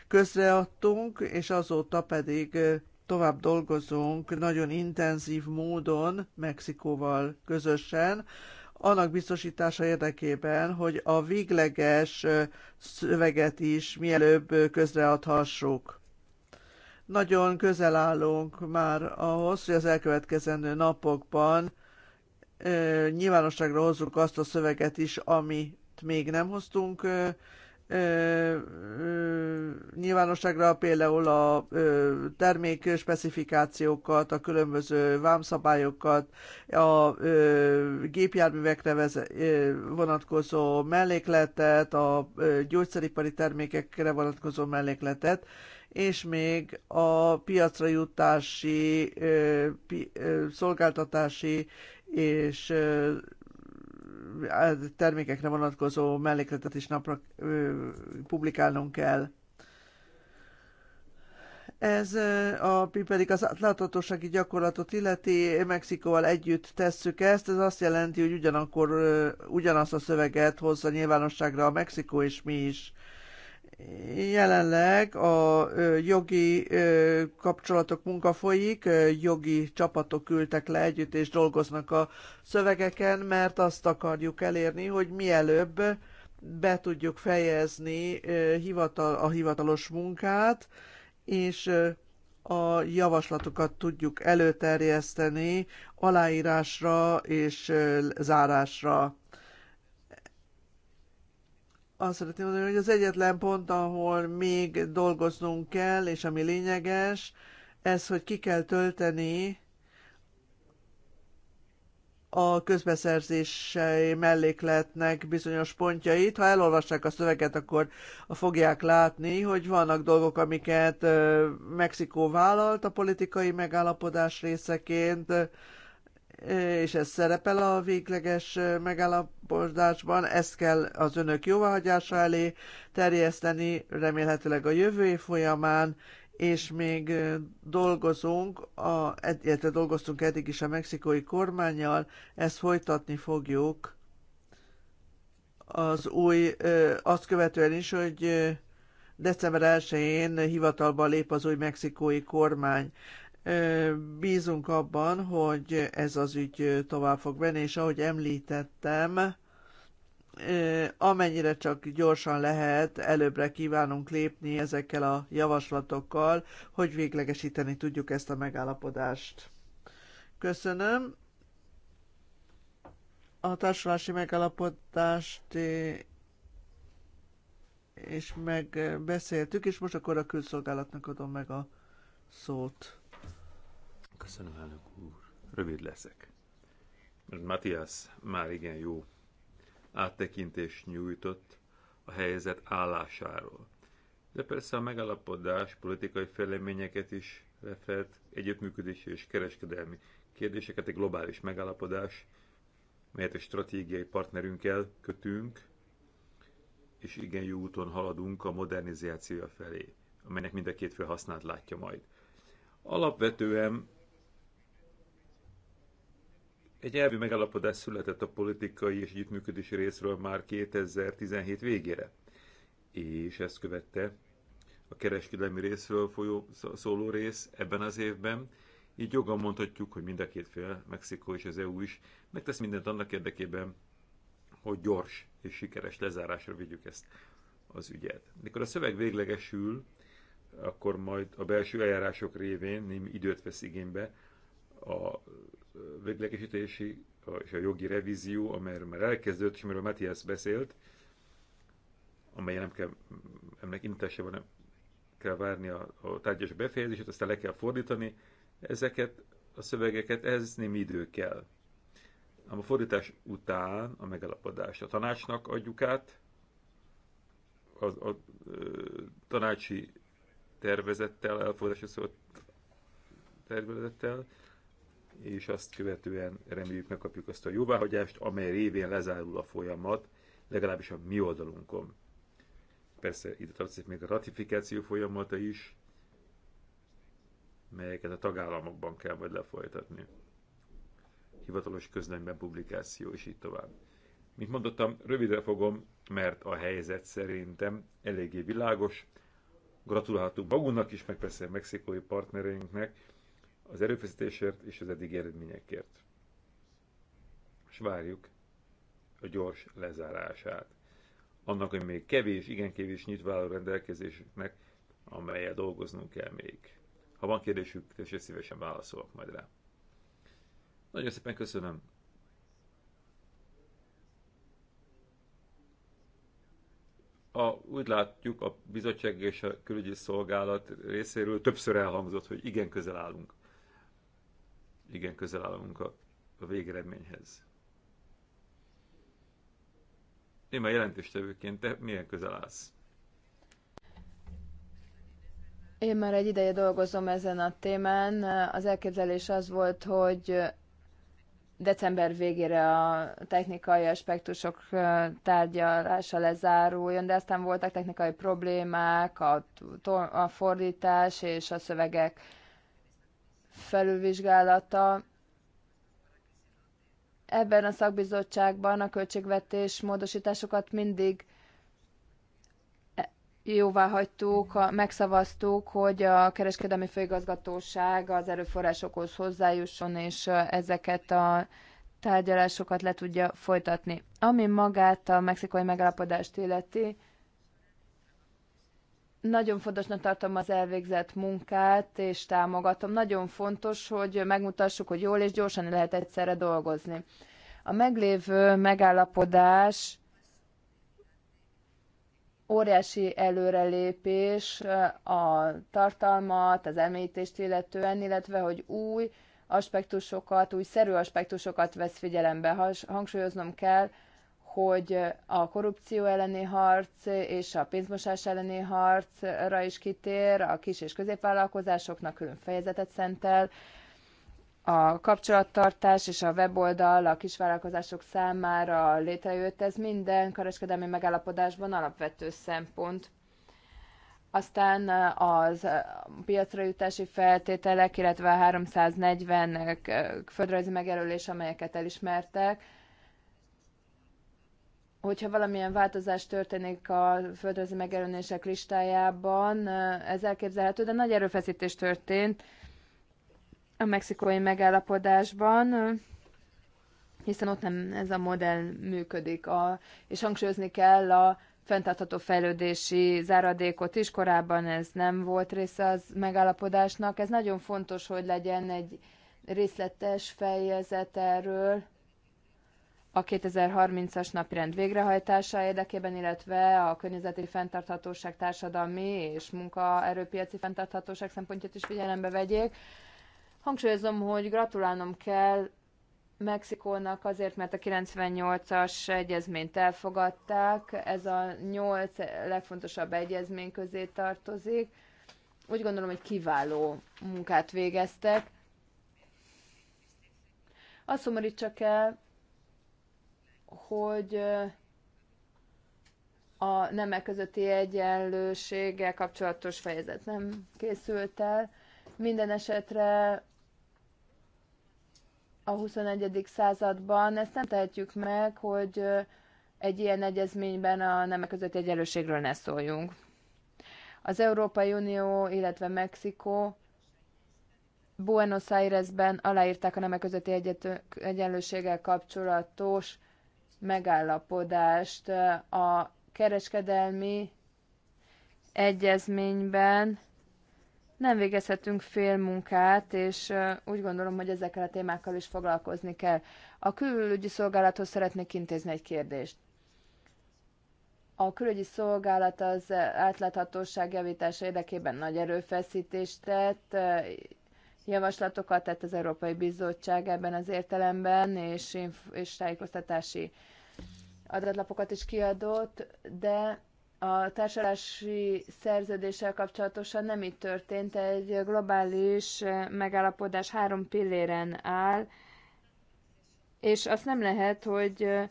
közreadtunk, és azóta pedig tovább dolgozunk nagyon intenzív módon Mexikóval közösen, annak biztosítása érdekében, hogy a végleges szöveget is mielőbb közreadhassuk. Nagyon közel állunk már ahhoz, hogy az elkövetkezendő napokban ö, nyilvánosságra hozzuk azt a szöveget is, amit még nem hoztunk ö, ö, nyilvánosságra, például a ö, termék specifikációkat, a különböző vámszabályokat, a ö, gépjárművekre veze, ö, vonatkozó mellékletet, a ö, gyógyszeripari termékekre vonatkozó mellékletet, és még a piacra jutási, szolgáltatási és termékekre vonatkozó mellékletet is napra publikálnunk kell. Ez a, pedig az láthatósági gyakorlatot illeti, Mexikóval együtt tesszük ezt, ez azt jelenti, hogy ugyanakkor ugyanazt a szöveget hozza nyilvánosságra a Mexikó és mi is jelenleg a jogi kapcsolatok munka folyik, jogi csapatok küldtek le együtt, és dolgoznak a szövegeken, mert azt akarjuk elérni, hogy mielőbb be tudjuk fejezni a hivatalos munkát, és a javaslatokat tudjuk előterjeszteni aláírásra és zárásra azt szeretném mondani, hogy az egyetlen pont, ahol még dolgoznunk kell, és ami lényeges, ez, hogy ki kell tölteni a közbeszerzései mellékletnek bizonyos pontjait. Ha elolvassák a szöveget, akkor fogják látni, hogy vannak dolgok, amiket Mexikó vállalt a politikai megállapodás részeként, és ez szerepel a végleges megállapodásban, ezt kell az önök jóváhagyása elé terjeszteni, remélhetőleg a jövő év folyamán, és még dolgozunk, a, illetve dolgoztunk eddig is a mexikói kormányjal, ezt folytatni fogjuk az új, azt követően is, hogy december 1-én hivatalba lép az új mexikói kormány. Bízunk abban, hogy ez az ügy tovább fog venni, és ahogy említettem, amennyire csak gyorsan lehet, előbbre kívánunk lépni ezekkel a javaslatokkal, hogy véglegesíteni tudjuk ezt a megállapodást. Köszönöm. A társulási megállapodást és megbeszéltük, és most akkor a külszolgálatnak adom meg a szót. Köszönöm, elnök úr. Rövid leszek. Mert Matthias már igen jó áttekintést nyújtott a helyzet állásáról. De persze a megalapodás politikai fejleményeket is lefed, együttműködési és kereskedelmi kérdéseket, egy globális megállapodás, melyet egy stratégiai partnerünkkel kötünk, és igen jó úton haladunk a modernizáció felé, amelynek mind a két fél hasznát látja majd. Alapvetően egy elvi megállapodás született a politikai és együttműködési részről már 2017 végére, és ezt követte a kereskedelmi részről folyó, szóló rész ebben az évben, így jogan mondhatjuk, hogy mind a két fél, Mexikó és az EU is megtesz mindent annak érdekében, hogy gyors és sikeres lezárásra vigyük ezt az ügyet. Mikor a szöveg véglegesül, akkor majd a belső eljárások révén némi időt vesz igénybe a véglegesítési és a jogi revízió, amelyről már elkezdődött, és amiről Matthias beszélt, amely nem kell, ennek intesse van, kell várni a, a tárgyas befejezését, aztán le kell fordítani ezeket a szövegeket, ez nem idő kell. Ám a fordítás után a megalapodást a tanácsnak adjuk át, a, a, a tanácsi tervezettel, elfogadásra szólt tervezettel, és azt követően reméljük megkapjuk azt a jóváhagyást, amely révén lezárul a folyamat, legalábbis a mi oldalunkon. Persze ide tartozik még a ratifikáció folyamata is, melyeket a tagállamokban kell majd lefolytatni. Hivatalos közleményben publikáció, és így tovább. Mint mondottam, rövidre fogom, mert a helyzet szerintem eléggé világos. Gratulálhatunk magunknak is, meg persze a mexikói partnereinknek, az erőfeszítésért és az eddig eredményekért. És várjuk a gyors lezárását. Annak, hogy még kevés, igen kevés nyitváló rendelkezésnek, amelyel dolgoznunk kell még. Ha van kérdésük, tessék szívesen válaszolok majd rá. Nagyon szépen köszönöm. A, úgy látjuk, a bizottság és a külügyi szolgálat részéről többször elhangzott, hogy igen közel állunk igen közel állunk a, a végeredményhez. Én már jelentéstevőként, te milyen közel állsz? Én már egy ideje dolgozom ezen a témán. Az elképzelés az volt, hogy december végére a technikai aspektusok tárgyalása lezáruljon, de aztán voltak technikai problémák, a, a fordítás és a szövegek felülvizsgálata. Ebben a szakbizottságban a költségvetés módosításokat mindig jóvá hagytuk, megszavaztuk, hogy a kereskedelmi főigazgatóság az erőforrásokhoz hozzájusson, és ezeket a tárgyalásokat le tudja folytatni. Ami magát a mexikai megállapodást illeti, nagyon fontosnak tartom az elvégzett munkát, és támogatom. Nagyon fontos, hogy megmutassuk, hogy jól és gyorsan lehet egyszerre dolgozni. A meglévő megállapodás óriási előrelépés eh, a tartalmat, az említést illetően, illetve hogy új aspektusokat, új szerű aspektusokat vesz figyelembe. Hangsúlyoznom kell, hogy a korrupció elleni harc és a pénzmosás elleni harcra is kitér, a kis- és középvállalkozásoknak külön fejezetet szentel, a kapcsolattartás és a weboldal a kisvállalkozások számára létrejött, ez minden kereskedelmi megállapodásban alapvető szempont. Aztán az piacra jutási feltételek, illetve a 340 földrajzi megjelölés, amelyeket elismertek, hogyha valamilyen változás történik a földrajzi megjelenések listájában, eh, ez elképzelhető, de nagy erőfeszítés történt a mexikói megállapodásban, eh, hiszen ott nem ez a modell működik, a, és hangsúlyozni kell a fenntartható fejlődési záradékot is, korábban ez nem volt része az megállapodásnak. Ez nagyon fontos, hogy legyen egy részletes fejezet erről, a 2030-as napirend végrehajtása érdekében, illetve a környezeti fenntarthatóság társadalmi és munkaerőpiaci fenntarthatóság szempontját is figyelembe vegyék. Hangsúlyozom, hogy gratulálnom kell Mexikónak azért, mert a 98-as egyezményt elfogadták, ez a nyolc legfontosabb egyezmény közé tartozik. Úgy gondolom, hogy kiváló munkát végeztek. Azt szomorít csak el, hogy a nemek közötti egyenlőséggel kapcsolatos fejezet nem készült el. Minden esetre a 21. században ezt nem tehetjük meg, hogy egy ilyen egyezményben a nemek közötti egyenlőségről ne szóljunk. Az Európai Unió, illetve Mexikó Buenos Airesben aláírták a nemek közötti egyenlőséggel kapcsolatos megállapodást eh, a kereskedelmi egyezményben nem végezhetünk fél munkát, és eh, úgy gondolom, hogy ezekkel a témákkal is foglalkozni kell. A külügyi szolgálathoz szeretnék intézni egy kérdést. A külügyi szolgálat az átláthatóság javítása érdekében nagy erőfeszítést tett, eh, javaslatokat tett az Európai Bizottság ebben az értelemben, és, és tájékoztatási adatlapokat is kiadott, de a társadalási szerződéssel kapcsolatosan nem így történt, egy globális eh, megállapodás három pilléren áll, és azt nem lehet, hogy eh,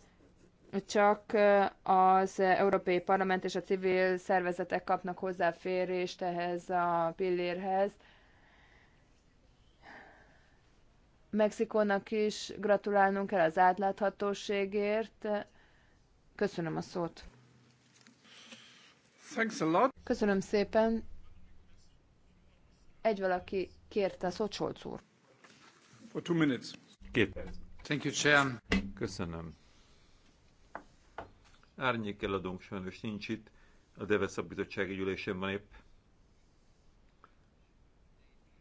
csak eh, az Európai Parlament és a civil szervezetek kapnak hozzáférést ehhez a pillérhez, Mexikónak is gratulálnunk kell az átláthatóségért. Köszönöm a szót. Thanks a lot. Köszönöm szépen. Egy valaki kérte a szót, Solc úr. For two minutes. Két perc. Thank you, Chair. Köszönöm. Árnyék eladónk sajnos nincs itt, a Deveszak bizottsági gyűlésen van épp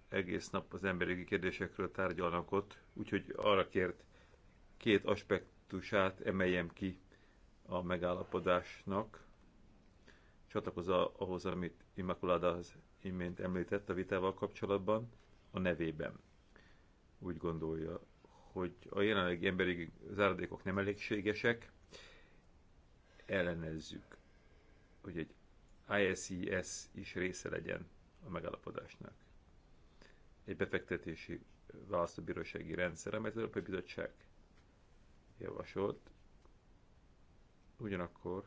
egész nap az emberi kérdésekről tárgyalnak ott, úgyhogy arra kért két aspektusát emeljem ki a megállapodásnak, csatlakozva ahhoz, amit Immaculada az imént említett a vitával kapcsolatban, a nevében. Úgy gondolja, hogy a jelenlegi emberi záradékok nem elégségesek, ellenezzük, hogy egy ISIS is része legyen a megállapodásnak egy befektetési választóbírósági rendszer, amelyet az Európai Bizottság javasolt. Ugyanakkor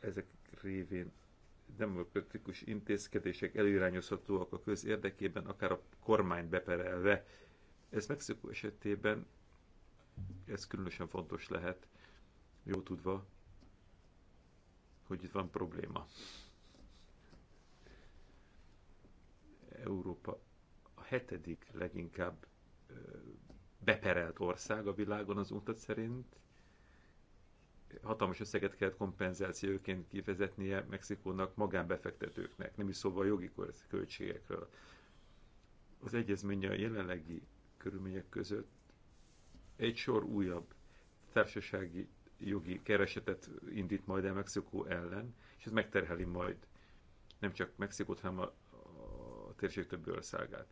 ezek révén demokratikus intézkedések előirányozhatóak a közérdekében, akár a kormány beperelve. Ez Mexikó esetében ez különösen fontos lehet, jó tudva, hogy itt van probléma. Európa a hetedik leginkább beperelt ország a világon az utat szerint. Hatalmas összeget kellett kompenzációként kifezetnie Mexikónak magánbefektetőknek, nem is szóval jogi költségekről. Az egyezmény a jelenlegi körülmények között egy sor újabb társasági jogi keresetet indít majd el Mexikó ellen, és ez megterheli majd nem csak Mexikót, hanem a térség többi országát.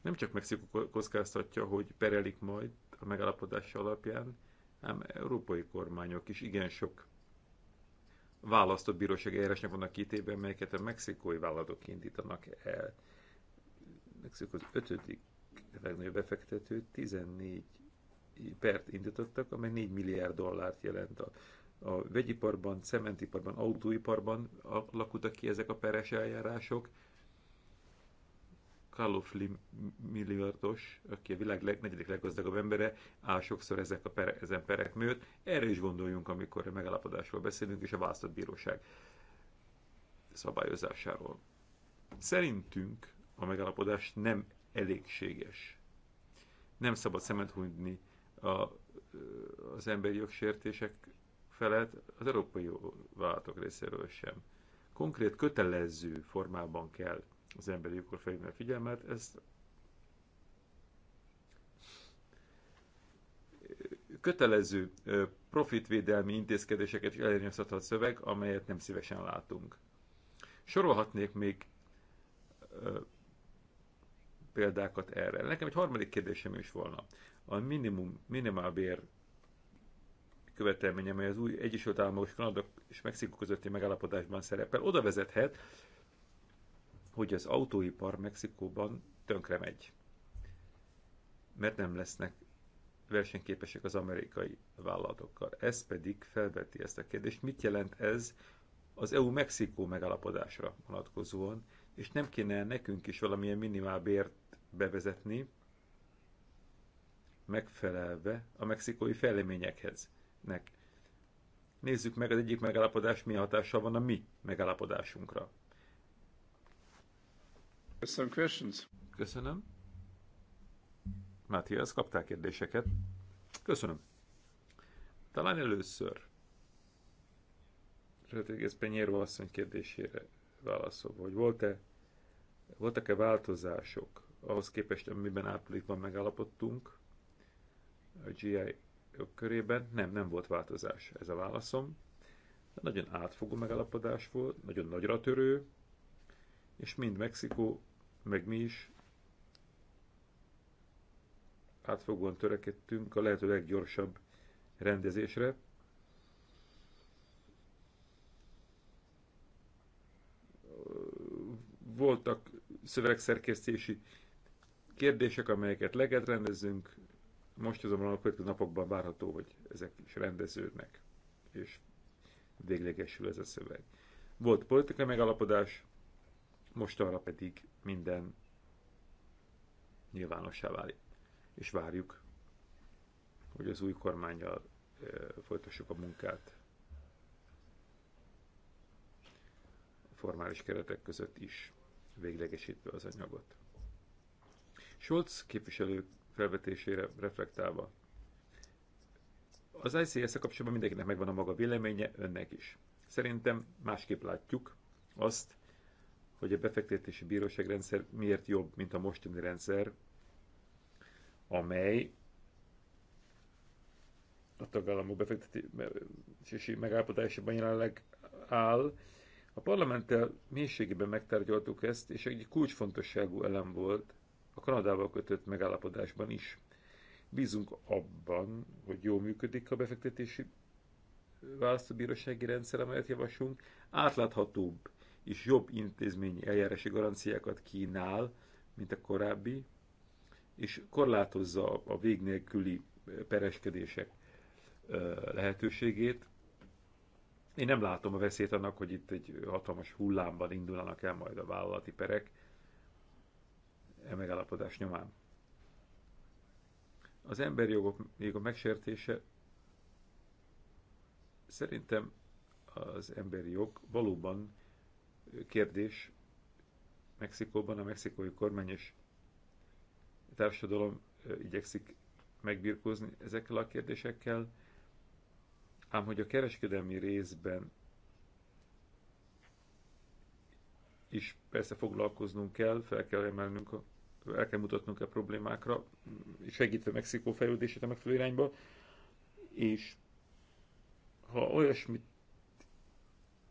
Nem csak Mexikó kockáztatja, hogy perelik majd a megállapodás alapján, ám európai kormányok is igen sok választott bíróság eljárásnak vannak kitéve, melyeket a mexikói vállalatok indítanak el. Mexikó az ötödik legnagyobb befektető, 14 pert indítottak, amely 4 milliárd dollárt jelent a, a vegyiparban, cementiparban, autóiparban alakultak ki ezek a peres eljárások, Kalofli milliárdos, aki a világ leg, negyedik leggazdagabb embere, áll sokszor ezek a pere, ezen perek mögött. Erre is gondoljunk, amikor a megállapodásról beszélünk, és a választott bíróság szabályozásáról. Szerintünk a megállapodás nem elégséges. Nem szabad szemet hunyni a, az emberi jogsértések felett, az európai vállalatok részéről sem. Konkrét kötelező formában kell az emberi jogokra felhívni a figyelmet. Ezt kötelező profitvédelmi intézkedéseket is elérnyezhet a szöveg, amelyet nem szívesen látunk. Sorolhatnék még példákat erre. Nekem egy harmadik kérdésem is volna. A minimum, minimálbér követelménye, amely az új Egyesült Államok és Kanada és Mexikó közötti megállapodásban szerepel, oda vezethet, hogy az autóipar Mexikóban tönkre megy. Mert nem lesznek versenyképesek az amerikai vállalatokkal. Ez pedig felveti ezt a kérdést, mit jelent ez az EU-Mexikó megalapodásra vonatkozóan, és nem kéne nekünk is valamilyen minimálbért bevezetni, megfelelve a mexikói fejleményekhez. Nek. Nézzük meg, az egyik megállapodás milyen hatással van a mi megállapodásunkra questions. Köszönöm. Matthias, kaptál kérdéseket? Köszönöm. Talán először Rodriguez Penyéro asszony kérdésére válaszolva, hogy volt-e voltak-e változások ahhoz képest, amiben áprilisban megállapodtunk a GI körében? Nem, nem volt változás, ez a válaszom. De nagyon átfogó megállapodás volt, nagyon nagyra törő, és mind Mexikó, meg mi is átfogóan törekedtünk a lehető leggyorsabb rendezésre. Voltak szövegszerkesztési kérdések, amelyeket leget rendezünk. most azonban a következő napokban várható, hogy ezek is rendeződnek, és véglegesül ez a szöveg. Volt politikai megalapodás, mostanra pedig minden nyilvánossá válik. És várjuk, hogy az új kormányjal folytassuk a munkát formális keretek között is véglegesítve az anyagot. Scholz képviselő felvetésére reflektálva, az ics kapcsolatban mindenkinek megvan a maga véleménye, önnek is. Szerintem másképp látjuk azt, hogy a befektetési bíróságrendszer miért jobb, mint a mostani rendszer, amely a tagállamok befektetési megállapodásában jelenleg áll. A parlamenttel mélységében megtárgyaltuk ezt, és egy kulcsfontosságú elem volt a Kanadával kötött megállapodásban is. Bízunk abban, hogy jól működik a befektetési választóbírósági rendszer, amelyet javaslunk, átláthatóbb és jobb intézményi eljárási garanciákat kínál, mint a korábbi, és korlátozza a vég nélküli pereskedések lehetőségét. Én nem látom a veszélyt annak, hogy itt egy hatalmas hullámban indulnak el majd a vállalati perek e megállapodás nyomán. Az emberi jogok még a megsértése szerintem az emberi jog valóban kérdés Mexikóban a mexikói kormány és társadalom igyekszik megbirkózni ezekkel a kérdésekkel, ám hogy a kereskedelmi részben is persze foglalkoznunk kell, fel kell emelnünk, el kell mutatnunk a problémákra, segítve Mexikó fejlődését a megfelelő irányba, és ha olyasmit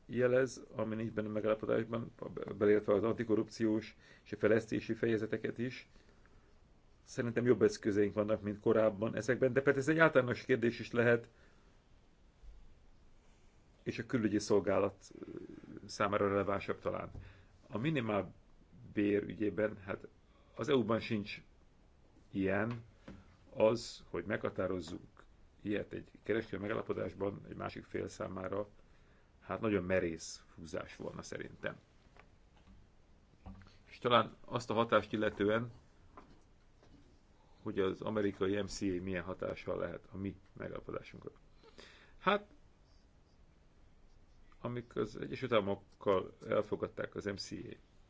jelez, ami nincs benne megállapodásban, beleértve az antikorrupciós és a fejlesztési fejezeteket is. Szerintem jobb eszközeink vannak, mint korábban ezekben, de persze ez egy általános kérdés is lehet, és a külügyi szolgálat számára relevánsabb talán. A minimál bér ügyében, hát az EU-ban sincs ilyen, az, hogy meghatározzunk ilyet egy kereskedő megállapodásban egy másik fél számára, hát nagyon merész húzás volna szerintem. És talán azt a hatást illetően, hogy az amerikai MCA milyen hatással lehet a mi megállapodásunkra. Hát, amikor az Egyesült Államokkal elfogadták az MCA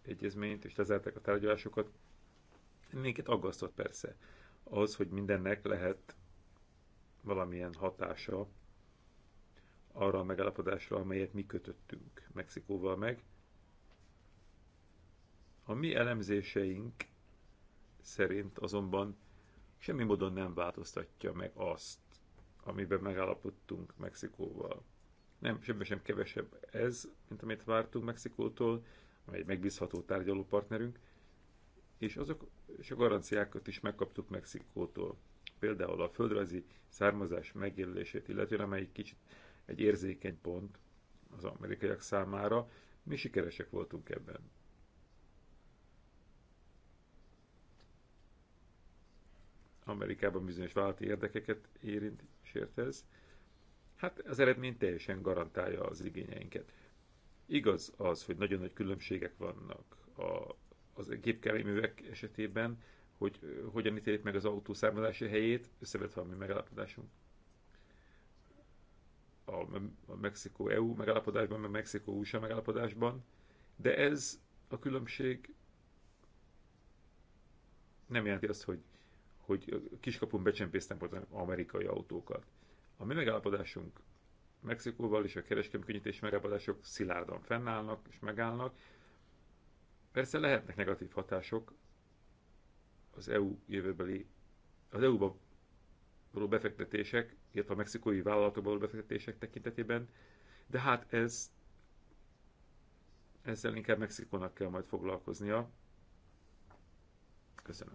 egyezményt, és lezárták a tárgyalásokat, minket aggasztott persze az, hogy mindennek lehet valamilyen hatása arra a megállapodásra, amelyet mi kötöttünk Mexikóval meg. A mi elemzéseink szerint azonban semmi módon nem változtatja meg azt, amiben megállapodtunk Mexikóval. Nem, semmi sem kevesebb ez, mint amit vártunk Mexikótól, amely egy megbízható tárgyaló partnerünk, és azok és a garanciákat is megkaptuk Mexikótól. Például a földrajzi származás megjelölését illetően, amely kicsit egy érzékeny pont az amerikaiak számára. Mi sikeresek voltunk ebben. Amerikában bizonyos vállalati érdekeket érint, sért ez. Hát az eredmény teljesen garantálja az igényeinket. Igaz az, hogy nagyon nagy különbségek vannak a, az gépkárművek esetében, hogy hogyan ítélik meg az autó származási helyét, összevetve a mi megállapodásunk a, a Mexikó-EU megállapodásban, meg Mexikó-USA megállapodásban, de ez a különbség nem jelenti azt, hogy, hogy kiskapun becsempésztem az amerikai autókat. A mi megállapodásunk Mexikóval és a kereskedelmi könnyítés megállapodások szilárdan fennállnak és megállnak. Persze lehetnek negatív hatások az EU jövőbeli, az eu ban való befektetések, illetve a mexikói vállalatokba való befektetések tekintetében, de hát ez ezzel inkább Mexikónak kell majd foglalkoznia. Köszönöm.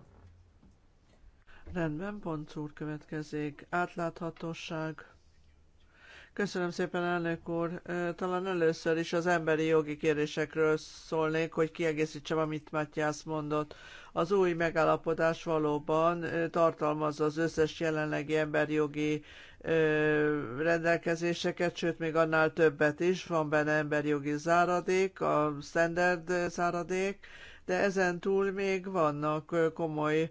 Rendben, pont úr következik. Átláthatóság, Köszönöm szépen, elnök úr. Talán először is az emberi jogi kérdésekről szólnék, hogy kiegészítsem, amit Matthias mondott. Az új megállapodás valóban tartalmazza az összes jelenlegi emberi jogi rendelkezéseket, sőt, még annál többet is. Van benne emberi jogi záradék, a standard záradék, de ezen túl még vannak komoly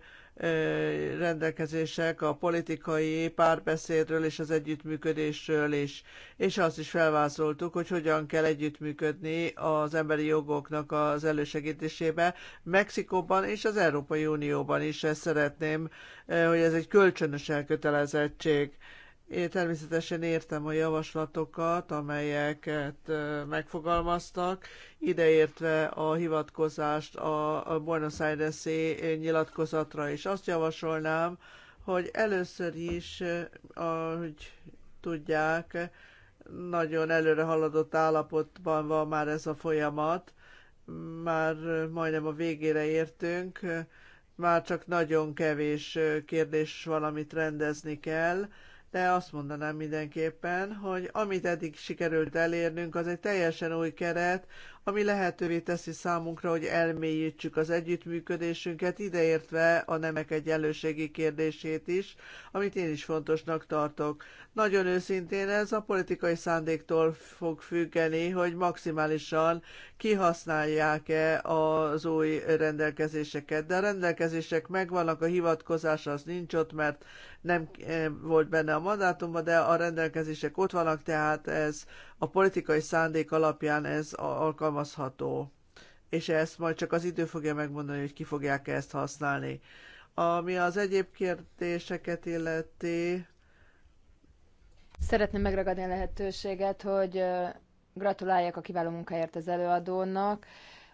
rendelkezések a politikai párbeszédről és az együttműködésről is. És azt is felvázoltuk, hogy hogyan kell együttműködni az emberi jogoknak az elősegítésébe Mexikóban és az Európai Unióban is. Ezt szeretném, hogy ez egy kölcsönös elkötelezettség én természetesen értem a javaslatokat, amelyeket megfogalmaztak, ideértve a hivatkozást a Buenos aires nyilatkozatra is. Azt javasolnám, hogy először is, ahogy tudják, nagyon előre haladott állapotban van már ez a folyamat, már majdnem a végére értünk, már csak nagyon kevés kérdés valamit rendezni kell, de azt mondanám mindenképpen, hogy amit eddig sikerült elérnünk, az egy teljesen új keret, ami lehetővé teszi számunkra, hogy elmélyítsük az együttműködésünket, ideértve a nemek egyenlőségi kérdését is, amit én is fontosnak tartok. Nagyon őszintén ez a politikai szándéktól fog függeni, hogy maximálisan kihasználják-e az új rendelkezéseket, de a rendelkezések megvannak, a hivatkozás az nincs ott, mert nem eh, volt benne a mandátumban, de a rendelkezések ott vannak, tehát ez a politikai szándék alapján ez alkalmazható, és ezt majd csak az idő fogja megmondani, hogy ki fogják -e ezt használni. Ami az egyéb kérdéseket illeti... Szeretném megragadni a lehetőséget, hogy gratuláljak a kiváló munkáért az előadónak.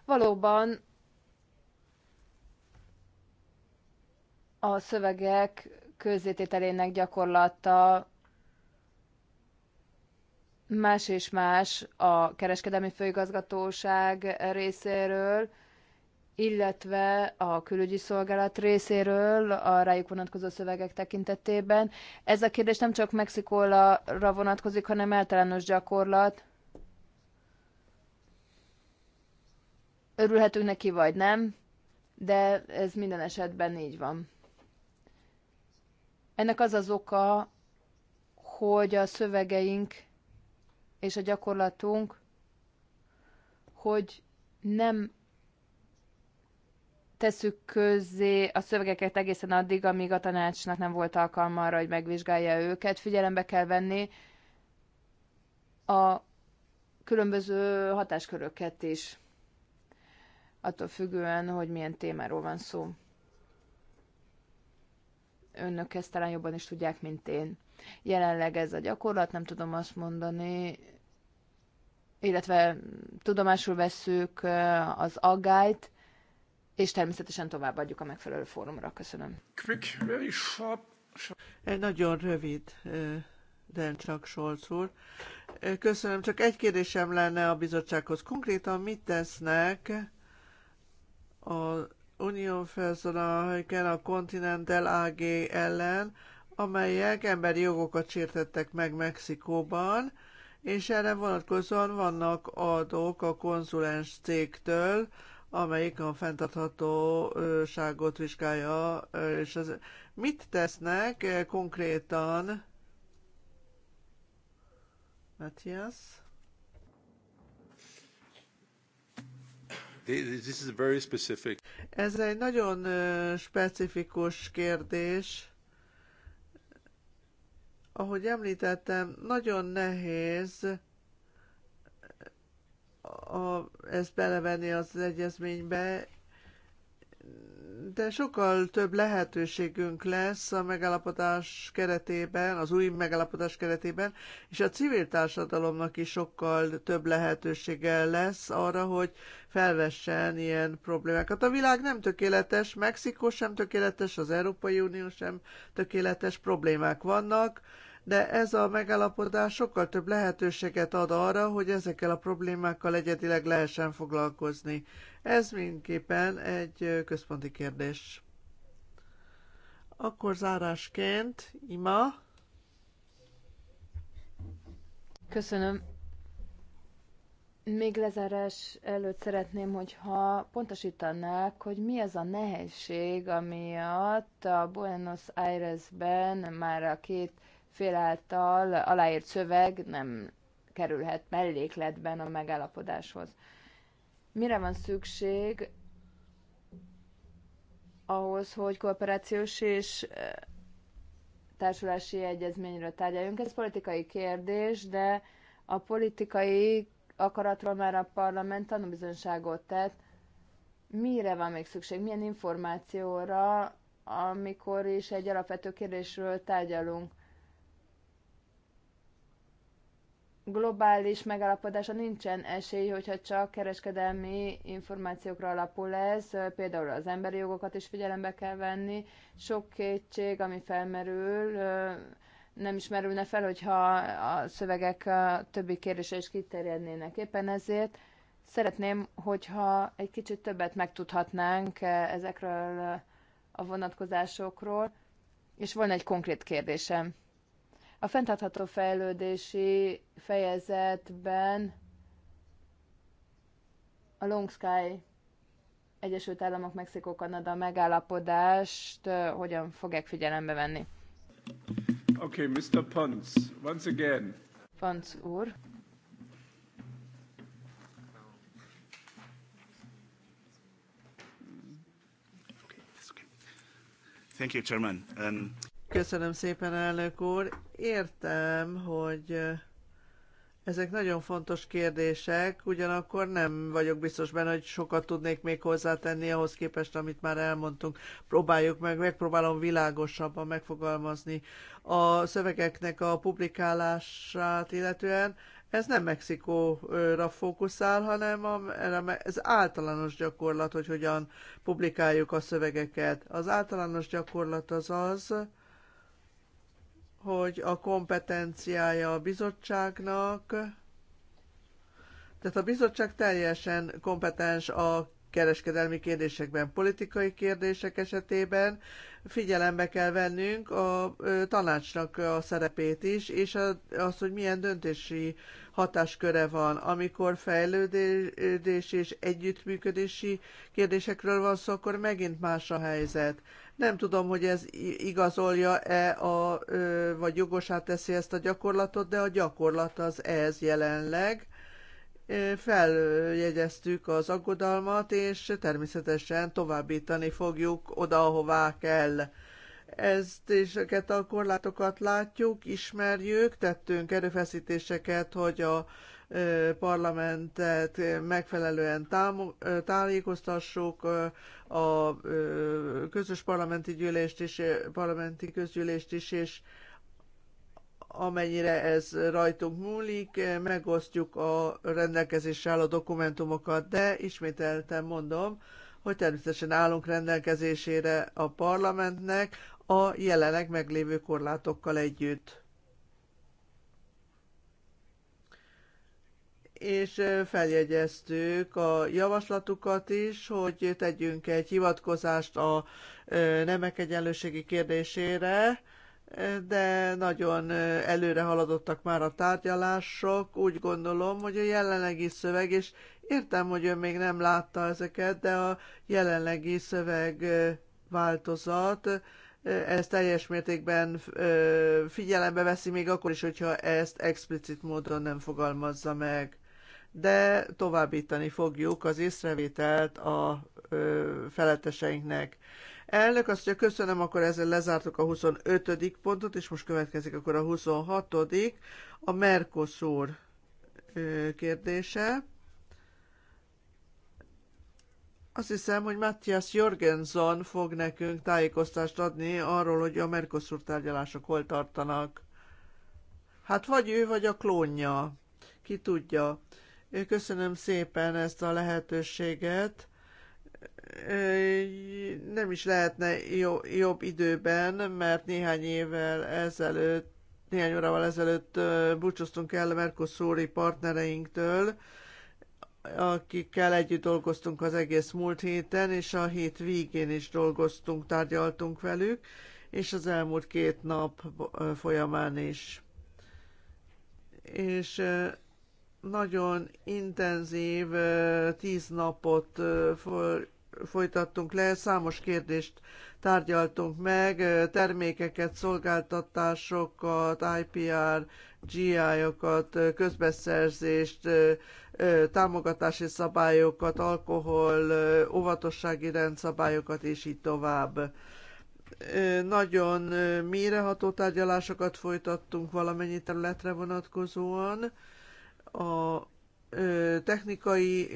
Valóban a szövegek közzétételének gyakorlata más és más a kereskedelmi főigazgatóság részéről, illetve a külügyi szolgálat részéről a rájuk vonatkozó szövegek tekintetében. Ez a kérdés nem csak Mexikóra vonatkozik, hanem általános gyakorlat. Örülhetünk neki, vagy nem, de ez minden esetben így van. Ennek az az oka, hogy a szövegeink és a gyakorlatunk, hogy nem tesszük közzé a szövegeket egészen addig, amíg a tanácsnak nem volt alkalma arra, hogy megvizsgálja őket. Figyelembe kell venni a különböző hatásköröket is, attól függően, hogy milyen témáról van szó. Önök ezt talán jobban is tudják, mint én. Jelenleg ez a gyakorlat, nem tudom azt mondani, illetve tudomásul vesszük az aggályt, és természetesen továbbadjuk a megfelelő fórumra. Köszönöm. Quick, very sharp. Egy nagyon rövid, de csak Solc úr. Köszönöm, csak egy kérdésem lenne a bizottsághoz. Konkrétan mit tesznek a Union Felszona a Continental AG ellen, amelyek emberi jogokat sértettek meg Mexikóban, és erre vonatkozóan vannak adók a konzulens cégtől, amelyik a fenntarthatóságot vizsgálja, és az mit tesznek eh, konkrétan? Matthias? This is very specific. Ez egy nagyon eh, specifikus kérdés. Ahogy említettem, nagyon nehéz a, ezt belevenni az egyezménybe, de sokkal több lehetőségünk lesz a megállapodás keretében, az új megállapodás keretében, és a civil társadalomnak is sokkal több lehetősége lesz arra, hogy felvessen ilyen problémákat. A világ nem tökéletes, Mexikó sem tökéletes, az Európai Unió sem tökéletes, problémák vannak, de ez a megállapodás sokkal több lehetőséget ad arra, hogy ezekkel a problémákkal egyedileg lehessen foglalkozni. Ez mindenképpen egy központi kérdés. Akkor zárásként, Ima. Köszönöm. Még lezárás előtt szeretném, hogyha pontosítanák, hogy mi az a nehézség, ami a Buenos Airesben már a két fél által aláírt szöveg nem kerülhet mellékletben a megállapodáshoz. Mire van szükség ahhoz, hogy kooperációs és társulási egyezményről tárgyaljunk? Ez politikai kérdés, de a politikai akaratról már a parlament tanúbizonságot tett. Mire van még szükség? Milyen információra, amikor is egy alapvető kérdésről tárgyalunk? globális megállapodása nincsen esély, hogyha csak kereskedelmi információkra alapul ez, például az emberi jogokat is figyelembe kell venni, sok kétség, ami felmerül, nem ismerülne fel, hogyha a szövegek a többi kérdése is kiterjednének. Éppen ezért szeretném, hogyha egy kicsit többet megtudhatnánk ezekről a vonatkozásokról, és volna egy konkrét kérdésem. A fenntartható fejlődési fejezetben a Long Sky Egyesült Államok Mexikó-Kanada megállapodást hogyan fogják figyelembe venni? Okay, Mr. Pons, once again. Pons úr. Thank you, Chairman. Um... Köszönöm szépen, elnök úr értem, hogy ezek nagyon fontos kérdések, ugyanakkor nem vagyok biztos benne, hogy sokat tudnék még hozzátenni ahhoz képest, amit már elmondtunk. Próbáljuk meg, megpróbálom világosabban megfogalmazni a szövegeknek a publikálását, illetően ez nem Mexikóra fókuszál, hanem ez általános gyakorlat, hogy hogyan publikáljuk a szövegeket. Az általános gyakorlat az az, hogy a kompetenciája a bizottságnak, tehát a bizottság teljesen kompetens a kereskedelmi kérdésekben, politikai kérdések esetében figyelembe kell vennünk a tanácsnak a szerepét is, és az, hogy milyen döntési hatásköre van, amikor fejlődés és együttműködési kérdésekről van szó, akkor megint más a helyzet. Nem tudom, hogy ez igazolja-e, a, vagy jogosá teszi ezt a gyakorlatot, de a gyakorlat az ez jelenleg. Feljegyeztük az aggodalmat, és természetesen továbbítani fogjuk oda, ahová kell. Ezt és a korlátokat látjuk, ismerjük, tettünk erőfeszítéseket, hogy a parlamentet megfelelően tájékoztassuk, a közös parlamenti gyűlést is, parlamenti közgyűlést is, és amennyire ez rajtunk múlik, megosztjuk a rendelkezésre álló dokumentumokat, de ismételten mondom, hogy természetesen állunk rendelkezésére a parlamentnek a jelenleg meglévő korlátokkal együtt. és feljegyeztük a javaslatukat is, hogy tegyünk egy hivatkozást a nemek egyenlőségi kérdésére, de nagyon előre haladottak már a tárgyalások. Úgy gondolom, hogy a jelenlegi szöveg, és értem, hogy ön még nem látta ezeket, de a jelenlegi szöveg változat ez teljes mértékben figyelembe veszi, még akkor is, hogyha ezt explicit módon nem fogalmazza meg de továbbítani fogjuk az észrevételt a feletteseinknek. Elnök, azt mondja, köszönöm, akkor ezzel lezártuk a 25. pontot, és most következik akkor a 26. a Mercosur kérdése. Azt hiszem, hogy Matthias Jorgenson fog nekünk tájékoztást adni arról, hogy a Mercosur tárgyalások hol tartanak. Hát vagy ő, vagy a klónja. Ki tudja. Köszönöm szépen ezt a lehetőséget. Nem is lehetne jobb időben, mert néhány évvel ezelőtt, néhány órával ezelőtt búcsúztunk el Mercosuri partnereinktől, akikkel együtt dolgoztunk az egész múlt héten, és a hét végén is dolgoztunk, tárgyaltunk velük, és az elmúlt két nap folyamán is. És nagyon intenzív tíz napot folytattunk le, számos kérdést tárgyaltunk meg, termékeket, szolgáltatásokat, IPR, GI-okat, közbeszerzést, támogatási szabályokat, alkohol, óvatossági rendszabályokat, és így tovább. Nagyon méreható tárgyalásokat folytattunk valamennyi területre vonatkozóan, a technikai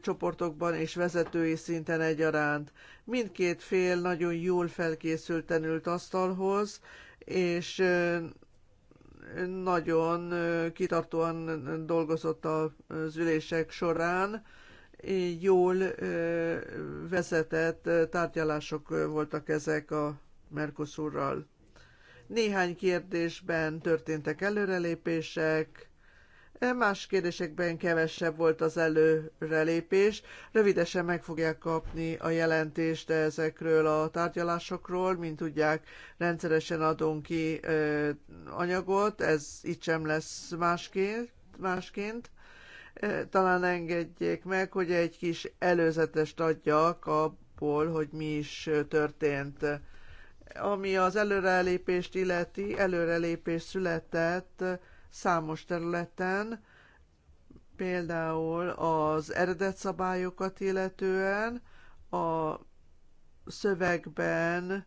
csoportokban és vezetői szinten egyaránt. Mindkét fél nagyon jól felkészülten ült asztalhoz, és nagyon kitartóan dolgozott az ülések során, jól vezetett tárgyalások voltak ezek a Mercosurral. Néhány kérdésben történtek előrelépések, Más kérdésekben kevesebb volt az előrelépés. Rövidesen meg fogják kapni a jelentést ezekről a tárgyalásokról. Mint tudják, rendszeresen adunk ki anyagot, ez itt sem lesz másként. másként. Talán engedjék meg, hogy egy kis előzetest adjak abból, hogy mi is történt. Ami az előrelépést illeti, előrelépés született, számos területen, például az eredetszabályokat illetően, a szövegben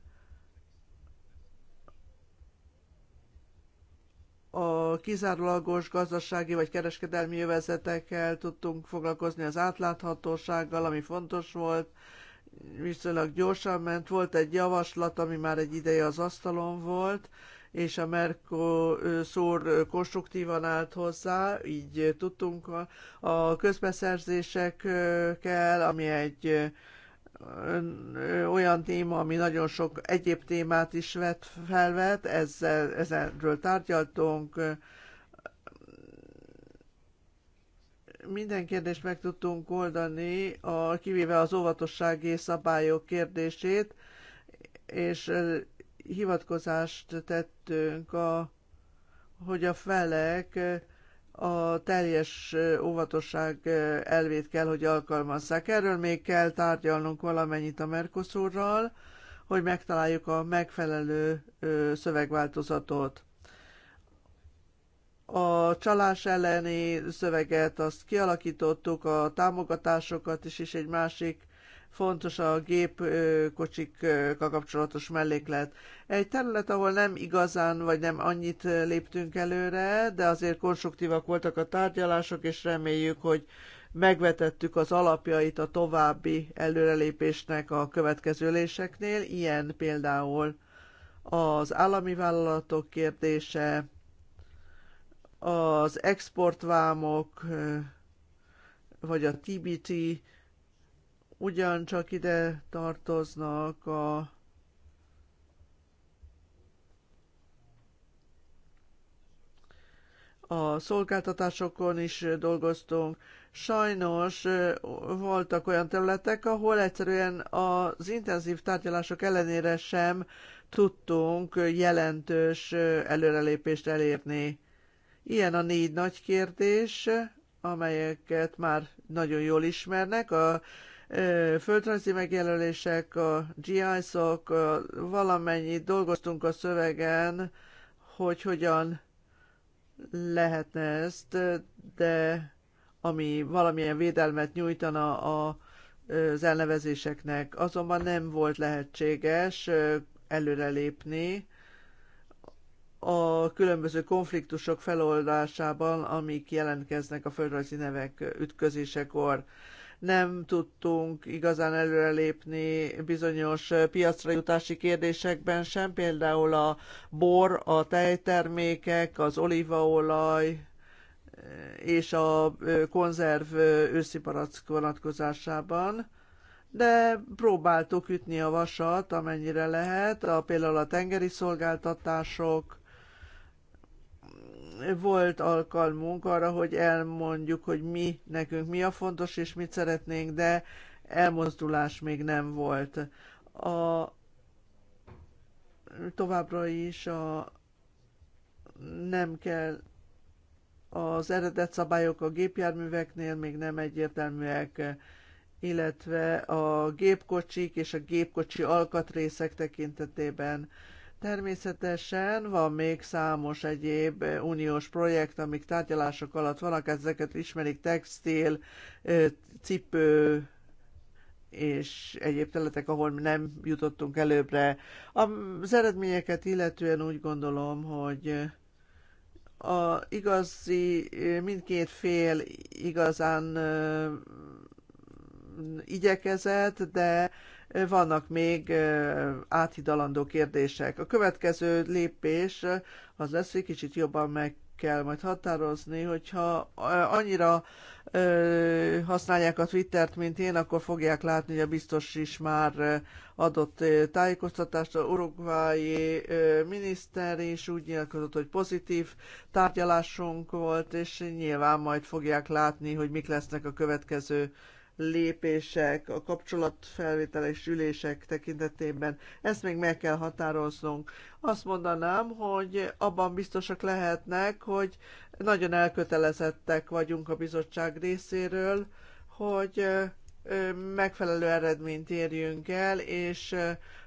a kizárólagos gazdasági vagy kereskedelmi jövezetekkel tudtunk foglalkozni az átláthatósággal, ami fontos volt, viszonylag gyorsan ment, volt egy javaslat, ami már egy ideje az asztalon volt, és a szór konstruktívan állt hozzá, így tudtunk a, a közbeszerzésekkel, ami egy olyan téma, ami nagyon sok egyéb témát is vett, felvet, ezzel, ezzelről tárgyaltunk, minden kérdést meg tudtunk oldani, a, kivéve az óvatossági szabályok kérdését, és hivatkozást tettünk, a, hogy a felek a teljes óvatosság elvét kell, hogy alkalmazzák. Erről még kell tárgyalnunk valamennyit a Mercosurral, hogy megtaláljuk a megfelelő szövegváltozatot. A csalás elleni szöveget azt kialakítottuk, a támogatásokat is, és egy másik fontos a gépkocsik kapcsolatos melléklet. Egy terület, ahol nem igazán vagy nem annyit léptünk előre, de azért konstruktívak voltak a tárgyalások, és reméljük, hogy megvetettük az alapjait a további előrelépésnek a következő léseknél, ilyen például az állami vállalatok kérdése, az exportvámok, vagy a TBT ugyancsak ide tartoznak a a szolgáltatásokon is dolgoztunk. Sajnos voltak olyan területek, ahol egyszerűen az intenzív tárgyalások ellenére sem tudtunk jelentős előrelépést elérni. Ilyen a négy nagy kérdés, amelyeket már nagyon jól ismernek, a földrajzi megjelölések, a GIS-ok, valamennyi valamennyit dolgoztunk a szövegen, hogy hogyan lehetne ezt, de ami valamilyen védelmet nyújtana a, az elnevezéseknek. Azonban nem volt lehetséges előrelépni a különböző konfliktusok feloldásában, amik jelentkeznek a földrajzi nevek ütközésekor nem tudtunk igazán előrelépni bizonyos piacra jutási kérdésekben sem, például a bor, a tejtermékek, az olívaolaj eh, és a eh, konzerv eh, ősziparack vonatkozásában de próbáltuk ütni a vasat, amennyire lehet, a, például a tengeri szolgáltatások, volt alkalmunk arra, hogy elmondjuk, hogy mi nekünk mi a fontos, és mit szeretnénk, de elmozdulás még nem volt. A, továbbra is a, nem kell az eredet szabályok a gépjárműveknél még nem egyértelműek, illetve a gépkocsik és a gépkocsi alkatrészek tekintetében Természetesen van még számos egyéb eh, uniós projekt, amik tárgyalások alatt vannak, ezeket ismerik textil, eh, cipő, és egyéb területek, ahol nem jutottunk előbbre. Az eredményeket illetően úgy gondolom, hogy a igazi, eh, mindkét fél igazán igyekezett, de vannak még áthidalandó kérdések. A következő lépés az lesz, hogy kicsit jobban meg kell majd határozni, hogyha annyira ö, használják a Twittert, mint én, akkor fogják látni, hogy a biztos is már adott tájékoztatást. A urugvái miniszter is úgy nyilatkozott, hogy pozitív tárgyalásunk volt, és nyilván majd fogják látni, hogy mik lesznek a következő lépések, a és ülések tekintetében. Ezt még meg kell határoznunk. Azt mondanám, hogy abban biztosak lehetnek, hogy nagyon elkötelezettek vagyunk a bizottság részéről, hogy megfelelő eredményt érjünk el, és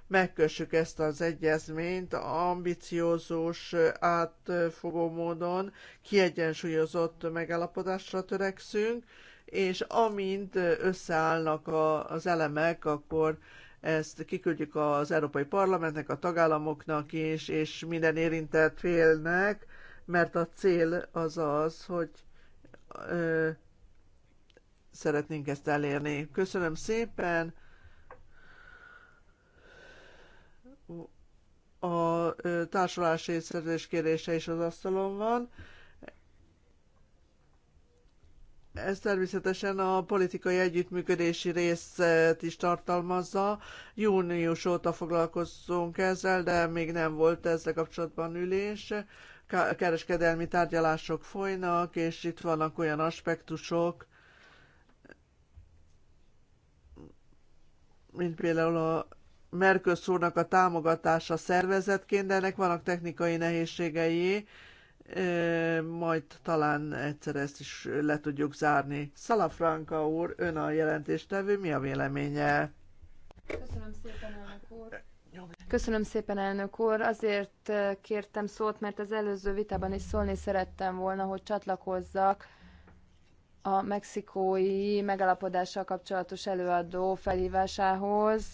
megkössük ezt az egyezményt ambiciózus, átfogó módon, kiegyensúlyozott megállapodásra törekszünk, és amint összeállnak a, az elemek, akkor ezt kiküldjük az Európai Parlamentnek, a tagállamoknak is, és minden érintett félnek, mert a cél az az, hogy ö, szeretnénk ezt elérni. Köszönöm szépen! A társulási szerződés kérése is az asztalon van. Ez természetesen a politikai együttműködési részt is tartalmazza. Június óta foglalkozunk ezzel, de még nem volt ezzel kapcsolatban ülés. Kereskedelmi tárgyalások folynak, és itt vannak olyan aspektusok, mint például a Mercosurnak a támogatása szervezetként, de ennek vannak technikai nehézségei, majd talán egyszer ezt is le tudjuk zárni. Franka úr, ön a jelentéstevő, mi a véleménye? Köszönöm szépen, elnök úr. Köszönöm szépen, elnök úr. Azért kértem szót, mert az előző vitában is szólni szerettem volna, hogy csatlakozzak a mexikói megalapodással kapcsolatos előadó felhívásához,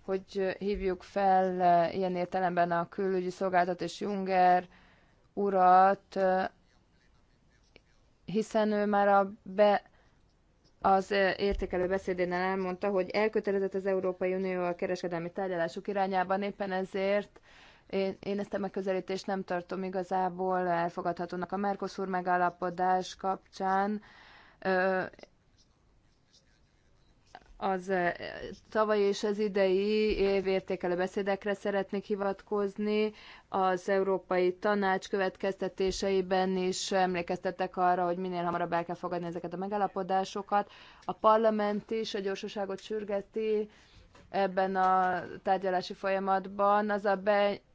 hogy hívjuk fel ilyen értelemben a külügyi szolgáltat és Junger urat, hiszen ő már a be, az értékelő beszédénél elmondta, hogy elkötelezett az Európai Unió a kereskedelmi tárgyalások irányában, éppen ezért én, én ezt a megközelítést nem tartom igazából elfogadhatónak a Mercosur megállapodás kapcsán az eh, tavaly és az idei értékelő beszédekre szeretnék hivatkozni. Az Európai Tanács következtetéseiben is emlékeztettek arra, hogy minél hamarabb el kell fogadni ezeket a megállapodásokat. A parlament is a gyorsaságot sürgeti ebben a tárgyalási folyamatban. Az a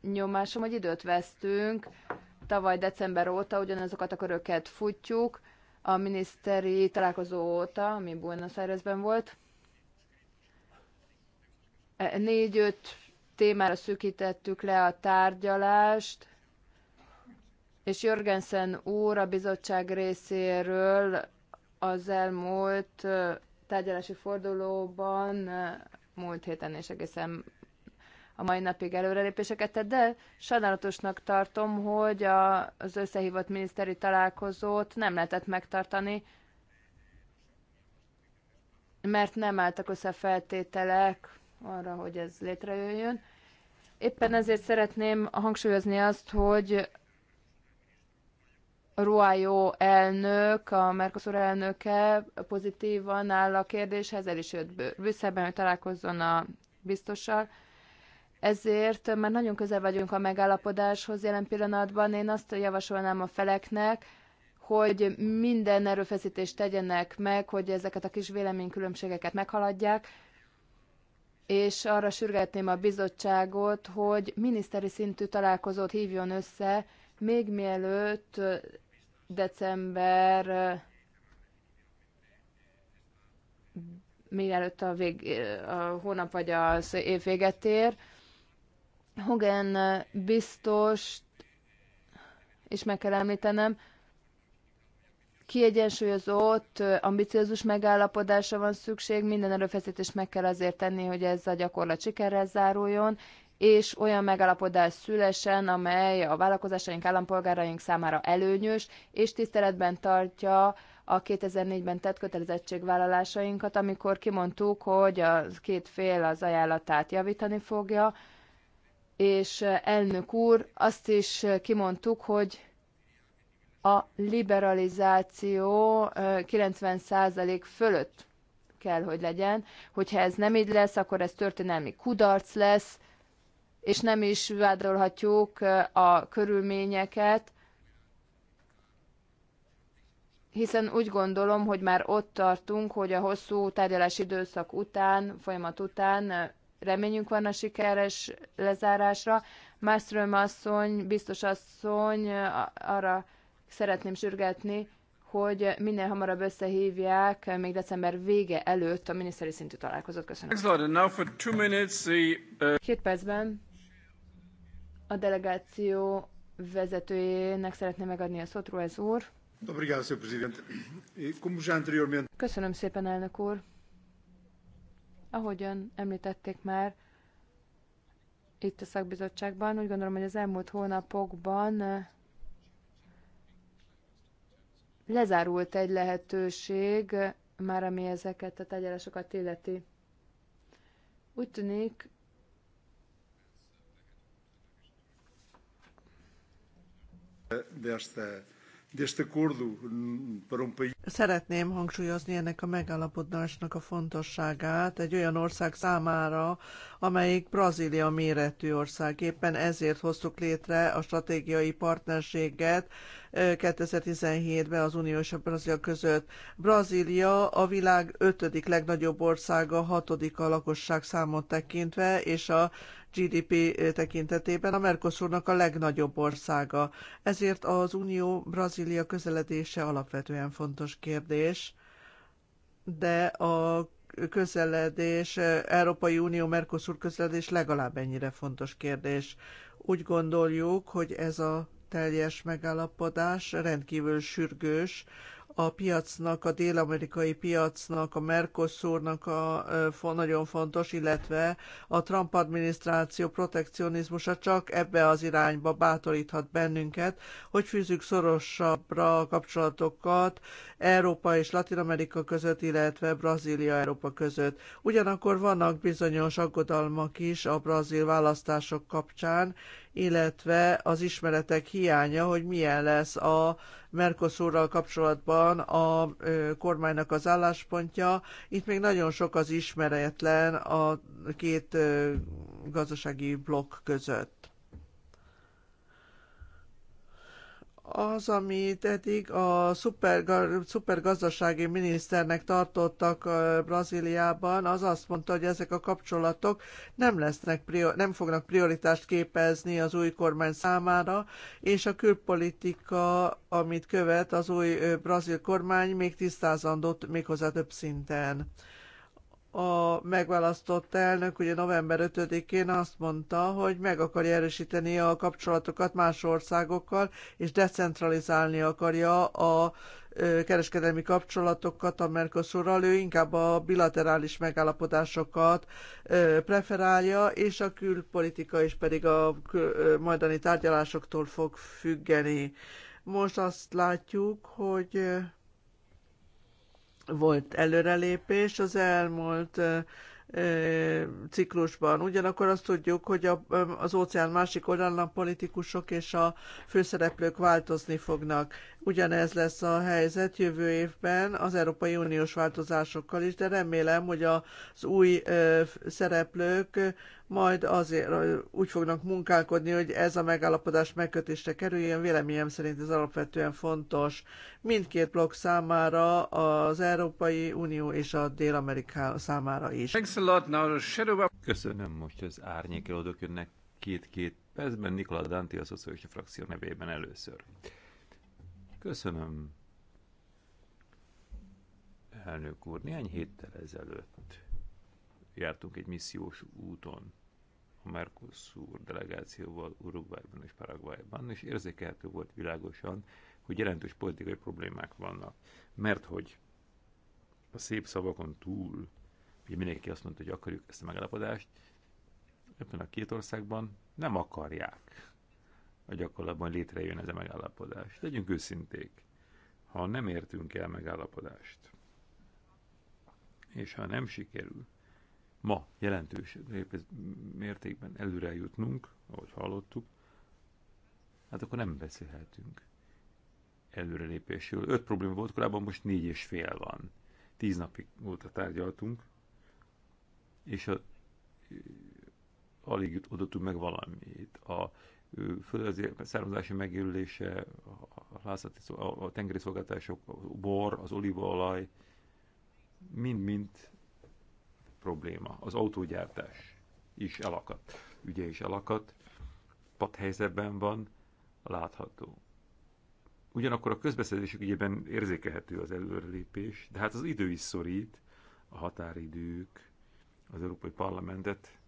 benyomásom, hogy időt vesztünk. Tavaly december óta ugyanazokat a köröket futjuk, a miniszteri találkozó óta, ami Buenos Airesben volt, Négy-öt témára szűkítettük le a tárgyalást, és Jörgensen úr a bizottság részéről az elmúlt tárgyalási fordulóban múlt héten és egészen a mai napig előrelépéseket tett, de sajnálatosnak tartom, hogy a, az összehívott miniszteri találkozót nem lehetett megtartani, mert nem álltak össze feltételek arra, hogy ez létrejöjjön. Éppen ezért szeretném hangsúlyozni azt, hogy Ruájó elnök, a Mercosur elnöke pozitívan áll a kérdéshez, el is jött Brüsszelben, hogy találkozzon a biztossal. Ezért mert nagyon közel vagyunk a megállapodáshoz jelen pillanatban. Én azt javasolnám a feleknek, hogy minden erőfeszítést tegyenek meg, hogy ezeket a kis véleménykülönbségeket meghaladják, és arra sürgetném a bizottságot, hogy miniszteri szintű találkozót hívjon össze, még mielőtt december mielőtt a, vég, a hónap vagy az év véget ér. Hogan biztos, és meg kell említenem, kiegyensúlyozott, ambiciózus megállapodásra van szükség, minden erőfeszítést meg kell azért tenni, hogy ez a gyakorlat sikerrel záruljon, és olyan megállapodás szülesen, amely a vállalkozásaink, állampolgáraink számára előnyös, és tiszteletben tartja a 2004-ben tett kötelezettségvállalásainkat, amikor kimondtuk, hogy a két fél az ajánlatát javítani fogja, és eh, elnök úr, azt is eh, kimondtuk, hogy a liberalizáció 90% fölött kell, hogy legyen. Hogyha ez nem így lesz, akkor ez történelmi kudarc lesz, és nem is vádolhatjuk a körülményeket, hiszen úgy gondolom, hogy már ott tartunk, hogy a hosszú tárgyalási időszak után, folyamat után reményünk van a sikeres lezárásra. Mástrom asszony, biztos asszony arra szeretném sürgetni, hogy minél hamarabb összehívják még december vége előtt a miniszteri szintű találkozót. Köszönöm. Uh, Két percben a delegáció vezetőjének szeretném megadni a szót, Ruiz úr. E, Köszönöm szépen, elnök úr. Ahogyan említették már, itt a szakbizottságban. Úgy gondolom, hogy az elmúlt hónapokban lezárult egy lehetőség, már ami ezeket a tárgyalásokat illeti. Úgy tűnik, There's the Um Szeretném hangsúlyozni ennek a megállapodásnak a fontosságát egy olyan ország számára, amelyik Brazília méretű ország. Éppen ezért hoztuk létre a stratégiai partnerséget 2017-ben az Unió és a Brazília között. Brazília a világ ötödik legnagyobb országa, hatodik a lakosság számot tekintve, és a GDP tekintetében a Mercosurnak a legnagyobb országa. Ezért az Unió-Brazília közeledése alapvetően fontos kérdés, de a közeledés, Európai Unió Mercosur közeledés legalább ennyire fontos kérdés. Úgy gondoljuk, hogy ez a teljes megállapodás rendkívül sürgős, a piacnak, a dél-amerikai piacnak, a Mercosurnak a, a, nagyon fontos, illetve a Trump adminisztráció protekcionizmusa csak ebbe az irányba bátoríthat bennünket, hogy fűzzük szorosabbra a kapcsolatokat Európa és Latin-Amerika között, illetve Brazília-Európa között. Ugyanakkor vannak bizonyos aggodalmak is a brazil választások kapcsán, illetve az ismeretek hiánya, hogy milyen lesz a Mercosurral kapcsolatban a kormánynak az álláspontja. Itt még nagyon sok az ismeretlen a két gazdasági blokk között. az, amit eddig a szupergazdasági szuper miniszternek tartottak Brazíliában, az azt mondta, hogy ezek a kapcsolatok nem, lesznek, nem fognak prioritást képezni az új kormány számára, és a külpolitika, amit követ az új brazil kormány, még tisztázandott méghozzá több szinten a megválasztott elnök ugye november 5-én azt mondta, hogy meg akarja erősíteni a kapcsolatokat más országokkal, és decentralizálni akarja a kereskedelmi kapcsolatokat a Mercosurral, ő inkább a bilaterális megállapodásokat preferálja, és a külpolitika is pedig a majdani tárgyalásoktól fog függeni. Most azt látjuk, hogy volt előrelépés az elmúlt ciklusban. Ugyanakkor azt tudjuk, hogy a, az óceán másik oldalán a politikusok és a főszereplők változni fognak. Ugyanez lesz a helyzet jövő évben az Európai Uniós változásokkal is, de remélem, hogy az új szereplők majd azért úgy fognak munkálkodni, hogy ez a megállapodás megkötésre kerüljön. Véleményem szerint ez alapvetően fontos mindkét blokk számára, az Európai Unió és a Dél-Amerika számára is. Köszönöm most az árnyékelődőkönnek két-két percben Nikola Danti a szociális frakció nevében először. Köszönöm. Elnök úr, néhány héttel ezelőtt jártunk egy missziós úton a Mercosur delegációval Uruguayban és Paraguayban, és érzékelhető volt világosan, hogy jelentős politikai problémák vannak. Mert hogy a szép szavakon túl, hogy mindenki azt mondta, hogy akarjuk ezt a megállapodást, ebben a két országban nem akarják a gyakorlatban létrejön ez a megállapodás. Legyünk őszinték, ha nem értünk el megállapodást, és ha nem sikerül ma jelentős mértékben előre jutnunk, ahogy hallottuk, hát akkor nem beszélhetünk előrelépésről. Öt probléma volt korábban, most négy és fél van. Tíz napig a tárgyaltunk, és a, alig oda meg valamit. A földrajzi származási megélülése, a, lászati, a, a tengeri szolgáltások, a bor, az olívaolaj, mind-mind probléma. Az autógyártás is elakadt, ügye is elakadt, helyzetben van, látható. Ugyanakkor a közbeszerzésük ügyében érzékelhető az előrelépés, de hát az idő is szorít, a határidők, az Európai Parlamentet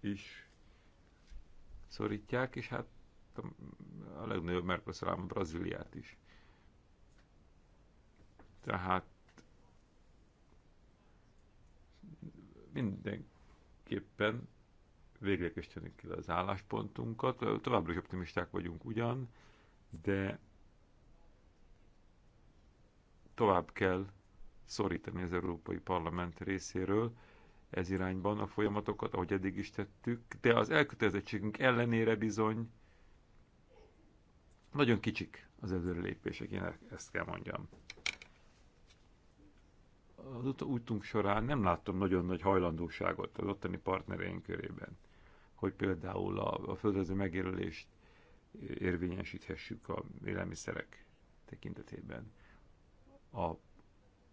is szorítják, és hát a legnagyobb Mercosur állam Brazíliát is. Tehát mindenképpen véglegesítenünk ki az álláspontunkat. Továbbra is optimisták vagyunk ugyan, de tovább kell szorítani az Európai Parlament részéről ez irányban a folyamatokat, ahogy eddig is tettük, de az elkötelezettségünk ellenére bizony nagyon kicsik az előrelépések, én ezt kell mondjam. Az útunk során nem láttam nagyon nagy hajlandóságot az ottani partnereink körében, hogy például a, a földrajzi megjelölést érvényesíthessük a élelmiszerek tekintetében. A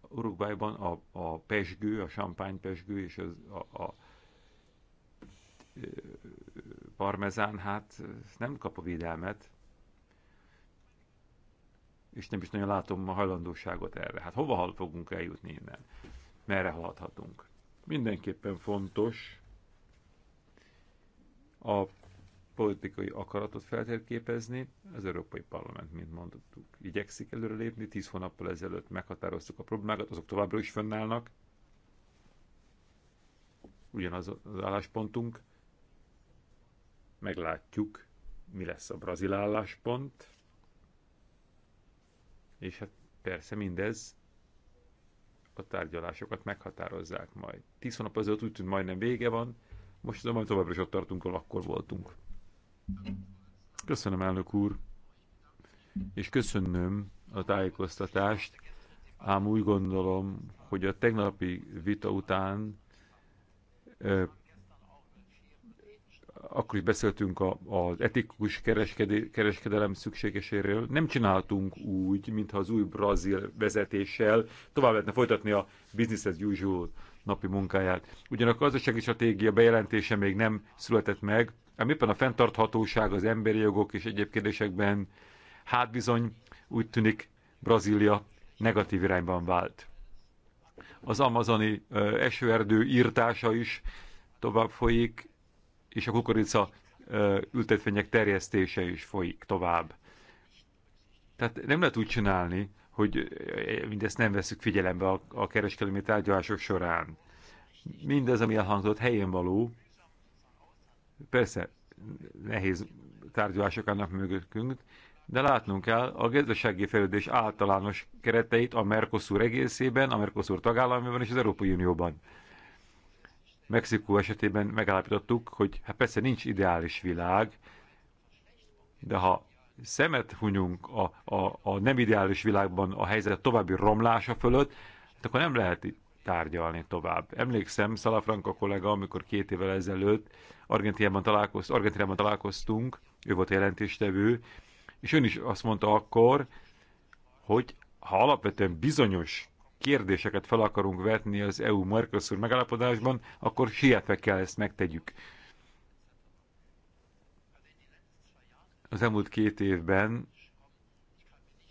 Uruguayban a, a pesgő, a champagne pesgő és az, a, a parmezán, hát nem kap a védelmet, és nem is nagyon látom a hajlandóságot erre. Hát hova hal fogunk eljutni innen? Merre haladhatunk? Mindenképpen fontos a politikai akaratot feltérképezni. Az Európai Parlament, mint mondottuk, igyekszik előrelépni. Tíz hónappal ezelőtt meghatároztuk a problémákat, azok továbbra is fönnállnak. Ugyanaz az álláspontunk. Meglátjuk, mi lesz a brazil álláspont. És hát persze mindez a tárgyalásokat meghatározzák majd. Tíz hónap ezelőtt úgy tűnt majdnem vége van, most azonban továbbra is ott tartunk, ahol akkor voltunk. Köszönöm, elnök úr, és köszönöm a tájékoztatást, ám úgy gondolom, hogy a tegnapi vita után akkor is beszéltünk a, az etikus kereskedelem szükségeséről. Nem csináltunk úgy, mintha az új brazil vezetéssel tovább lehetne folytatni a business as usual napi munkáját. Ugyanakkor a gazdasági stratégia bejelentése még nem született meg, ami éppen a fenntarthatóság, az emberi jogok és egyéb kérdésekben hát bizony úgy tűnik Brazília negatív irányban vált. Az amazoni esőerdő írtása is tovább folyik, és a kukorica ültetvények terjesztése is folyik tovább. Tehát nem lehet úgy csinálni, hogy mindezt nem veszük figyelembe a, a kereskedelmi tárgyalások során. Mindez, ami elhangzott, helyén való, Persze nehéz tárgyalások annak mögöttünk, de látnunk kell a gazdasági fejlődés általános kereteit a Mercosur egészében, a Mercosur tagállamában és az Európai Unióban. Mexikó esetében megállapítottuk, hogy hát persze nincs ideális világ, de ha szemet hunyunk a, a, a nem ideális világban a helyzet további romlása fölött, hát akkor nem lehet itt tárgyalni tovább. Emlékszem, Szalafranka kollega, amikor két évvel ezelőtt Argentinában, találkozt, Argentinában találkoztunk, ő volt a jelentéstevő, és ön is azt mondta akkor, hogy ha alapvetően bizonyos kérdéseket fel akarunk vetni az EU Mercosur megállapodásban, akkor sietve kell ezt megtegyük. Az elmúlt két évben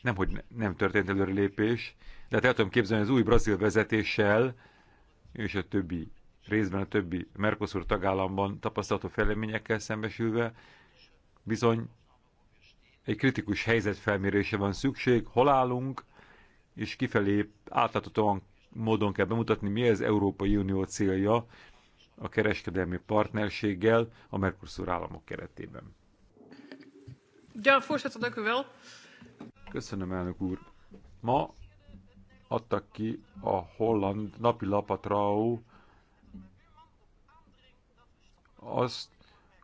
nem, hogy nem történt előrelépés, de hát el tudom képzelni, az új brazil vezetéssel és a többi részben a többi Mercosur tagállamban tapasztalható fejleményekkel szembesülve bizony egy kritikus helyzet felmérése van szükség, hol állunk, és kifelé átláthatóan módon kell bemutatni, mi az Európai Unió célja a kereskedelmi partnerséggel a Mercosur államok keretében. Ja, voorzitter, dank u wel. Köszönöm, elnök úr. Ma adtak ki a holland napi Trau azt,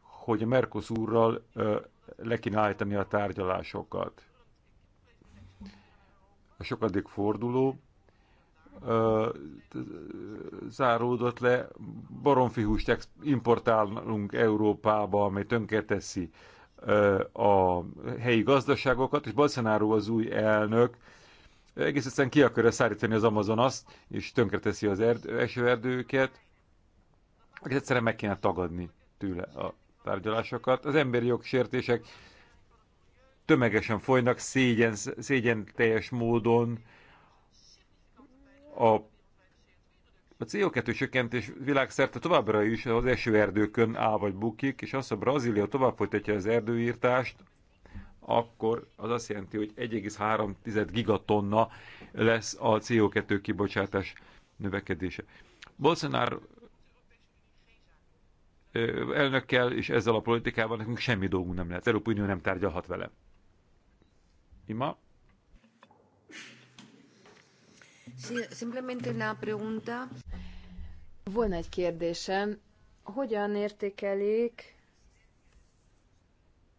hogy a Mercosurral le kéne állítani a tárgyalásokat. A sokadik forduló ö, záródott le, baromfihúst importálunk Európába, amely tönkreteszi a helyi gazdaságokat, és Bolsonaro az új elnök egész egyszerűen ki akarja szárítani az azt, és tönkreteszi az erd- esőerdőket. Egész egyszerűen meg kéne tagadni tőle a tárgyalásokat. Az emberi jogsértések tömegesen folynak, szégyen, szégyen teljes módon a a CO2 csökkentés világszerte továbbra is az esőerdőkön áll vagy bukik, és az, ha Brazília tovább folytatja az erdőírtást, akkor az azt jelenti, hogy 1,3 gigatonna lesz a CO2 kibocsátás növekedése. Bolsonaro elnökkel és ezzel a politikával nekünk semmi dolgunk nem lehet. Az Európai Unió nem tárgyalhat vele. Ima? Simplemente Volna egy kérdésem. Hogyan értékelik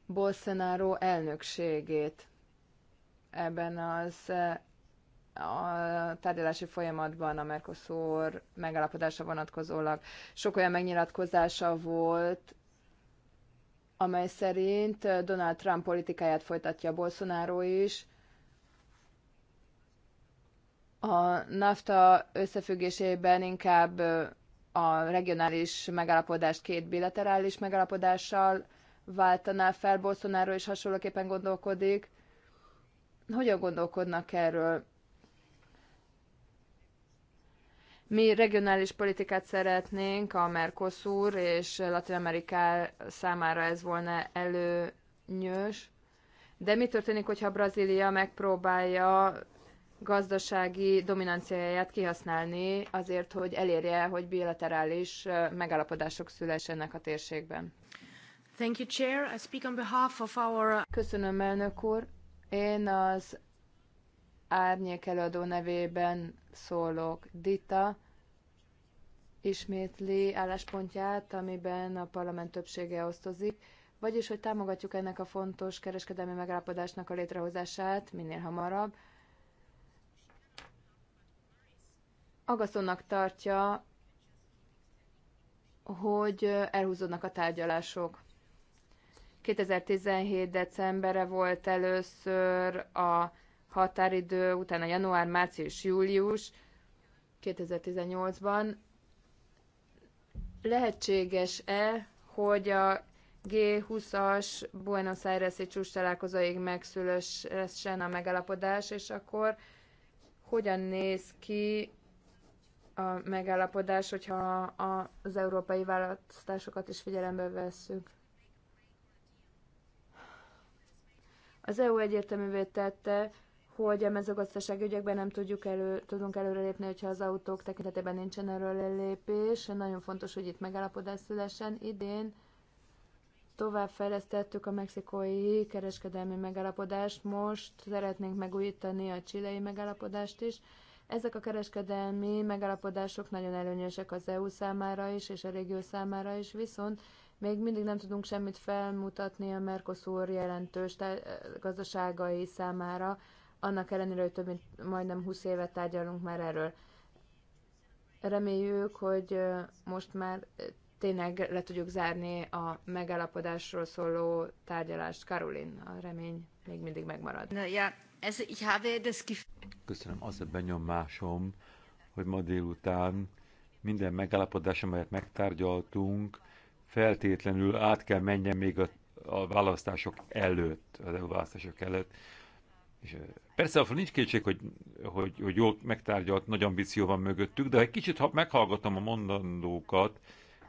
Bolsonaro elnökségét ebben az eh, a tárgyalási folyamatban a Mercosur megállapodása vonatkozólag sok olyan megnyilatkozása volt, amely szerint eh, Donald Trump politikáját folytatja Bolsonaro is, a NAFTA összefüggésében inkább a regionális megállapodást két bilaterális megállapodással váltaná fel, Bolsonaro is hasonlóképpen gondolkodik. Hogyan gondolkodnak erről? Mi regionális politikát szeretnénk, a Mercosur és Latin Amerika számára ez volna előnyös. De mi történik, hogyha Brazília megpróbálja gazdasági dominanciáját kihasználni azért, hogy elérje, hogy bilaterális megállapodások szülessenek a térségben. Thank you, Chair. I speak on behalf of our... Köszönöm, elnök úr. Én az árnyék előadó nevében szólok. Dita ismétli álláspontját, amiben a parlament többsége osztozik, vagyis, hogy támogatjuk ennek a fontos kereskedelmi megállapodásnak a létrehozását minél hamarabb, agaszónak tartja, hogy elhúzódnak a tárgyalások. 2017. decemberre volt először a határidő, utána január, március, július 2018-ban. Lehetséges-e, hogy a G20-as Buenos Aires-i csúcs találkozóig megszülössen a megállapodás, és akkor hogyan néz ki a megállapodás, hogyha az európai választásokat is figyelembe vesszük. Az EU egyértelművé tette, hogy a mezőgazdaság ügyekben nem tudjuk elő, tudunk előrelépni, hogyha az autók tekintetében nincsen előrelépés. Nagyon fontos, hogy itt megállapodás szülesen. Idén továbbfejlesztettük a mexikói kereskedelmi megállapodást, most szeretnénk megújítani a csilei megállapodást is, ezek a kereskedelmi megállapodások nagyon előnyösek az EU számára is, és a régió számára is, viszont még mindig nem tudunk semmit felmutatni a Mercosur jelentős gazdaságai számára, annak ellenére, hogy több mint majdnem 20 évet tárgyalunk már erről. Reméljük, hogy most már tényleg le tudjuk zárni a megállapodásról szóló tárgyalást. Karolin, a remény még mindig megmarad. Na, yeah. Köszönöm, az a benyomásom, hogy ma délután minden megállapodás, amelyet megtárgyaltunk, feltétlenül át kell menjen még a, a választások előtt, az EU választások előtt. És persze ha nincs kétség, hogy, hogy, hogy jól megtárgyalt, nagy ambíció van mögöttük, de ha egy kicsit ha meghallgatom a mondandókat,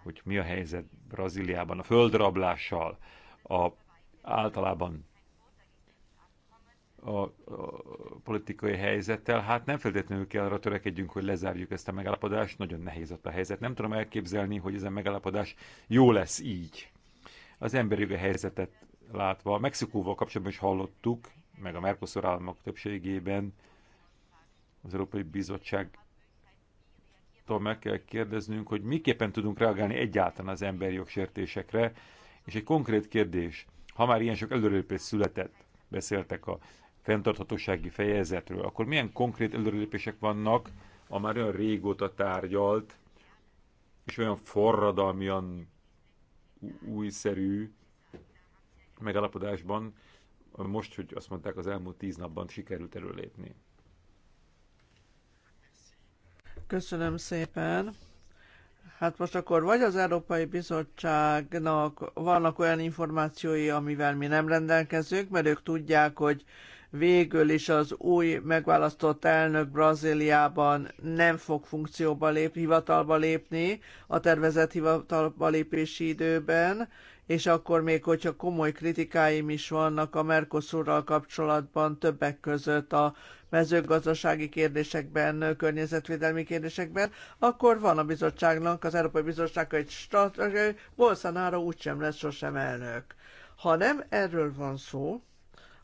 hogy mi a helyzet Brazíliában a földrablással, a általában a, a politikai helyzettel. Hát nem feltétlenül kell arra törekedjünk, hogy lezárjuk ezt a megállapodást, nagyon nehéz ott a helyzet. Nem tudom elképzelni, hogy ez a megállapodás jó lesz így. Az emberi helyzetet látva, Mexikóval kapcsolatban is hallottuk, meg a Mercosur államok többségében az Európai Bizottság meg kell kérdeznünk, hogy miképpen tudunk reagálni egyáltalán az emberi jogsértésekre, és egy konkrét kérdés, ha már ilyen sok előrelépés született, beszéltek a fenntarthatósági fejezetről, akkor milyen konkrét előrelépések vannak a már olyan régóta tárgyalt és olyan forradalmian újszerű megállapodásban, most, hogy azt mondták, az elmúlt tíz napban sikerült előlépni. Köszönöm szépen. Hát most akkor vagy az Európai Bizottságnak vannak olyan információi, amivel mi nem rendelkezünk, mert ők tudják, hogy végül is az új megválasztott elnök Brazíliában nem fog funkcióba lép, hivatalba lépni a tervezett hivatalba lépési időben, és akkor még, hogyha komoly kritikáim is vannak a Mercosurral kapcsolatban, többek között a mezőgazdasági kérdésekben, környezetvédelmi kérdésekben, akkor van a bizottságnak, az Európai bizottság egy stratégia, Bolsonaro úgysem lesz sosem elnök. Ha nem erről van szó,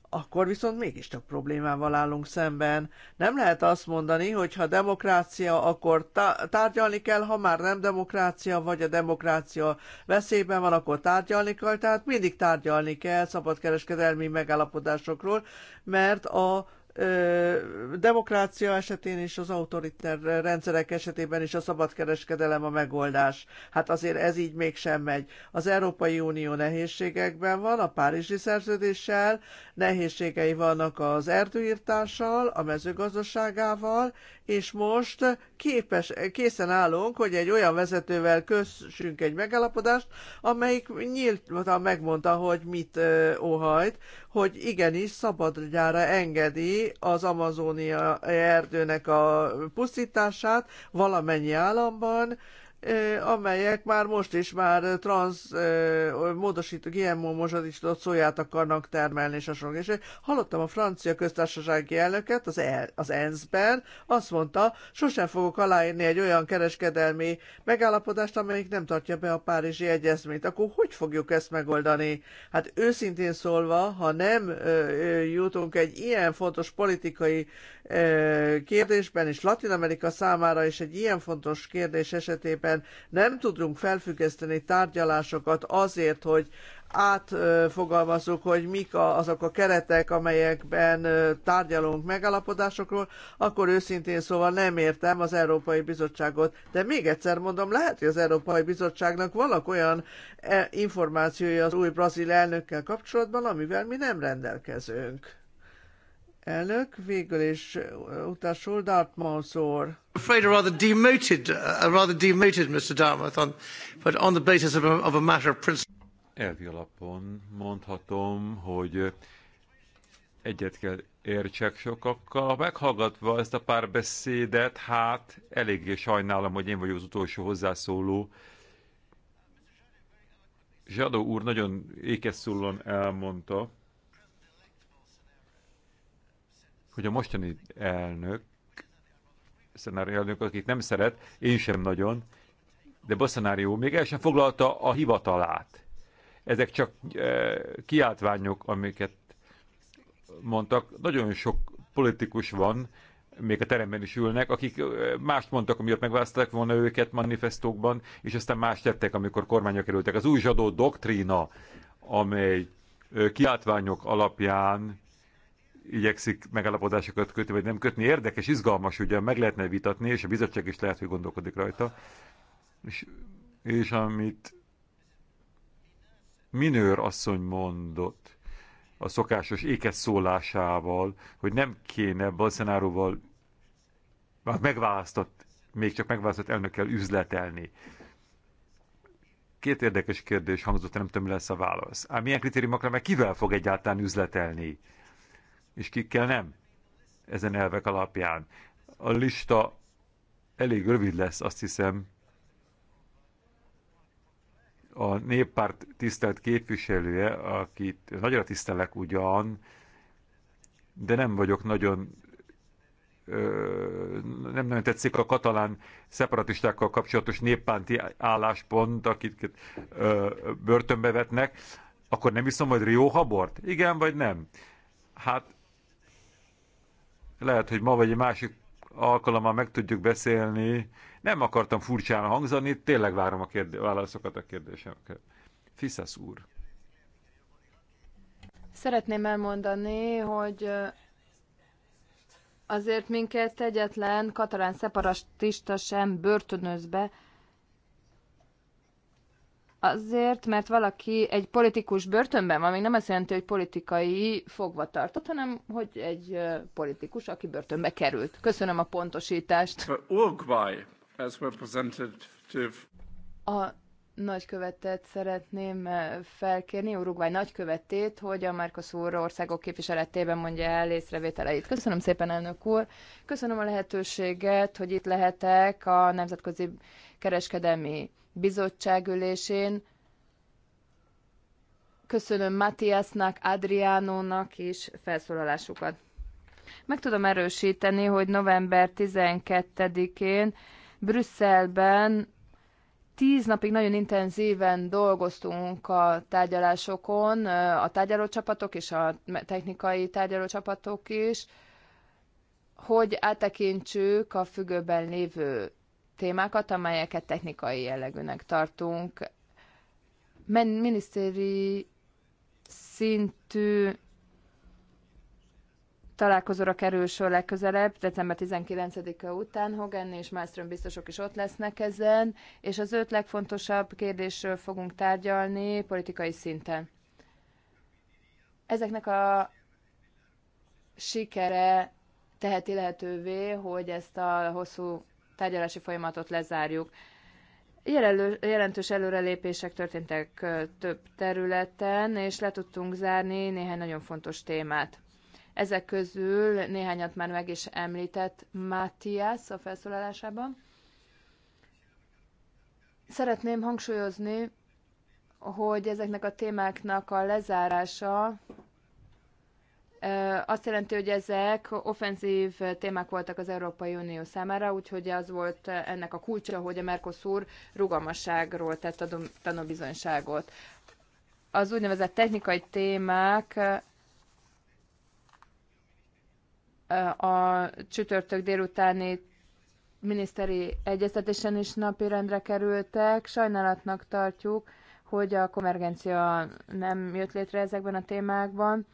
akkor viszont mégis csak problémával állunk szemben. Nem lehet azt mondani, hogy ha demokrácia, akkor tárgyalni kell, ha már nem demokrácia, vagy a demokrácia veszélyben van, akkor tárgyalni kell. Tehát mindig tárgyalni kell szabadkereskedelmi megállapodásokról, mert a demokrácia esetén is, az autoriter rendszerek esetében is a szabadkereskedelem a megoldás. Hát azért ez így mégsem megy. Az Európai Unió nehézségekben van, a Párizsi szerződéssel, nehézségei vannak az erdőírtással, a mezőgazdaságával, és most képes, készen állunk, hogy egy olyan vezetővel kössünk egy megállapodást, amelyik nyíltan megmondta, hogy mit óhajt, hogy igenis szabadgyára engedi az amazónia erdőnek a pusztítását valamennyi államban, amelyek már most is már transz módosító GMO módosított szóját akarnak termelni, és hasonló. És hallottam a francia köztársasági elnöket az, el, az ENSZ-ben, azt mondta, sosem fogok aláírni egy olyan kereskedelmi megállapodást, amelyik nem tartja be a Párizsi Egyezményt. Akkor hogy fogjuk ezt megoldani? Hát őszintén szólva, ha nem jutunk egy ilyen fontos politikai kérdésben, és Latin Amerika számára is egy ilyen fontos kérdés esetében, tulajdonképpen nem tudunk felfüggeszteni tárgyalásokat azért, hogy átfogalmazzuk, hogy mik azok a keretek, amelyekben tárgyalunk megállapodásokról, akkor őszintén szóval nem értem az Európai Bizottságot. De még egyszer mondom, lehet, hogy az Európai Bizottságnak vannak olyan e, információja az új brazil elnökkel kapcsolatban, amivel mi nem rendelkezünk. Elnök, végül is uh, utasul Dartmouth úr. afraid a rather demoted, uh, a rather demoted Mr. Dartmouth on, but on the basis of a, of a matter of principle. Elvi alapon mondhatom, hogy egyet kell értsek sokakkal. Meghallgatva ezt a párbeszédet, hát eléggé sajnálom, hogy én vagyok az utolsó hozzászóló. Zsadó úr nagyon ékeszúllon elmondta, hogy a mostani elnök, Szenári elnök, akit nem szeret, én sem nagyon, de Bolsonaro még el sem foglalta a hivatalát. Ezek csak e, kiáltványok, amiket mondtak. Nagyon sok politikus van, még a teremben is ülnek, akik e, mást mondtak, amiatt megválasztották volna őket manifestókban, és aztán más tettek, amikor kormányok kerültek. Az új zsadó doktrína, amely e, kiáltványok alapján igyekszik megállapodásokat kötni, vagy nem kötni. Érdekes, izgalmas, ugye meg lehetne vitatni, és a bizottság is lehet, hogy gondolkodik rajta. És, és amit minőr asszony mondott a szokásos ékes szólásával, hogy nem kéne Bolsonaroval megválasztott, még csak megválasztott elnökkel üzletelni. Két érdekes kérdés hangzott, nem tudom, mi lesz a válasz. Ám milyen kritériumokra, meg kivel fog egyáltalán üzletelni? és kikkel nem ezen elvek alapján. A lista elég rövid lesz, azt hiszem. A néppárt tisztelt képviselője, akit nagyra tisztelek ugyan, de nem vagyok nagyon nem nagyon tetszik a katalán szeparatistákkal kapcsolatos néppánti álláspont, akit börtönbe vetnek, akkor nem iszom majd Rióhabort? Igen vagy nem? Hát lehet, hogy ma vagy egy másik alkalommal meg tudjuk beszélni. Nem akartam furcsán hangzani, tényleg várom a kérdé- válaszokat a kérdésemre. Fiszesz úr. Szeretném elmondani, hogy azért minket egyetlen katalán szeparatista sem börtönöz be, Azért, mert valaki egy politikus börtönben van, még nem azt jelenti, hogy politikai fogva tartott, hanem hogy egy politikus, aki börtönbe került. Köszönöm a pontosítást. Uruguay, as representative. A nagykövetet szeretném felkérni, Uruguay nagykövetét, hogy a Márkusz úr országok képviseletében mondja el észrevételeit. Köszönöm szépen, elnök úr. Köszönöm a lehetőséget, hogy itt lehetek a Nemzetközi Kereskedelmi bizottság ülésén. Köszönöm Matthiasnak, Adriánónak is felszólalásukat. Meg tudom erősíteni, hogy november 12-én Brüsszelben tíz napig nagyon intenzíven dolgoztunk a tárgyalásokon, a tárgyalócsapatok és a technikai tárgyalócsapatok is, hogy áttekintsük a függőben lévő témákat, amelyeket technikai jellegűnek tartunk. Minisztéri szintű találkozóra kerül sor legközelebb, december 19-e után Hogan és Malmström biztosok is ott lesznek ezen, és az öt legfontosabb kérdésről fogunk tárgyalni politikai szinten. Ezeknek a sikere teheti lehetővé, hogy ezt a hosszú tárgyalási folyamatot lezárjuk. jelentős előrelépések történtek több területen, és le tudtunk zárni néhány nagyon fontos témát. Ezek közül néhányat már meg is említett Matthias a felszólalásában. Szeretném hangsúlyozni, hogy ezeknek a témáknak a lezárása azt jelenti, hogy ezek offenzív témák voltak az Európai Unió számára, úgyhogy az volt ennek a kulcsa, hogy a Mercosur rugalmasságról tett tanúbizonyságot. Az úgynevezett technikai témák a csütörtök délutáni miniszteri egyeztetésen is napirendre kerültek. Sajnálatnak tartjuk, hogy a konvergencia nem jött létre ezekben a témákban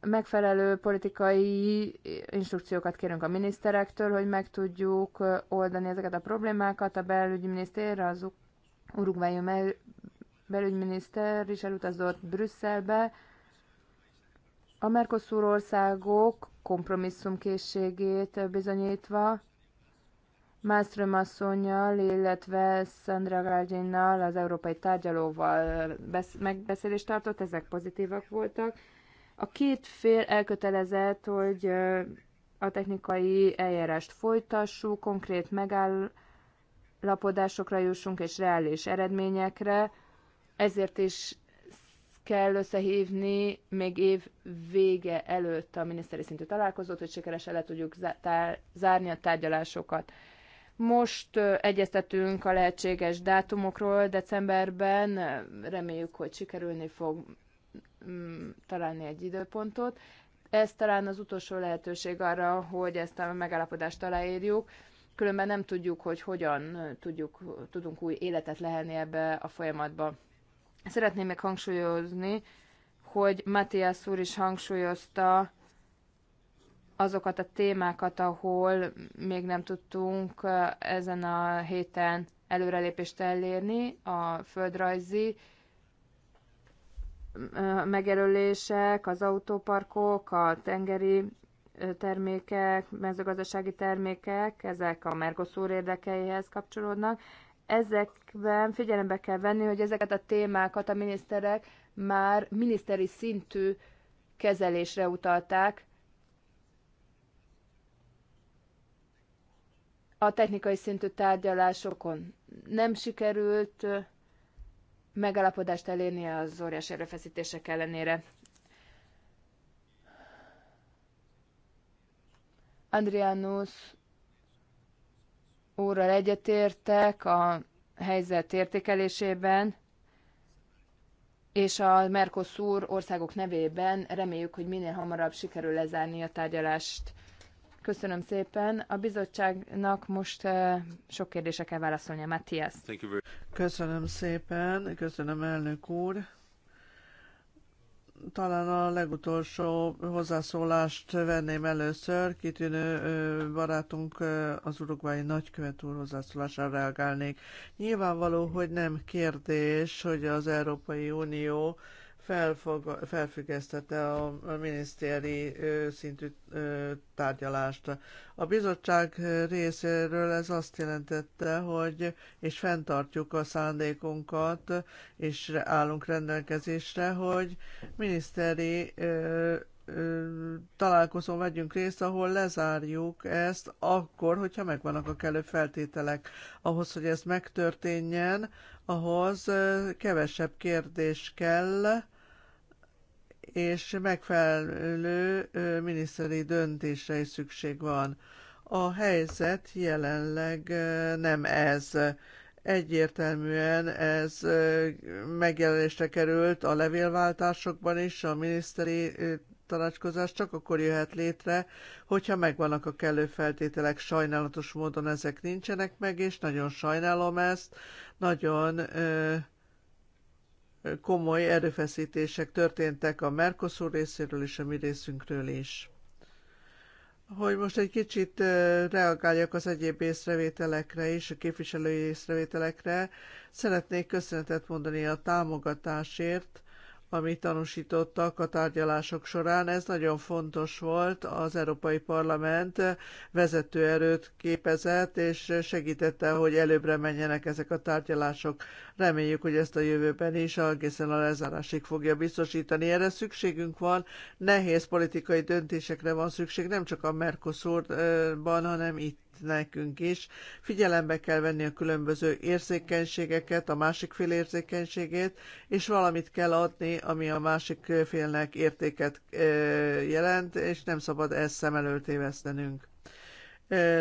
megfelelő politikai instrukciókat kérünk a miniszterektől, hogy meg tudjuk oldani ezeket a problémákat. A belügyminisztér, az urugvájó belügyminiszter is elutazott Brüsszelbe. A Mercosur országok kompromisszumkészségét bizonyítva Mászröm asszonynal, illetve Sandra Gárgyinnal, az európai tárgyalóval megbeszélést tartott, ezek pozitívak voltak a két fél elkötelezett, hogy a technikai eljárást folytassuk, konkrét megállapodásokra jussunk és reális eredményekre, ezért is kell összehívni még év vége előtt a miniszteri szintű találkozót, hogy sikeresen le tudjuk zárni a tárgyalásokat. Most egyeztetünk a lehetséges dátumokról decemberben, reméljük, hogy sikerülni fog Mm, találni egy időpontot. Ez talán az utolsó lehetőség arra, hogy ezt a megállapodást aláírjuk, különben nem tudjuk, hogy hogyan tudjuk, tudunk új életet lehelni ebbe a folyamatba. Szeretném még hangsúlyozni, hogy Matthias úr is hangsúlyozta azokat a témákat, ahol még nem tudtunk eh, ezen a héten előrelépést elérni, a földrajzi megerőlések, az autóparkok, a tengeri termékek, mezőgazdasági termékek, ezek a Mercosur érdekeihez kapcsolódnak. Ezekben figyelembe kell venni, hogy ezeket a témákat a miniszterek már miniszteri szintű kezelésre utalták. A technikai szintű tárgyalásokon nem sikerült megalapodást elérni az óriási erőfeszítések ellenére. Andrianus úrral egyetértek a helyzet értékelésében, és a Mercosur országok nevében reméljük, hogy minél hamarabb sikerül lezárni a tárgyalást Köszönöm szépen. A bizottságnak most eh, sok kérdése kell válaszolnia, Matthias. Köszönöm szépen, köszönöm elnök úr. Talán a legutolsó hozzászólást venném először. Kitűnő barátunk az urugvai nagykövet úr hozzászólására reagálnék. Nyilvánvaló, hogy nem kérdés, hogy az Európai Unió felfüggesztette a, minisztéri szintű tárgyalást. A bizottság részéről ez azt jelentette, hogy és fenntartjuk a szándékunkat, és állunk rendelkezésre, hogy miniszteri találkozón vegyünk részt, ahol lezárjuk ezt akkor, hogyha megvannak a kellő feltételek. Ahhoz, hogy ez megtörténjen, ahhoz kevesebb kérdés kell, és megfelelő miniszteri döntésre is szükség van. A helyzet jelenleg nem ez. Egyértelműen ez megjelenésre került a levélváltásokban is, a miniszteri tanácskozás csak akkor jöhet létre, hogyha megvannak a kellő feltételek. Sajnálatos módon ezek nincsenek meg, és nagyon sajnálom ezt. Nagyon ö, komoly erőfeszítések történtek a Mercosur részéről és a mi részünkről is. Hogy most egy kicsit reagáljak az egyéb észrevételekre is, a képviselői észrevételekre, szeretnék köszönetet mondani a támogatásért, amit tanúsítottak a tárgyalások során. Ez nagyon fontos volt, az Európai Parlament vezető erőt képezett, és segítette, hogy előbbre menjenek ezek a tárgyalások. Reméljük, hogy ezt a jövőben is egészen a lezárásig fogja biztosítani. Erre szükségünk van, nehéz politikai döntésekre van szükség, nem csak a Mercosurban, hanem itt nekünk is. Figyelembe kell venni a különböző érzékenységeket, a másik fél érzékenységét, és valamit kell adni, ami a másik félnek értéket jelent, és nem szabad ezt szem előtt évesztenünk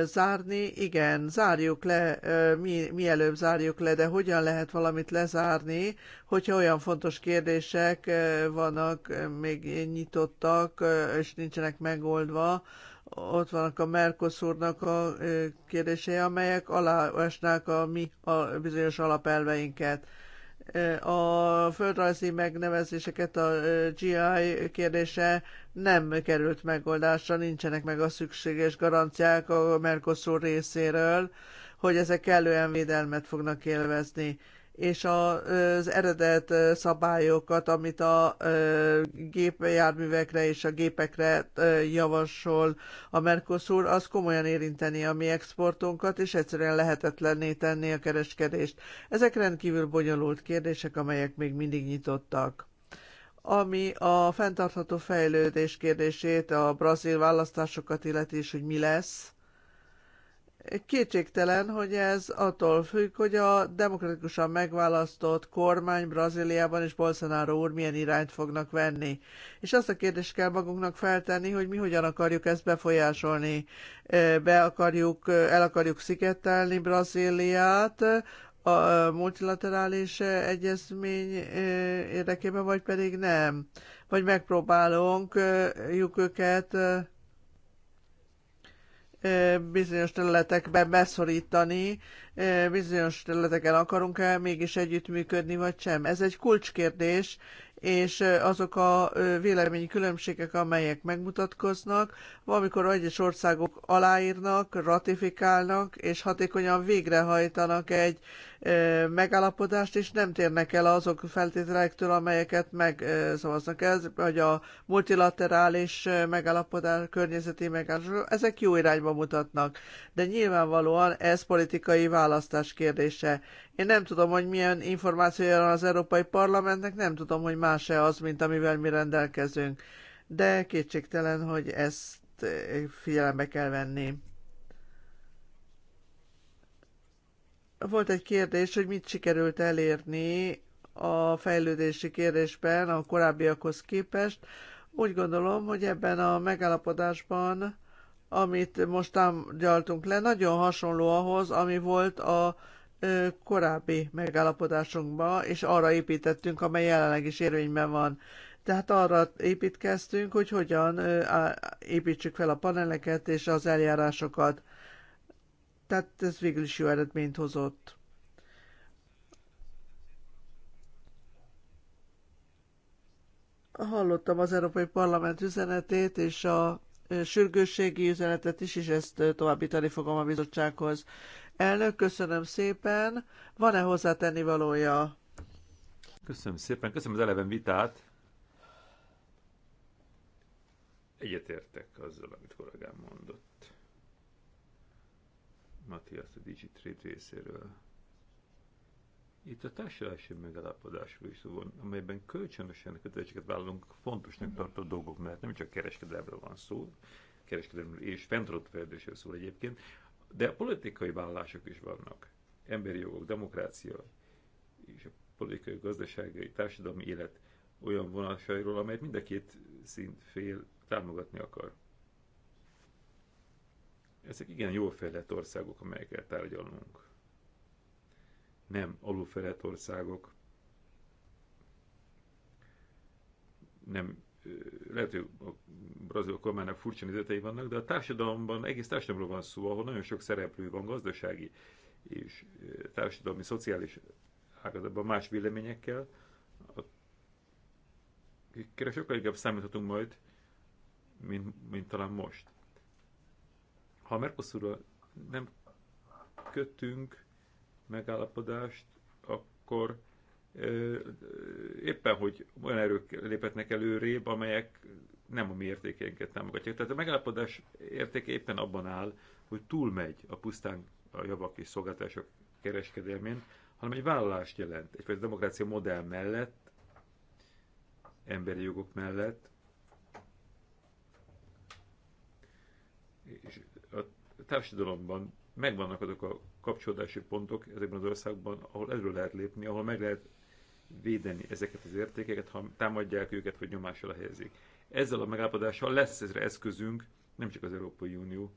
zárni, igen, zárjuk le, mi, mielőbb zárjuk le, de hogyan lehet valamit lezárni, hogyha olyan fontos kérdések vannak, még nyitottak, és nincsenek megoldva, ott vannak a Mercosurnak a kérdései, amelyek aláesnák a mi a bizonyos alapelveinket. A földrajzi megnevezéseket a GI kérdése nem került megoldásra, nincsenek meg a szükséges garanciák a Mercosur részéről, hogy ezek kellően védelmet fognak élvezni és az eredet szabályokat, amit a gépjárművekre és a gépekre javasol a Mercosur, az komolyan érinteni a mi exportunkat, és egyszerűen lehetetlenné tenni a kereskedést. Ezek rendkívül bonyolult kérdések, amelyek még mindig nyitottak ami a fenntartható fejlődés kérdését, a brazil választásokat illeti is, hogy mi lesz Kétségtelen, hogy ez attól függ, hogy a demokratikusan megválasztott kormány Brazíliában és Bolsonaro úr milyen irányt fognak venni. És azt a kérdést kell magunknak feltenni, hogy mi hogyan akarjuk ezt befolyásolni. Be akarjuk, el akarjuk szigetelni Brazíliát, a multilaterális egyezmény érdekében, vagy pedig nem. Vagy megpróbálunk őket bizonyos területekben beszorítani, bizonyos területeken akarunk-e mégis együttműködni, vagy sem. Ez egy kulcskérdés, és azok a különbségek, amelyek megmutatkoznak, valamikor egyes országok aláírnak, ratifikálnak, és hatékonyan végrehajtanak egy megállapodást, és nem térnek el azok feltételektől, amelyeket megszavaznak. Ez, hogy a multilaterális megállapodás, környezeti megállapodás, ezek jó irányba mutatnak. De nyilvánvalóan ez politikai választás kérdése. Én nem tudom, hogy milyen információja van az Európai Parlamentnek, nem tudom, hogy más-e az, mint amivel mi rendelkezünk. De kétségtelen, hogy ezt figyelembe kell venni. Volt egy kérdés, hogy mit sikerült elérni a fejlődési kérdésben a korábbiakhoz képest. Úgy gondolom, hogy ebben a megállapodásban, amit most tárgyaltunk le, nagyon hasonló ahhoz, ami volt a korábbi megállapodásunkban, és arra építettünk, amely jelenleg is érvényben van. Tehát arra építkeztünk, hogy hogyan építsük fel a paneleket és az eljárásokat. Tehát ez végül is jó eredményt hozott. Hallottam az Európai Parlament üzenetét és a sürgősségi üzenetet is, és ezt továbbítani fogom a bizottsághoz. Elnök, köszönöm szépen. Van-e hozzátenni valója? Köszönöm szépen, köszönöm az eleven vitát. Egyetértek azzal, amit kollégám mondott. Matthias a Digitrade részéről. Itt a társadalmi megállapodásról is szó van, amelyben kölcsönösen kötelezettséget vállalunk fontosnak tartó dolgok, mert nem csak kereskedelmről van szó, kereskedelmről és fenntartott fejlődésről szól egyébként, de a politikai vállalások is vannak. Emberi jogok, demokrácia és a politikai, gazdasági, társadalmi élet olyan vonalsairól, amelyet mind a két szint fél támogatni akar. Ezek igen jól fejlett országok, amelyekkel tárgyalunk. Nem alulfejlett országok. Nem, lehet, hogy a brazil kormánynak furcsa nézetei vannak, de a társadalomban, egész társadalomról van szó, ahol nagyon sok szereplő van, gazdasági és társadalmi, szociális ágazatban más véleményekkel, akikre sokkal inkább számíthatunk majd, mint, mint talán most. Ha a Mercosurral nem kötünk megállapodást, akkor éppen, hogy olyan erők léphetnek előrébb, amelyek nem a mi értékeinket támogatják. Tehát a megállapodás értéke éppen abban áll, hogy túlmegy a pusztán a javak és szolgáltások kereskedelmén, hanem egy vállalást jelent, egyfajta demokrácia modell mellett, emberi jogok mellett, és társadalomban megvannak azok a kapcsolódási pontok ezekben az országokban, ahol erről lehet lépni, ahol meg lehet védeni ezeket az értékeket, ha támadják őket, vagy alá helyezik. Ezzel a megállapodással lesz ezre eszközünk, nem csak az Európai Unió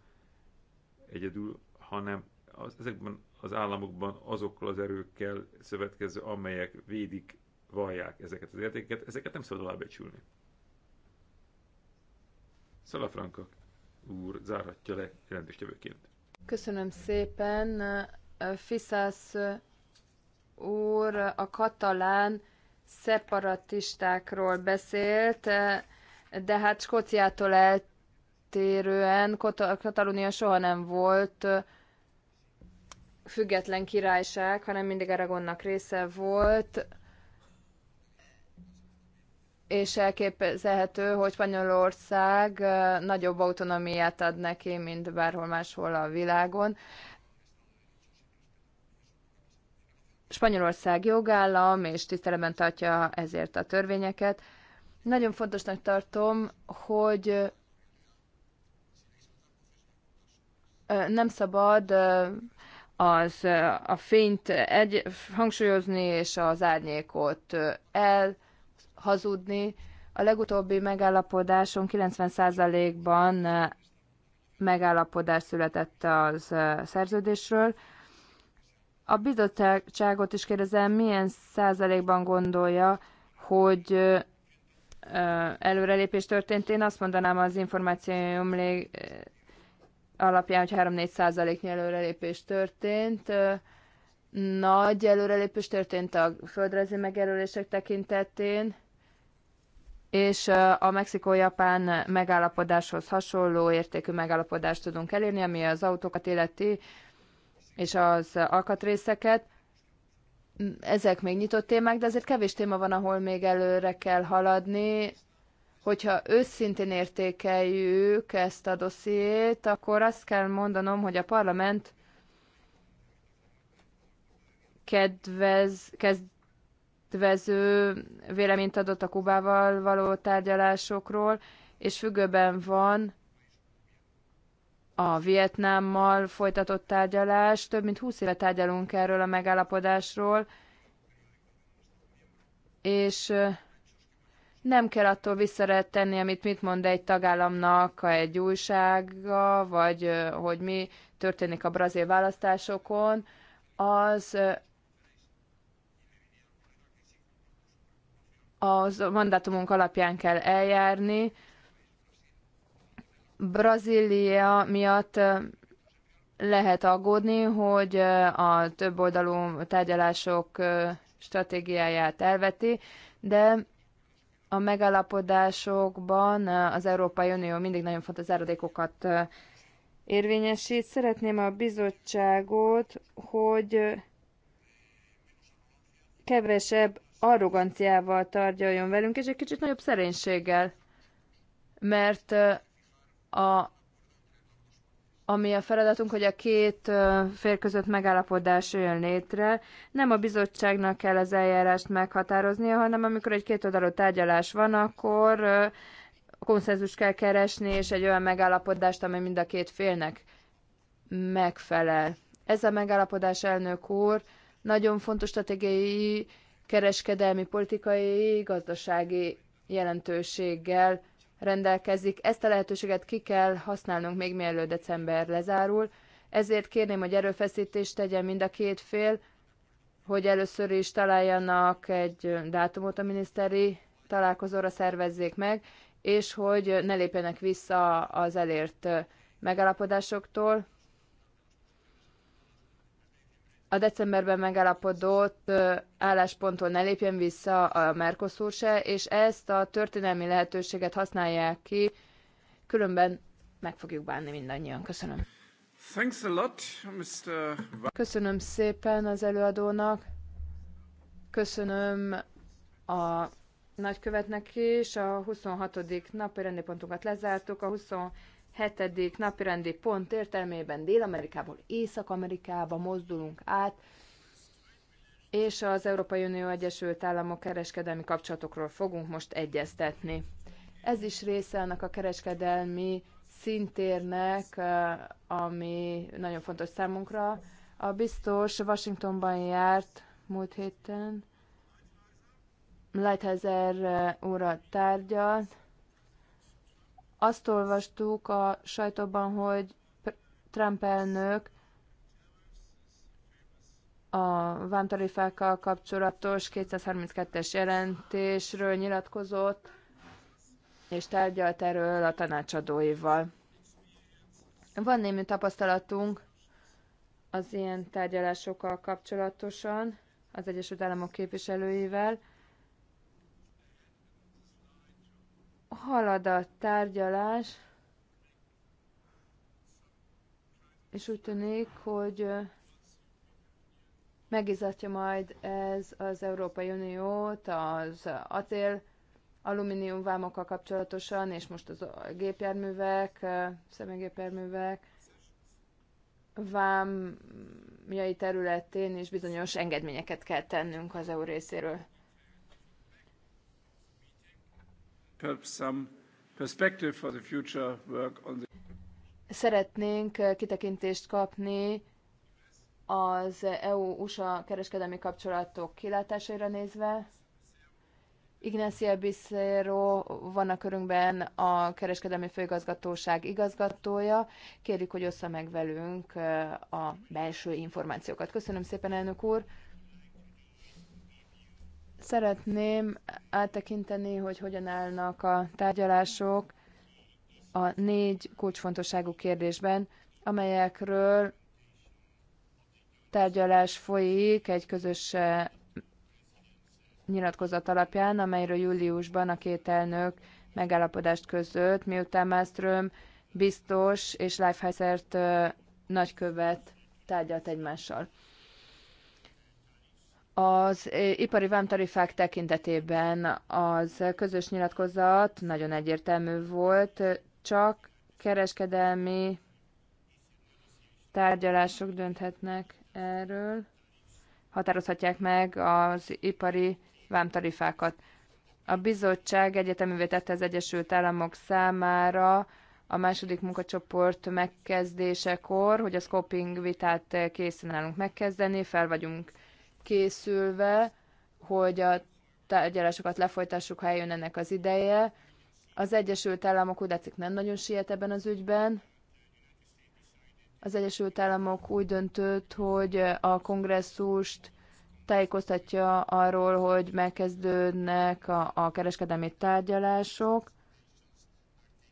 egyedül, hanem az, ezekben az államokban azokkal az erőkkel szövetkező, amelyek védik, vallják ezeket az értékeket, ezeket nem szabad alábecsülni. Szalafranka úr zárhatja le jelentéstevőként. Köszönöm szépen. Fiszász úr a katalán szeparatistákról beszélt, de hát Skóciától eltérően Katalónia soha nem volt független királyság, hanem mindig Aragonnak része volt és elképzelhető, hogy Spanyolország nagyobb autonomiát ad neki, mint bárhol máshol a világon. Spanyolország jogállam, és tiszteletben tartja ezért a törvényeket. Nagyon fontosnak tartom, hogy nem szabad az, a fényt egy, hangsúlyozni, és az árnyékot el hazudni. A legutóbbi megállapodáson 90%-ban eh, megállapodás született az eh, szerződésről. A bizottságot is kérdezem, milyen százalékban gondolja, hogy eh, előrelépés történt. Én azt mondanám az információim alapján, hogy 3-4 százaléknyi előrelépés történt. Nagy előrelépés történt a földrajzi megjelölések tekintetén és a Mexikó-Japán megállapodáshoz hasonló értékű megállapodást tudunk elérni, ami az autókat illeti, és az alkatrészeket. Ezek még nyitott témák, de azért kevés téma van, ahol még előre kell haladni. Hogyha őszintén értékeljük ezt a dossziét, akkor azt kell mondanom, hogy a parlament kedvez, kezd, kedvező véleményt adott a Kubával való tárgyalásokról, és függőben van a Vietnámmal folytatott tárgyalás. Több mint 20 éve tárgyalunk erről a megállapodásról, és nem kell attól visszaretenni, amit mit mond egy tagállamnak egy újsága, vagy hogy mi történik a brazil választásokon. Az az mandátumunk alapján kell eljárni. Brazília miatt lehet aggódni, hogy a több oldalú tárgyalások stratégiáját elveti, de a megállapodásokban az Európai Unió mindig nagyon fontos áradékokat érvényesít. Szeretném a bizottságot, hogy kevesebb arroganciával tárgyaljon velünk, és egy kicsit nagyobb szerénységgel. Mert a, ami a feladatunk, hogy a két fél között megállapodás jön létre. Nem a bizottságnak kell az eljárást meghatároznia, hanem amikor egy kétoldalú tárgyalás van, akkor konszenzus kell keresni, és egy olyan megállapodást, amely mind a két félnek megfelel. Ez a megállapodás, elnök úr, nagyon fontos stratégiai kereskedelmi, politikai, gazdasági jelentőséggel rendelkezik. Ezt a lehetőséget ki kell használnunk még mielőtt december lezárul. Ezért kérném, hogy erőfeszítést tegyen mind a két fél, hogy először is találjanak egy dátumot a miniszteri találkozóra szervezzék meg, és hogy ne lépjenek vissza az elért megállapodásoktól, a decemberben megállapodott állásponton ne lépjen vissza a Mercosur se, és ezt a történelmi lehetőséget használják ki, különben meg fogjuk bánni mindannyian. Köszönöm. Thanks a lot, Mr. Köszönöm szépen az előadónak. Köszönöm a nagykövetnek is. A 26. napi rendi pontunkat lezártuk. A 20 hetedik napirendi pont értelmében Dél-Amerikából Észak-Amerikába mozdulunk át, és az Európai Unió Egyesült Államok kereskedelmi kapcsolatokról fogunk most egyeztetni. Ez is része annak a kereskedelmi szintérnek, ami nagyon fontos számunkra. A biztos Washingtonban járt múlt héten, Lighthizer óra tárgyalt, azt olvastuk a sajtóban, hogy Trump elnök a vámtarifákkal kapcsolatos 232-es jelentésről nyilatkozott, és tárgyalt erről a tanácsadóival. Van némi tapasztalatunk az ilyen tárgyalásokkal kapcsolatosan az Egyesült Államok képviselőivel, halad a tárgyalás, és úgy tűnik, hogy megizatja majd ez az Európai Uniót az acél alumínium vámokkal kapcsolatosan, és most az gépjárművek, személygépjárművek vámjai területén is bizonyos engedményeket kell tennünk az EU részéről. perhaps some perspective for the future work on the Szeretnénk eh, kitekintést kapni az EU-USA kereskedelmi kapcsolatok kilátásaira nézve. Ignacia Bissero van a körünkben a kereskedelmi főigazgatóság igazgatója. Kérjük, hogy ossza meg velünk eh, a belső információkat. Köszönöm szépen, elnök úr! Szeretném áttekinteni, hogy hogyan állnak a tárgyalások a négy kulcsfontosságú kérdésben, amelyekről tárgyalás folyik egy közös eh, nyilatkozat alapján, amelyről júliusban a két elnök megállapodást között, miután Máström biztos és Lifehizert eh, nagykövet tárgyalt egymással. Az eh, ipari vámtarifák tekintetében az közös nyilatkozat nagyon egyértelmű volt, csak kereskedelmi tárgyalások dönthetnek erről, határozhatják meg az ipari vámtarifákat. A bizottság egyeteművé tette az Egyesült Államok számára a második munkacsoport megkezdésekor, hogy a scoping vitát eh, készen állunk megkezdeni, fel vagyunk készülve, hogy a tárgyalásokat lefolytassuk, ha eljön ennek az ideje. Az Egyesült Államok úgy látszik nem nagyon siet ebben az ügyben. Az Egyesült Államok úgy döntött, hogy a kongresszust tájékoztatja arról, hogy megkezdődnek a, a kereskedelmi tárgyalások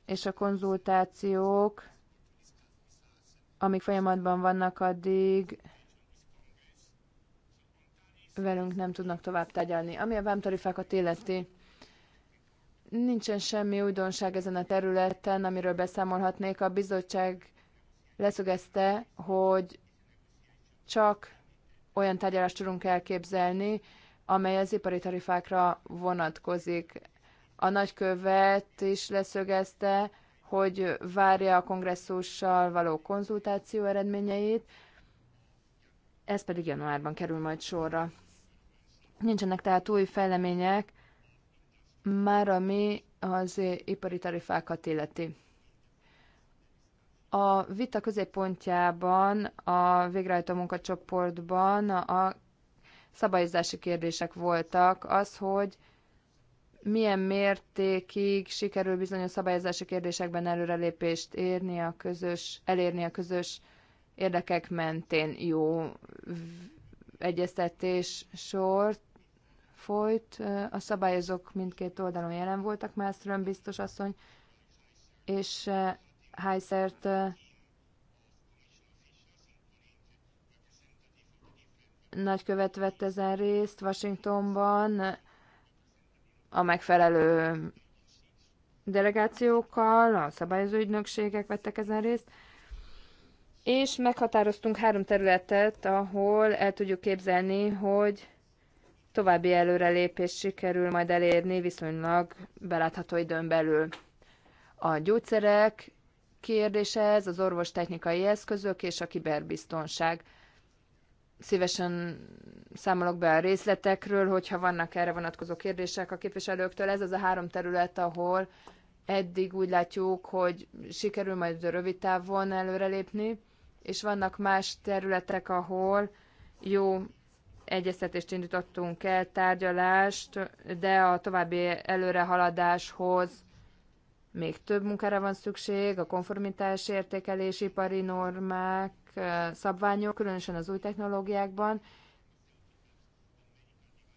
és a konzultációk, amik folyamatban vannak addig, velünk nem tudnak tovább tegyelni. Ami a vámtarifákat illeti, nincsen semmi újdonság ezen a területen, amiről beszámolhatnék. A bizottság leszögezte, hogy csak olyan tárgyalást tudunk elképzelni, amely az ipari tarifákra vonatkozik. A nagykövet is leszögezte, hogy várja a kongresszussal való konzultáció eredményeit, ez pedig januárban kerül majd sorra. Nincsenek tehát új fejlemények, már ami az ipari tarifákat illeti. A vita középpontjában, a végrehajtó munkacsoportban a szabályozási kérdések voltak. Az, hogy milyen mértékig sikerül bizonyos szabályozási kérdésekben előrelépést érni a közös, elérni a közös érdekek mentén jó egyeztetés sort, folyt, a szabályozók mindkét oldalon jelen voltak, Mászlőn biztos asszony, és Heisert nagykövet vett ezen részt Washingtonban a megfelelő delegációkkal, a szabályozó ügynökségek vettek ezen részt, és meghatároztunk három területet, ahol el tudjuk képzelni, hogy további előrelépés sikerül majd elérni viszonylag belátható időn belül. A gyógyszerek kérdése ez, az technikai eszközök és a kiberbiztonság. Szívesen számolok be a részletekről, hogyha vannak erre vonatkozó kérdések a képviselőktől. Ez az a három terület, ahol eddig úgy látjuk, hogy sikerül majd rövid távon előrelépni, és vannak más területek, ahol jó egyeztetést indítottunk el, tárgyalást, de a további előrehaladáshoz még több munkára van szükség, a konformitás értékelés, ipari normák, szabványok, különösen az új technológiákban,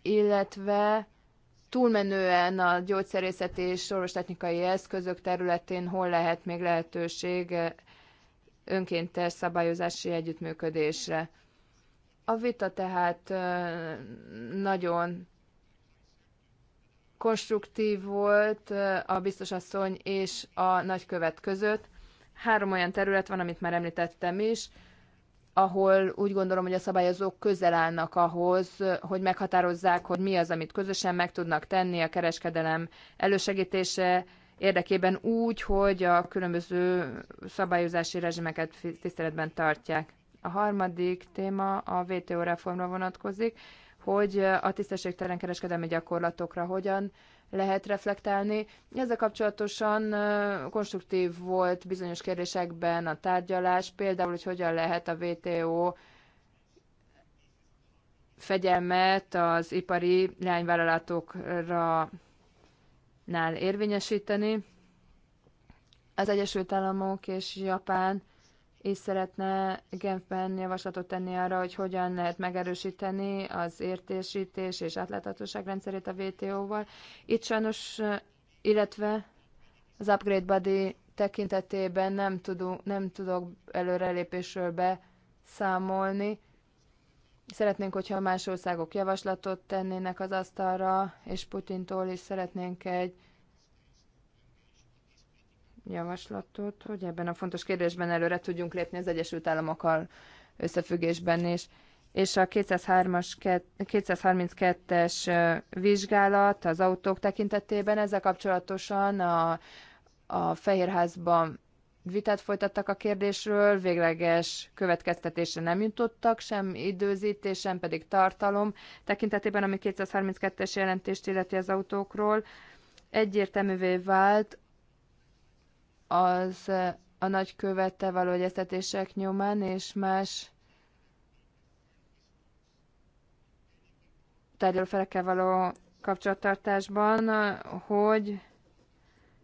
illetve túlmenően a gyógyszerészet és orvostechnikai eszközök területén hol lehet még lehetőség önkéntes szabályozási együttműködésre. A vita tehát nagyon konstruktív volt a biztosasszony és a nagykövet között. Három olyan terület van, amit már említettem is, ahol úgy gondolom, hogy a szabályozók közel állnak ahhoz, hogy meghatározzák, hogy mi az, amit közösen meg tudnak tenni a kereskedelem elősegítése érdekében úgy, hogy a különböző szabályozási rezsimeket tiszteletben tartják. A harmadik téma a WTO reformra vonatkozik, hogy a tisztességtelen kereskedelmi gyakorlatokra hogyan lehet reflektálni. Ezzel kapcsolatosan konstruktív volt bizonyos kérdésekben a tárgyalás, például, hogy hogyan lehet a WTO fegyelmet az ipari leányvállalatokra nál érvényesíteni. Az Egyesült Államok és Japán és szeretne Genfben javaslatot tenni arra, hogy hogyan lehet megerősíteni az értésítés és átláthatóság rendszerét a WTO-val. Itt sajnos, illetve az Upgrade Body tekintetében nem, tudunk, nem tudok előrelépésről beszámolni. Szeretnénk, hogyha más országok javaslatot tennének az asztalra, és Putyintól is szeretnénk egy javaslatot, hogy ebben a fontos kérdésben előre tudjunk lépni az Egyesült Államokkal összefüggésben is. És a 232-es vizsgálat az autók tekintetében ezzel kapcsolatosan a, a Fehérházban vitát folytattak a kérdésről, végleges következtetésre nem jutottak, sem időzítés, sem pedig tartalom tekintetében, ami 232-es jelentést illeti az autókról. Egyértelművé vált, az a nagykövettel való egyeztetések nyomán, és más tárgyalófelekkel való kapcsolattartásban, hogy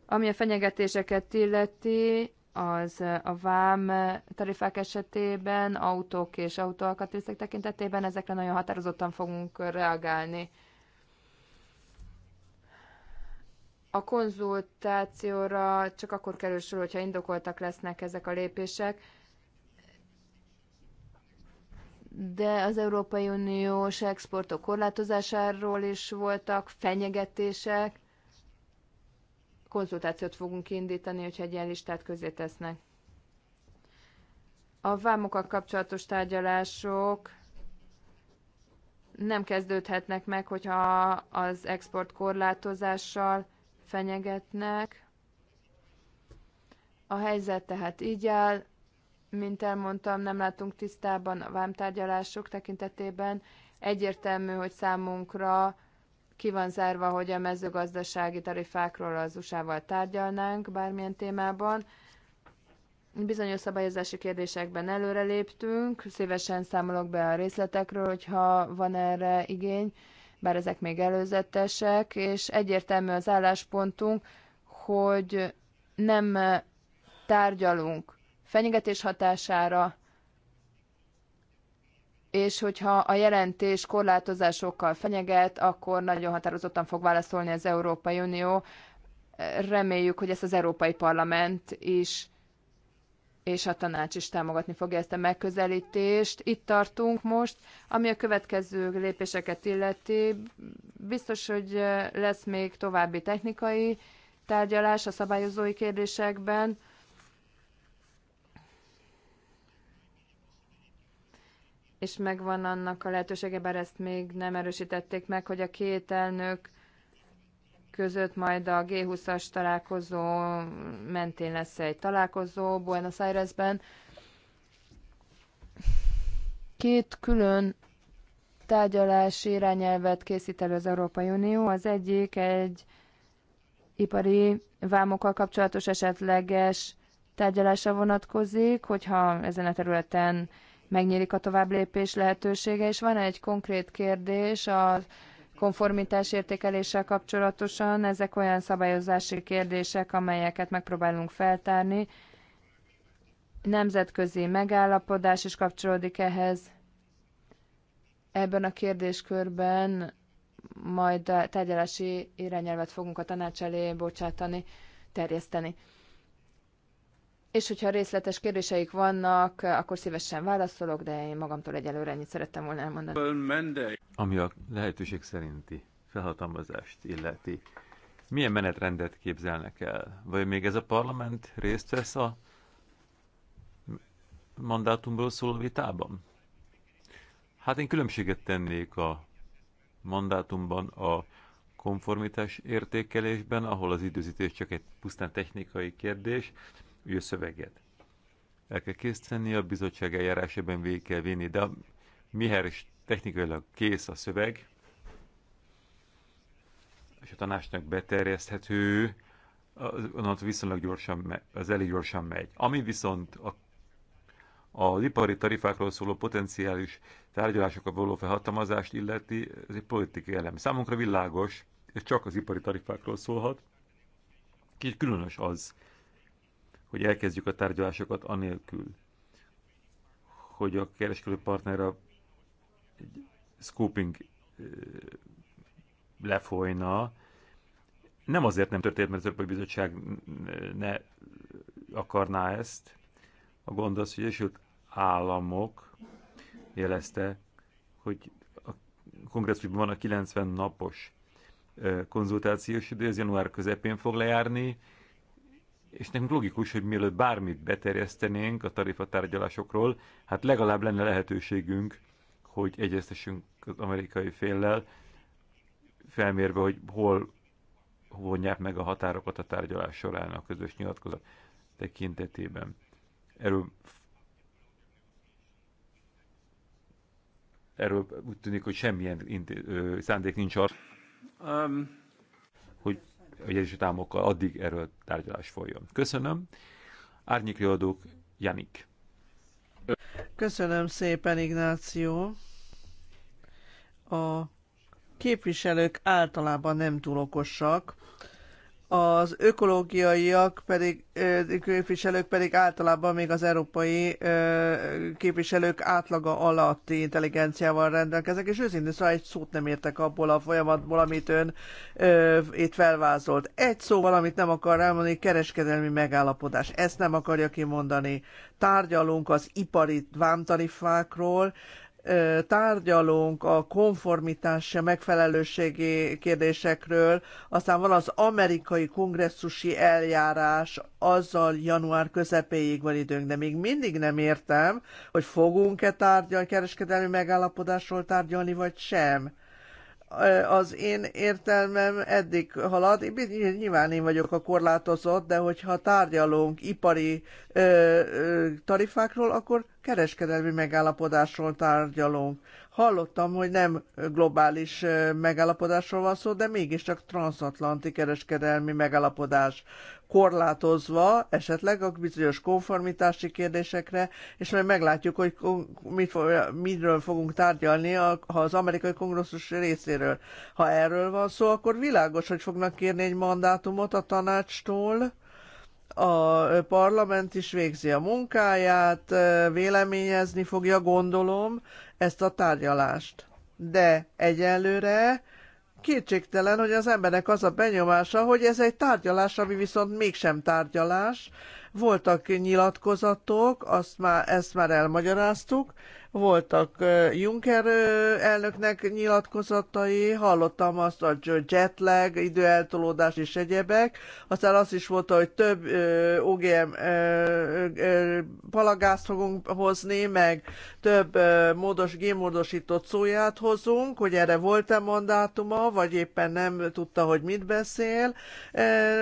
ami a fenyegetéseket illeti, az a vám tarifák esetében, autók és autóalkatrészek tekintetében ezekre nagyon határozottan fogunk reagálni. a konzultációra csak akkor kerül sor, hogyha indokoltak lesznek ezek a lépések, de az Európai Uniós exportok korlátozásáról is voltak fenyegetések. Konzultációt fogunk indítani, hogyha egy ilyen listát közé tesznek. A vámokkal kapcsolatos tárgyalások nem kezdődhetnek meg, hogyha az export korlátozással fenyegetnek. A helyzet tehát így áll, mint elmondtam, nem látunk tisztában a vámtárgyalások tekintetében. Egyértelmű, hogy számunkra ki van zárva, hogy a mezőgazdasági tarifákról az USA-val tárgyalnánk bármilyen témában. Bizonyos szabályozási kérdésekben előreléptünk, szívesen számolok be a részletekről, hogyha van erre igény bár ezek még előzetesek, és egyértelmű az álláspontunk, hogy nem tárgyalunk fenyegetés hatására, és hogyha a jelentés korlátozásokkal fenyeget, akkor nagyon határozottan fog válaszolni az Európai Unió. Reméljük, hogy ezt az Európai Parlament is és a tanács is támogatni fogja ezt a megközelítést. Itt tartunk most, ami a következő lépéseket illeti. Biztos, hogy lesz még további technikai tárgyalás a szabályozói kérdésekben. És megvan annak a lehetősége, bár ezt még nem erősítették meg, hogy a két elnök között majd a G20-as találkozó mentén lesz egy találkozó Buenos Airesben. Két külön tárgyalási irányelvet készít elő az Európai Unió. Az egyik egy ipari vámokkal kapcsolatos esetleges tárgyalásra vonatkozik, hogyha ezen a területen megnyílik a tovább lépés lehetősége, és van egy konkrét kérdés a konformitás értékeléssel kapcsolatosan. Ezek olyan szabályozási kérdések, amelyeket megpróbálunk feltárni. Nemzetközi megállapodás is kapcsolódik ehhez. Ebben a kérdéskörben majd tárgyalási irányelvet fogunk a tanács elé bocsátani, terjeszteni és hogyha részletes kérdéseik vannak, akkor szívesen válaszolok, de én magamtól egyelőre ennyit szerettem volna elmondani. Ami a lehetőség szerinti felhatalmazást illeti, milyen menetrendet képzelnek el? Vagy még ez a parlament részt vesz a mandátumról szóló vitában? Hát én különbséget tennék a mandátumban a konformitás értékelésben, ahol az időzítés csak egy pusztán technikai kérdés, ő szöveget. El kell készíteni, a bizottság eljárásában végig kell vinni, de miher is technikailag kész a szöveg, és a tanácsnak beterjeszthető, onnantól viszonylag gyorsan, az elég gyorsan megy. Ami viszont a az ipari tarifákról szóló potenciális tárgyalásokat való felhatalmazást illeti, ez egy politikai elem. Számunkra világos, ez csak az ipari tarifákról szólhat. Kicsit különös az, hogy elkezdjük a tárgyalásokat anélkül, hogy a kereskedő partnerre egy scooping lefolyna. Nem azért nem történt, mert az Európai Bizottság ne akarná ezt. A gond az, hogy az Államok jelezte, hogy a kongresszusban van a 90 napos konzultációs idő, ez január közepén fog lejárni, és nekünk logikus, hogy mielőtt bármit beterjesztenénk a tarifatárgyalásokról, hát legalább lenne lehetőségünk, hogy egyeztessünk az amerikai féllel, felmérve, hogy hol vonják meg a határokat a tárgyalás során a közös nyilatkozat tekintetében. Erről, erről úgy tűnik, hogy semmilyen inté- szándék nincs arra, um. hogy hogy Egyesült Államokkal addig erről tárgyalás folyjon. Köszönöm. Árnyék előadók, Janik. Köszönöm szépen, Ignáció. A képviselők általában nem túl okosak, az ökológiaiak pedig, képviselők pedig általában még az európai képviselők átlaga alatti intelligenciával rendelkeznek, és őszintén szóval egy szót nem értek abból a folyamatból, amit ön ö, itt felvázolt. Egy szó valamit nem akar elmondani, kereskedelmi megállapodás. Ezt nem akarja kimondani. Tárgyalunk az ipari vámtarifákról, tárgyalunk a konformitás megfelelőségi kérdésekről, aztán van az amerikai kongresszusi eljárás, azzal január közepéig van időnk, de még mindig nem értem, hogy fogunk-e tárgyalni, kereskedelmi megállapodásról tárgyalni, vagy sem az én értelmem eddig halad. Én, nyilván én vagyok a korlátozott, de hogyha tárgyalunk ipari ö, ö, tarifákról, akkor kereskedelmi megállapodásról tárgyalunk. Hallottam, hogy nem globális megállapodásról van szó, de mégiscsak transatlanti kereskedelmi megállapodás korlátozva, esetleg a bizonyos konformitási kérdésekre, és majd meglátjuk, hogy mit fog, miről fogunk tárgyalni ha az amerikai kongresszus részéről. Ha erről van szó, akkor világos, hogy fognak kérni egy mandátumot a tanácstól, a parlament is végzi a munkáját, véleményezni fogja, gondolom, ezt a tárgyalást. De egyelőre kétségtelen, hogy az embernek az a benyomása, hogy ez egy tárgyalás, ami viszont mégsem tárgyalás. Voltak nyilatkozatok, azt már, ezt már elmagyaráztuk, voltak Juncker elnöknek nyilatkozatai, hallottam azt hogy jetlag, időeltolódás és egyebek, aztán azt is volt, hogy több OGM palagázt fogunk hozni, meg több módos, gémódosított szóját hozunk, hogy erre volt-e mandátuma, vagy éppen nem tudta, hogy mit beszél,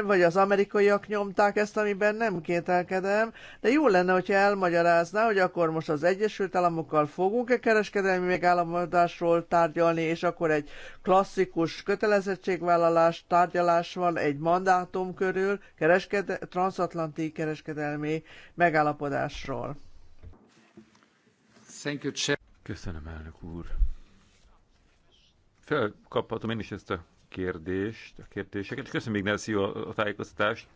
vagy az amerikaiak nyomták ezt, amiben nem kételkedem, de jó lenne, hogyha elmagyarázná, hogy akkor most az Egyesült Államokkal fogunk-e kereskedelmi megállapodásról tárgyalni, és akkor egy klasszikus kötelezettségvállalás, tárgyalás van egy mandátum körül, kereskede- transatlanti kereskedelmi megállapodásról. Thank you, Köszönöm, elnök úr. Felkaphatom én is ezt a kérdést, a kérdéseket, köszönöm még Nelszio a tájékoztatást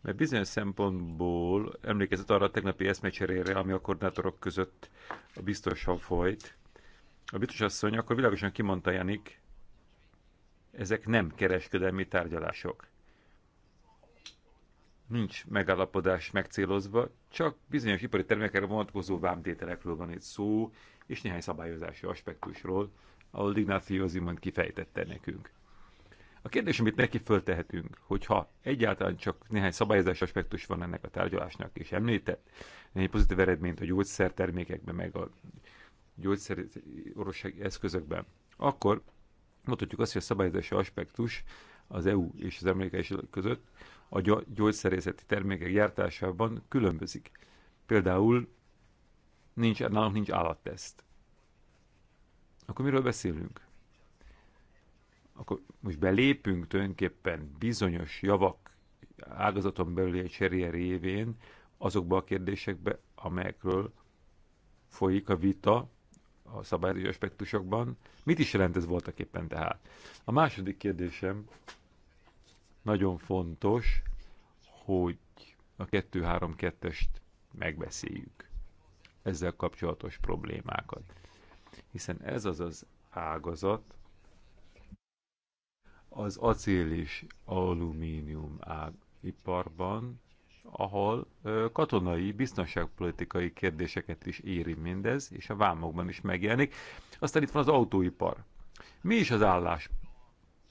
mert bizonyos szempontból emlékezett arra a tegnapi eszmecserére, ami a koordinátorok között a biztosan folyt. A biztos asszony akkor világosan kimondta Janik, ezek nem kereskedelmi tárgyalások. Nincs megállapodás megcélozva, csak bizonyos ipari termékekre vonatkozó vámtételekről van itt szó, és néhány szabályozási aspektusról, ahol Ignacio mond kifejtette nekünk. A kérdés, amit neki föltehetünk, hogyha egyáltalán csak néhány szabályozás aspektus van ennek a tárgyalásnak, és említett néhány pozitív eredményt a gyógyszertermékekben, meg a orvosi eszközökben, akkor mondhatjuk azt, hogy a szabályozási aspektus az EU és az amerikai között a gyógyszerészeti termékek gyártásában különbözik. Például nincs, nálunk nincs állatteszt. Akkor miről beszélünk? akkor most belépünk tulajdonképpen bizonyos javak ágazaton belül egy cserje révén azokba a kérdésekbe, amelyekről folyik a vita a szabályozó aspektusokban. Mit is jelent ez voltak éppen tehát? A második kérdésem nagyon fontos, hogy a 2-3-2-est megbeszéljük ezzel kapcsolatos problémákat. Hiszen ez az az ágazat, az acél és alumínium ág iparban, ahol katonai, biztonságpolitikai kérdéseket is éri mindez, és a vámokban is megjelenik. Aztán itt van az autóipar. Mi is az állás?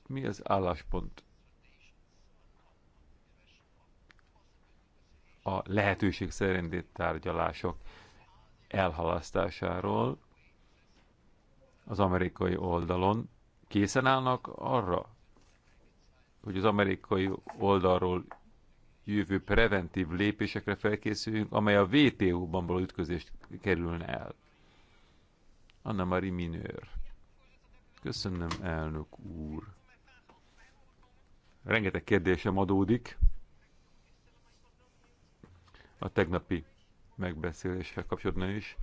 Mi az álláspont? A lehetőség szerinti tárgyalások elhalasztásáról az amerikai oldalon készen állnak arra, hogy az amerikai oldalról jövő preventív lépésekre felkészüljünk, amely a WTO-ban való ütközést kerülne el. Anna Marie Minőr. Köszönöm, elnök úr. Rengeteg kérdésem adódik a tegnapi megbeszéléssel kapcsolatban is.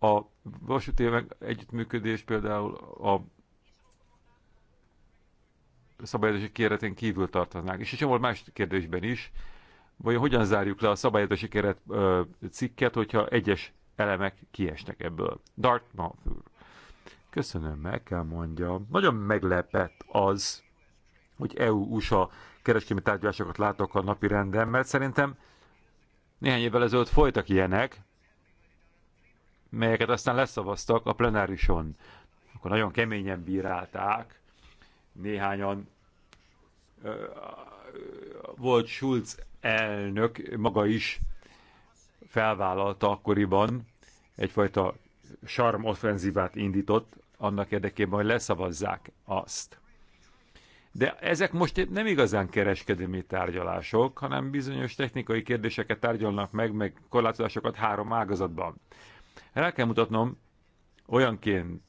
A vasúti együttműködés például a szabályozási kéretén kívül tartoznánk. És egy csomó más kérdésben is, vagy hogyan zárjuk le a szabályozási keret ö, cikket, hogyha egyes elemek kiesnek ebből. Dartmouth úr. Köszönöm, meg kell mondjam. Nagyon meglepett az, hogy EU-USA kereskedelmi tárgyalásokat látok a napi renden, mert szerintem néhány évvel ezelőtt folytak ilyenek, melyeket aztán leszavaztak a plenárison. Akkor nagyon keményen bírálták, néhányan volt Schulz elnök maga is felvállalta akkoriban, egyfajta sarm offenzívát indított annak érdekében, hogy leszavazzák azt. De ezek most nem igazán kereskedelmi tárgyalások, hanem bizonyos technikai kérdéseket tárgyalnak meg, meg korlátozásokat három ágazatban. El kell mutatnom olyanként,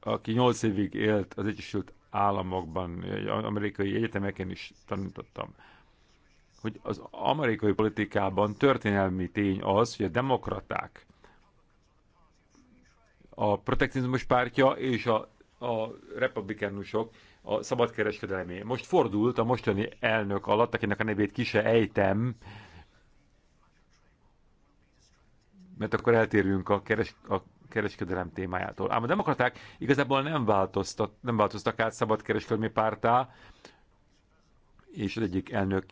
aki 8 évig élt az Egyesült államokban, amerikai egyetemeken is tanítottam, hogy az amerikai politikában történelmi tény az, hogy a demokraták a protekcionizmus pártja és a, a republikánusok a szabadkereskedelmé. Most fordult a mostani elnök alatt, akinek a nevét kise ejtem, mert akkor eltérünk a, keres, a kereskedelem témájától. Ám a demokraták igazából nem, változtat, nem változtak át szabadkereskedelmi pártá, és az egyik elnök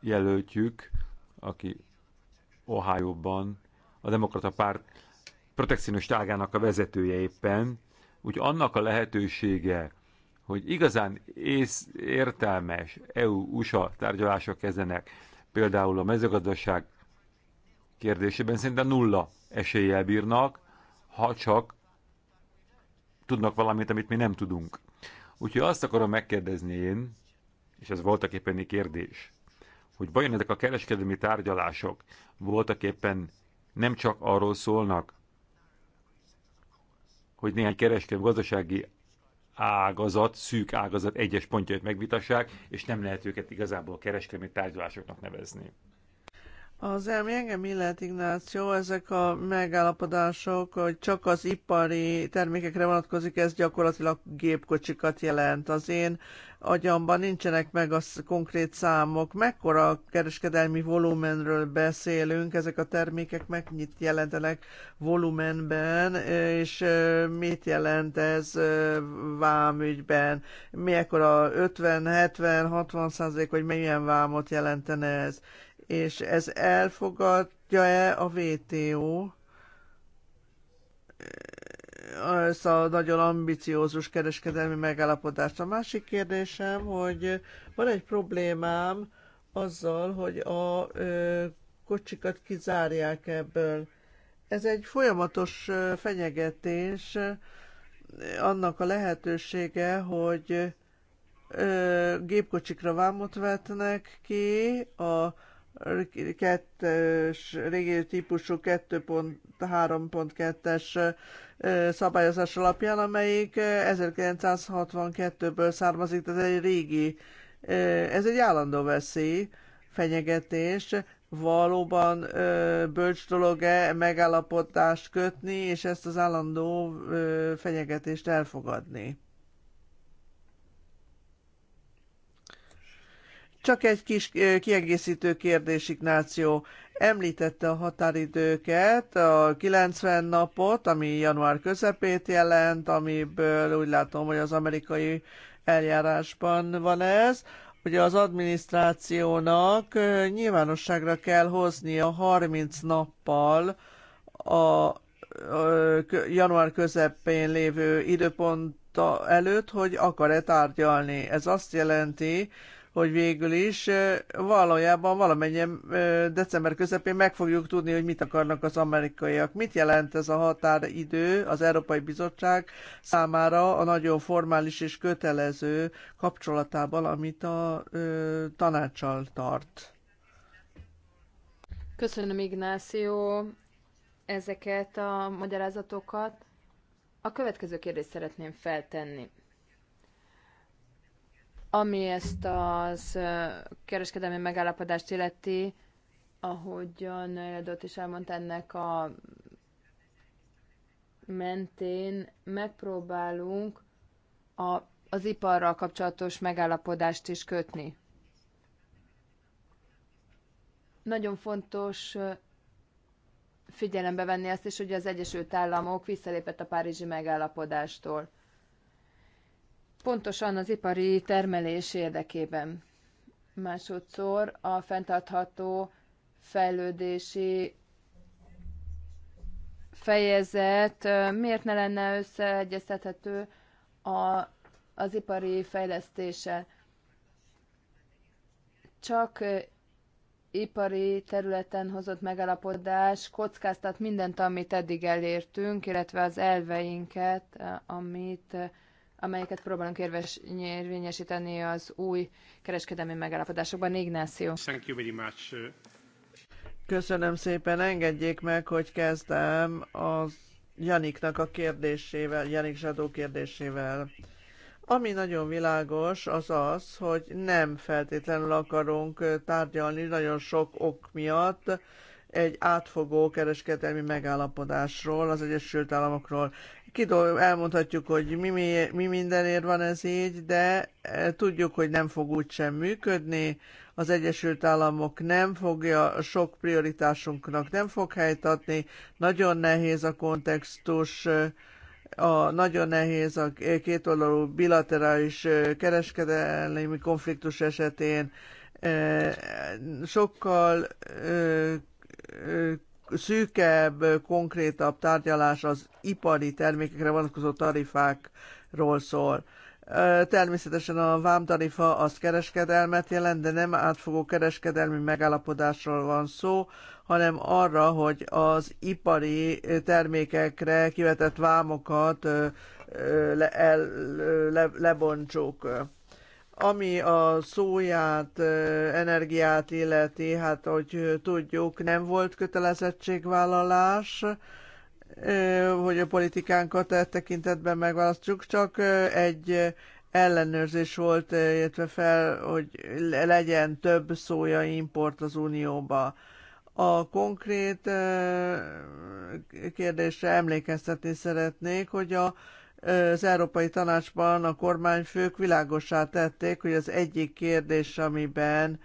jelöltjük, aki Ohio-ban a demokrata párt protekciós tágának a vezetője éppen, úgy annak a lehetősége, hogy igazán ész, értelmes EU-USA tárgyalások kezdenek, például a mezőgazdaság kérdésében szinte nulla eséllyel bírnak, ha csak tudnak valamit, amit mi nem tudunk. Úgyhogy azt akarom megkérdezni én, és ez voltak éppen egy kérdés, hogy vajon ezek a kereskedelmi tárgyalások voltak éppen nem csak arról szólnak, hogy néhány kereskedelmi gazdasági ágazat, szűk ágazat egyes pontjait megvitassák, és nem lehet őket igazából kereskedelmi tárgyalásoknak nevezni. Az elmi engem illet, Ignáció, ezek a megállapodások, hogy csak az ipari termékekre vonatkozik, ez gyakorlatilag gépkocsikat jelent. Az én agyamban nincsenek meg a konkrét számok. Mekkora kereskedelmi volumenről beszélünk, ezek a termékek megnyit jelentenek volumenben, és mit jelent ez vámügyben? Mekkora 50, 70, 60 százalék, hogy milyen vámot jelentene ez? és ez elfogadja-e a VTO? Ez a nagyon ambiciózus kereskedelmi megállapodást. A másik kérdésem, hogy van egy problémám azzal, hogy a kocsikat kizárják ebből. Ez egy folyamatos fenyegetés annak a lehetősége, hogy gépkocsikra vámot vetnek ki, a kettős régi típusú 2.3.2-es szabályozás alapján, amelyik 1962-ből származik, tehát egy régi, ez egy állandó veszély, fenyegetés, valóban bölcs dolog-e megállapodást kötni, és ezt az állandó fenyegetést elfogadni. Csak egy kis kiegészítő kérdés, Ignáció. Említette a határidőket, a 90 napot, ami január közepét jelent, amiből úgy látom, hogy az amerikai eljárásban van ez. Ugye az adminisztrációnak nyilvánosságra kell hoznia 30 nappal a január közepén lévő időpont előtt, hogy akar-e tárgyalni. Ez azt jelenti, hogy végül is valójában valamennyien december közepén meg fogjuk tudni, hogy mit akarnak az amerikaiak. Mit jelent ez a határidő az Európai Bizottság számára a nagyon formális és kötelező kapcsolatában, amit a ö, tanácsal tart? Köszönöm, Ignácio, ezeket a magyarázatokat. A következő kérdést szeretném feltenni. Ami ezt az kereskedelmi megállapodást illeti, ahogyan Eldot is elmondta ennek a mentén megpróbálunk a, az iparral kapcsolatos megállapodást is kötni. Nagyon fontos figyelembe venni azt is, hogy az Egyesült Államok visszalépett a Párizsi megállapodástól pontosan az ipari termelés érdekében. Másodszor a fenntartható fejlődési fejezet miért ne lenne összeegyeztethető a, az ipari fejlesztéssel? Csak ipari területen hozott megalapodás kockáztat mindent, amit eddig elértünk, illetve az elveinket, amit amelyeket próbálunk érvényesíteni az új kereskedelmi megállapodásokban. Ignacio. Thank you very much. Uh, Köszönöm szépen, engedjék meg, hogy kezdem az Janiknak a kérdésével, Janik Zsadó kérdésével. Ami nagyon világos, az az, hogy nem feltétlenül akarunk uh, tárgyalni nagyon sok ok miatt egy átfogó kereskedelmi megállapodásról, az Egyesült Államokról. Kidol, elmondhatjuk, hogy mi, mi, mi mindenért van ez így, de e, tudjuk, hogy nem fog úgy sem működni. Az Egyesült Államok nem fogja, sok prioritásunknak nem fog helyt adni. Nagyon nehéz a kontextus, e, a, nagyon nehéz a kétoldalú bilaterális e, kereskedelmi konfliktus esetén. Sokkal szűkebb, konkrétabb tárgyalás az ipari termékekre vonatkozó tarifákról szól. Természetesen a vámtarifa az kereskedelmet jelent, de nem átfogó kereskedelmi megállapodásról van szó, hanem arra, hogy az ipari termékekre kivetett vámokat le, le, le, lebontsuk. Ami a szóját, energiát illeti, hát hogy tudjuk, nem volt kötelezettségvállalás, hogy a politikánkat e tekintetben megválasztjuk, csak egy ellenőrzés volt, illetve fel, hogy legyen több szója import az Unióba. A konkrét kérdésre emlékeztetni szeretnék, hogy a az Európai Tanácsban a kormányfők világosá tették, hogy az egyik kérdés, amiben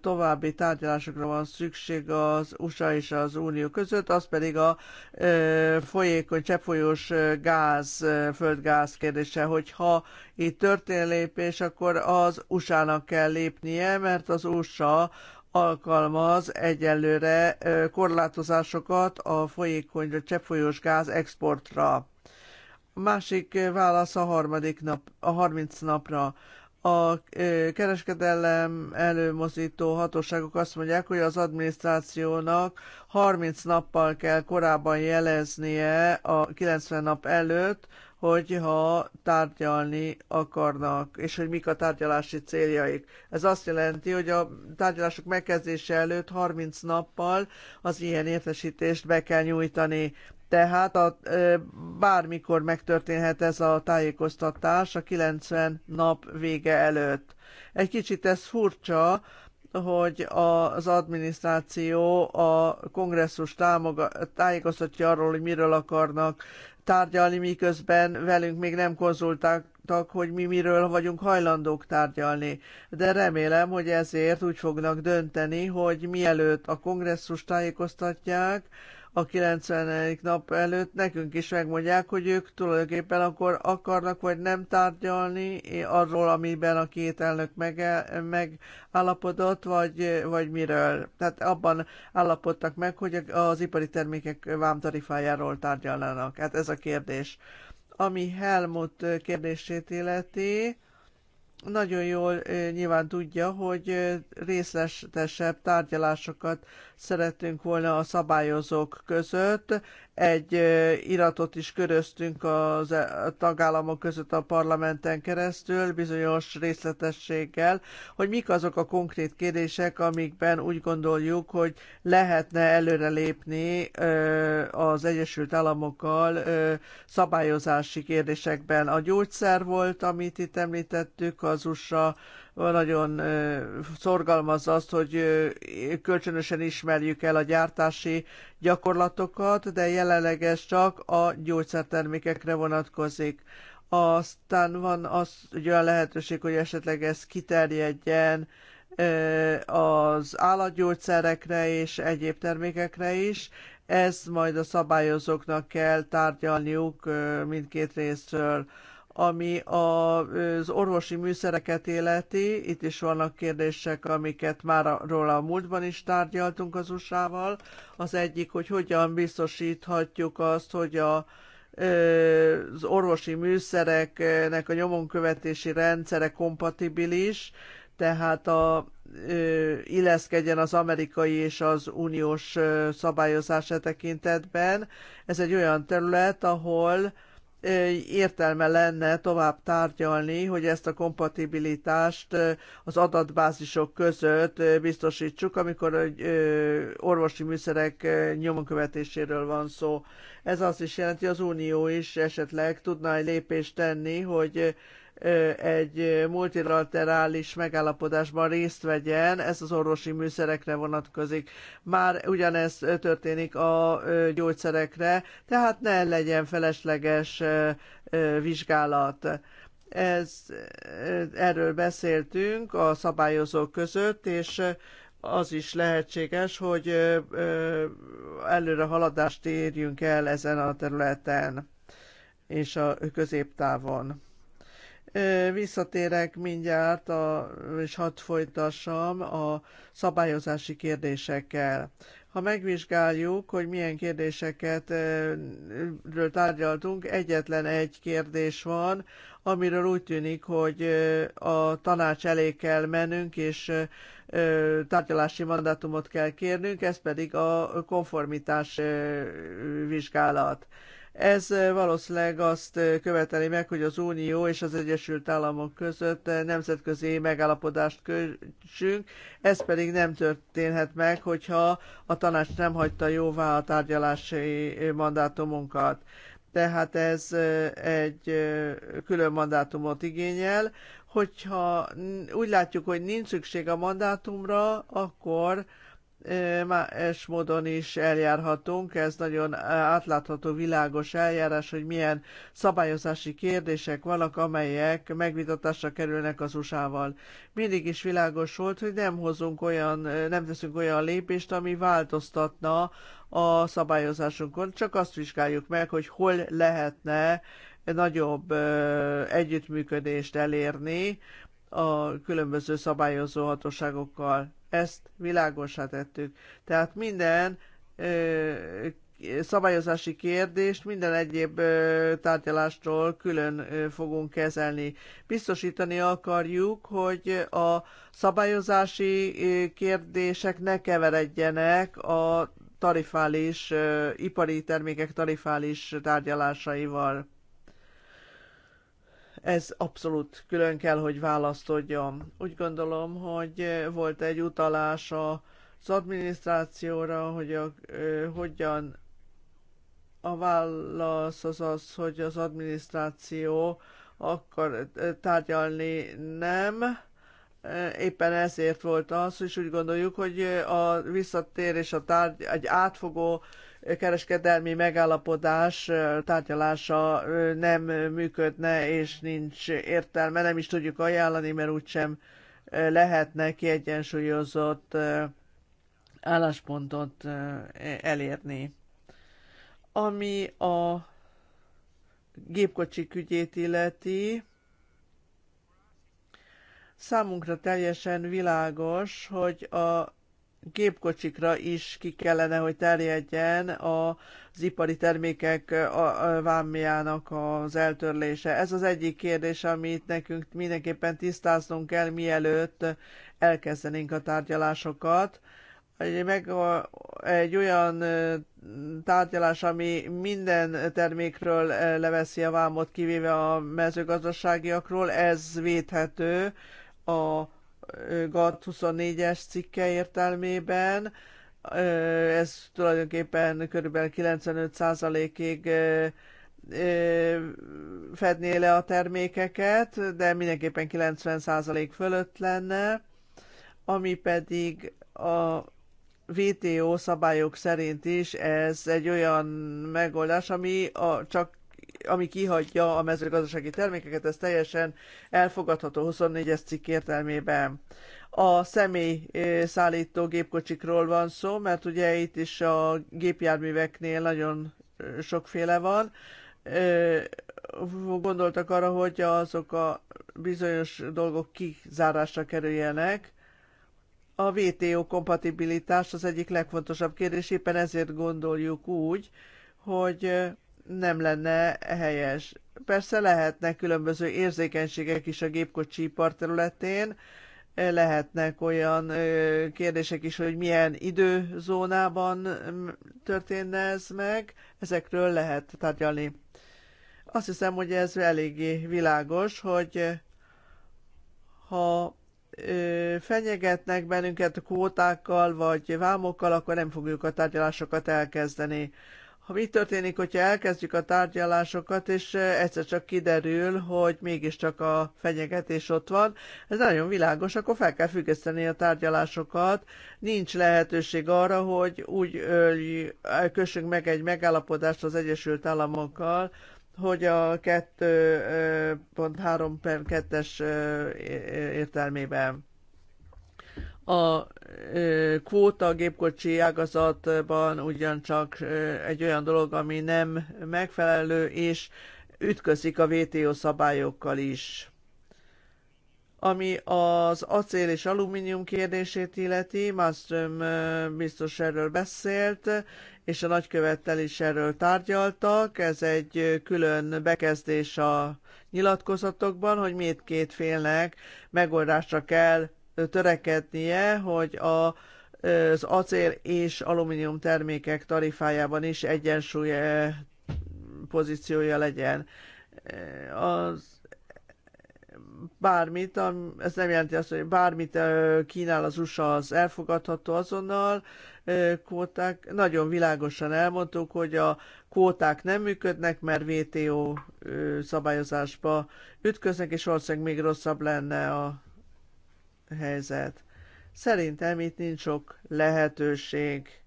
további tárgyalásokra van szükség az USA és az Unió között, az pedig a folyékony cseppfolyós gáz, földgáz kérdése, hogyha itt történ lépés, akkor az USA-nak kell lépnie, mert az USA alkalmaz egyelőre korlátozásokat a folyékony cseppfolyós gáz exportra másik válasz a harmadik nap, a 30 napra. A kereskedelem előmozdító hatóságok azt mondják, hogy az adminisztrációnak 30 nappal kell korábban jeleznie a 90 nap előtt, hogyha tárgyalni akarnak, és hogy mik a tárgyalási céljaik. Ez azt jelenti, hogy a tárgyalások megkezdése előtt 30 nappal az ilyen értesítést be kell nyújtani. Tehát a, bármikor megtörténhet ez a tájékoztatás a 90 nap vége előtt. Egy kicsit ez furcsa, hogy az adminisztráció a kongresszus tájékoztatja arról, hogy miről akarnak tárgyalni, miközben velünk még nem konzultáltak, hogy mi miről vagyunk hajlandók tárgyalni. De remélem, hogy ezért úgy fognak dönteni, hogy mielőtt a kongresszus tájékoztatják, a 90. nap előtt nekünk is megmondják, hogy ők tulajdonképpen akkor akarnak vagy nem tárgyalni arról, amiben a két elnök meg, megállapodott, vagy, vagy miről. Tehát abban állapodtak meg, hogy az ipari termékek vámtarifájáról tárgyalnának. Hát ez a kérdés. Ami Helmut kérdését illeti, nagyon jól eh, nyilván tudja, hogy eh, részletesebb tárgyalásokat Szerettünk volna a szabályozók között. Egy iratot is köröztünk e, a tagállamok között a parlamenten keresztül bizonyos részletességgel, hogy mik azok a konkrét kérdések, amikben úgy gondoljuk, hogy lehetne előrelépni az Egyesült Államokkal szabályozási kérdésekben. A gyógyszer volt, amit itt említettük, az USA nagyon szorgalmazza azt, hogy kölcsönösen ismerjük el a gyártási gyakorlatokat, de jelenleg ez csak a gyógyszertermékekre vonatkozik. Aztán van az hogy olyan lehetőség, hogy esetleg ez kiterjedjen az állatgyógyszerekre és egyéb termékekre is. Ez majd a szabályozóknak kell tárgyalniuk mindkét részről ami az orvosi műszereket életi, itt is vannak kérdések, amiket már róla a múltban is tárgyaltunk az USA-val. Az egyik, hogy hogyan biztosíthatjuk azt, hogy a, az orvosi műszereknek a nyomonkövetési rendszere kompatibilis, tehát a, illeszkedjen az amerikai és az uniós szabályozása e tekintetben. Ez egy olyan terület, ahol értelme lenne tovább tárgyalni, hogy ezt a kompatibilitást az adatbázisok között biztosítsuk, amikor egy orvosi műszerek nyomonkövetéséről van szó. Ez azt is jelenti, hogy az Unió is esetleg tudna egy lépést tenni, hogy egy multilaterális megállapodásban részt vegyen, ez az orvosi műszerekre vonatkozik. Már ugyanez történik a gyógyszerekre, tehát ne legyen felesleges vizsgálat. Ez, erről beszéltünk a szabályozók között, és az is lehetséges, hogy előre haladást érjünk el ezen a területen és a középtávon. Visszatérek mindjárt, a, és hadd folytassam a szabályozási kérdésekkel. Ha megvizsgáljuk, hogy milyen kérdéseket ről tárgyaltunk, egyetlen egy kérdés van, amiről úgy tűnik, hogy a tanács elé kell mennünk, és tárgyalási mandátumot kell kérnünk, ez pedig a konformitás vizsgálat. Ez valószínűleg azt követeli meg, hogy az Unió és az Egyesült Államok között nemzetközi megállapodást kössünk, ez pedig nem történhet meg, hogyha a tanács nem hagyta jóvá a tárgyalási mandátumunkat tehát ez egy külön mandátumot igényel. Hogyha úgy látjuk, hogy nincs szükség a mandátumra, akkor más módon is eljárhatunk. Ez nagyon átlátható, világos eljárás, hogy milyen szabályozási kérdések vannak, amelyek megvitatásra kerülnek az USA-val. Mindig is világos volt, hogy nem hozunk olyan, nem teszünk olyan lépést, ami változtatna a szabályozásunkon, csak azt vizsgáljuk meg, hogy hol lehetne nagyobb együttműködést elérni, a különböző szabályozó hatóságokkal. Ezt világosá tettük. Tehát minden ö, szabályozási kérdést minden egyéb ö, tárgyalástól külön ö, fogunk kezelni. Biztosítani akarjuk, hogy a szabályozási kérdések ne keveredjenek a tarifális, ö, ipari termékek tarifális tárgyalásaival ez abszolút külön kell, hogy választodjam. Úgy gondolom, hogy volt egy utalás az adminisztrációra, hogy a, hogyan a válasz az az, hogy az adminisztráció akar tárgyalni nem, Éppen ezért volt az, és úgy gondoljuk, hogy a visszatérés a tárgy, egy átfogó kereskedelmi megállapodás tárgyalása nem működne, és nincs értelme, nem is tudjuk ajánlani, mert úgysem lehetne kiegyensúlyozott álláspontot elérni. Ami a gépkocsik ügyét illeti, számunkra teljesen világos, hogy a gépkocsikra is ki kellene, hogy terjedjen az ipari termékek vámjának az eltörlése. Ez az egyik kérdés, amit nekünk mindenképpen tisztáznunk kell, mielőtt elkezdenénk a tárgyalásokat egy, meg egy olyan tárgyalás, ami minden termékről leveszi a vámot, kivéve a mezőgazdaságiakról, ez védhető a GATT 24-es cikke értelmében. Ez tulajdonképpen kb. 95%-ig fedné le a termékeket, de mindenképpen 90% fölött lenne, ami pedig a VTO szabályok szerint is ez egy olyan megoldás, ami a, csak ami kihagyja a mezőgazdasági termékeket, ez teljesen elfogadható 24-es cikk értelmében. A személy eh, szállító gépkocsikról van szó, mert ugye itt is a gépjárműveknél nagyon eh, sokféle van. Eh, gondoltak arra, hogy azok a bizonyos dolgok kizárásra kerüljenek, a VTO kompatibilitás az egyik legfontosabb kérdés, éppen ezért gondoljuk úgy, hogy nem lenne helyes. Persze lehetnek különböző érzékenységek is a gépkocsi ipar területén, lehetnek olyan kérdések is, hogy milyen időzónában történne ez meg, ezekről lehet tárgyalni. Azt hiszem, hogy ez eléggé világos, hogy ha fenyegetnek bennünket kvótákkal vagy vámokkal, akkor nem fogjuk a tárgyalásokat elkezdeni ha mi történik, hogyha elkezdjük a tárgyalásokat, és e, egyszer csak kiderül, hogy mégiscsak a fenyegetés ott van, ez nagyon világos, akkor fel kell függeszteni a tárgyalásokat. Nincs lehetőség arra, hogy úgy kössünk meg egy megállapodást az Egyesült Államokkal, hogy a 2.3 per 2-es értelmében a kvóta a gépkocsi ágazatban ugyancsak egy olyan dolog, ami nem megfelelő, és ütközik a VTO szabályokkal is. Ami az acél és alumínium kérdését illeti, Mastrom biztos erről beszélt, és a nagykövettel is erről tárgyaltak. Ez egy külön bekezdés a nyilatkozatokban, hogy mindkét félnek megoldásra kell törekednie, hogy a az acél és alumínium termékek tarifájában is egyensúly pozíciója legyen. Az bármit, ez nem jelenti azt, hogy bármit kínál az USA, az elfogadható azonnal, Kóták, nagyon világosan elmondtuk, hogy a kóták nem működnek, mert WTO szabályozásba ütköznek, és ország még rosszabb lenne a helyzet. Szerintem itt nincs sok lehetőség.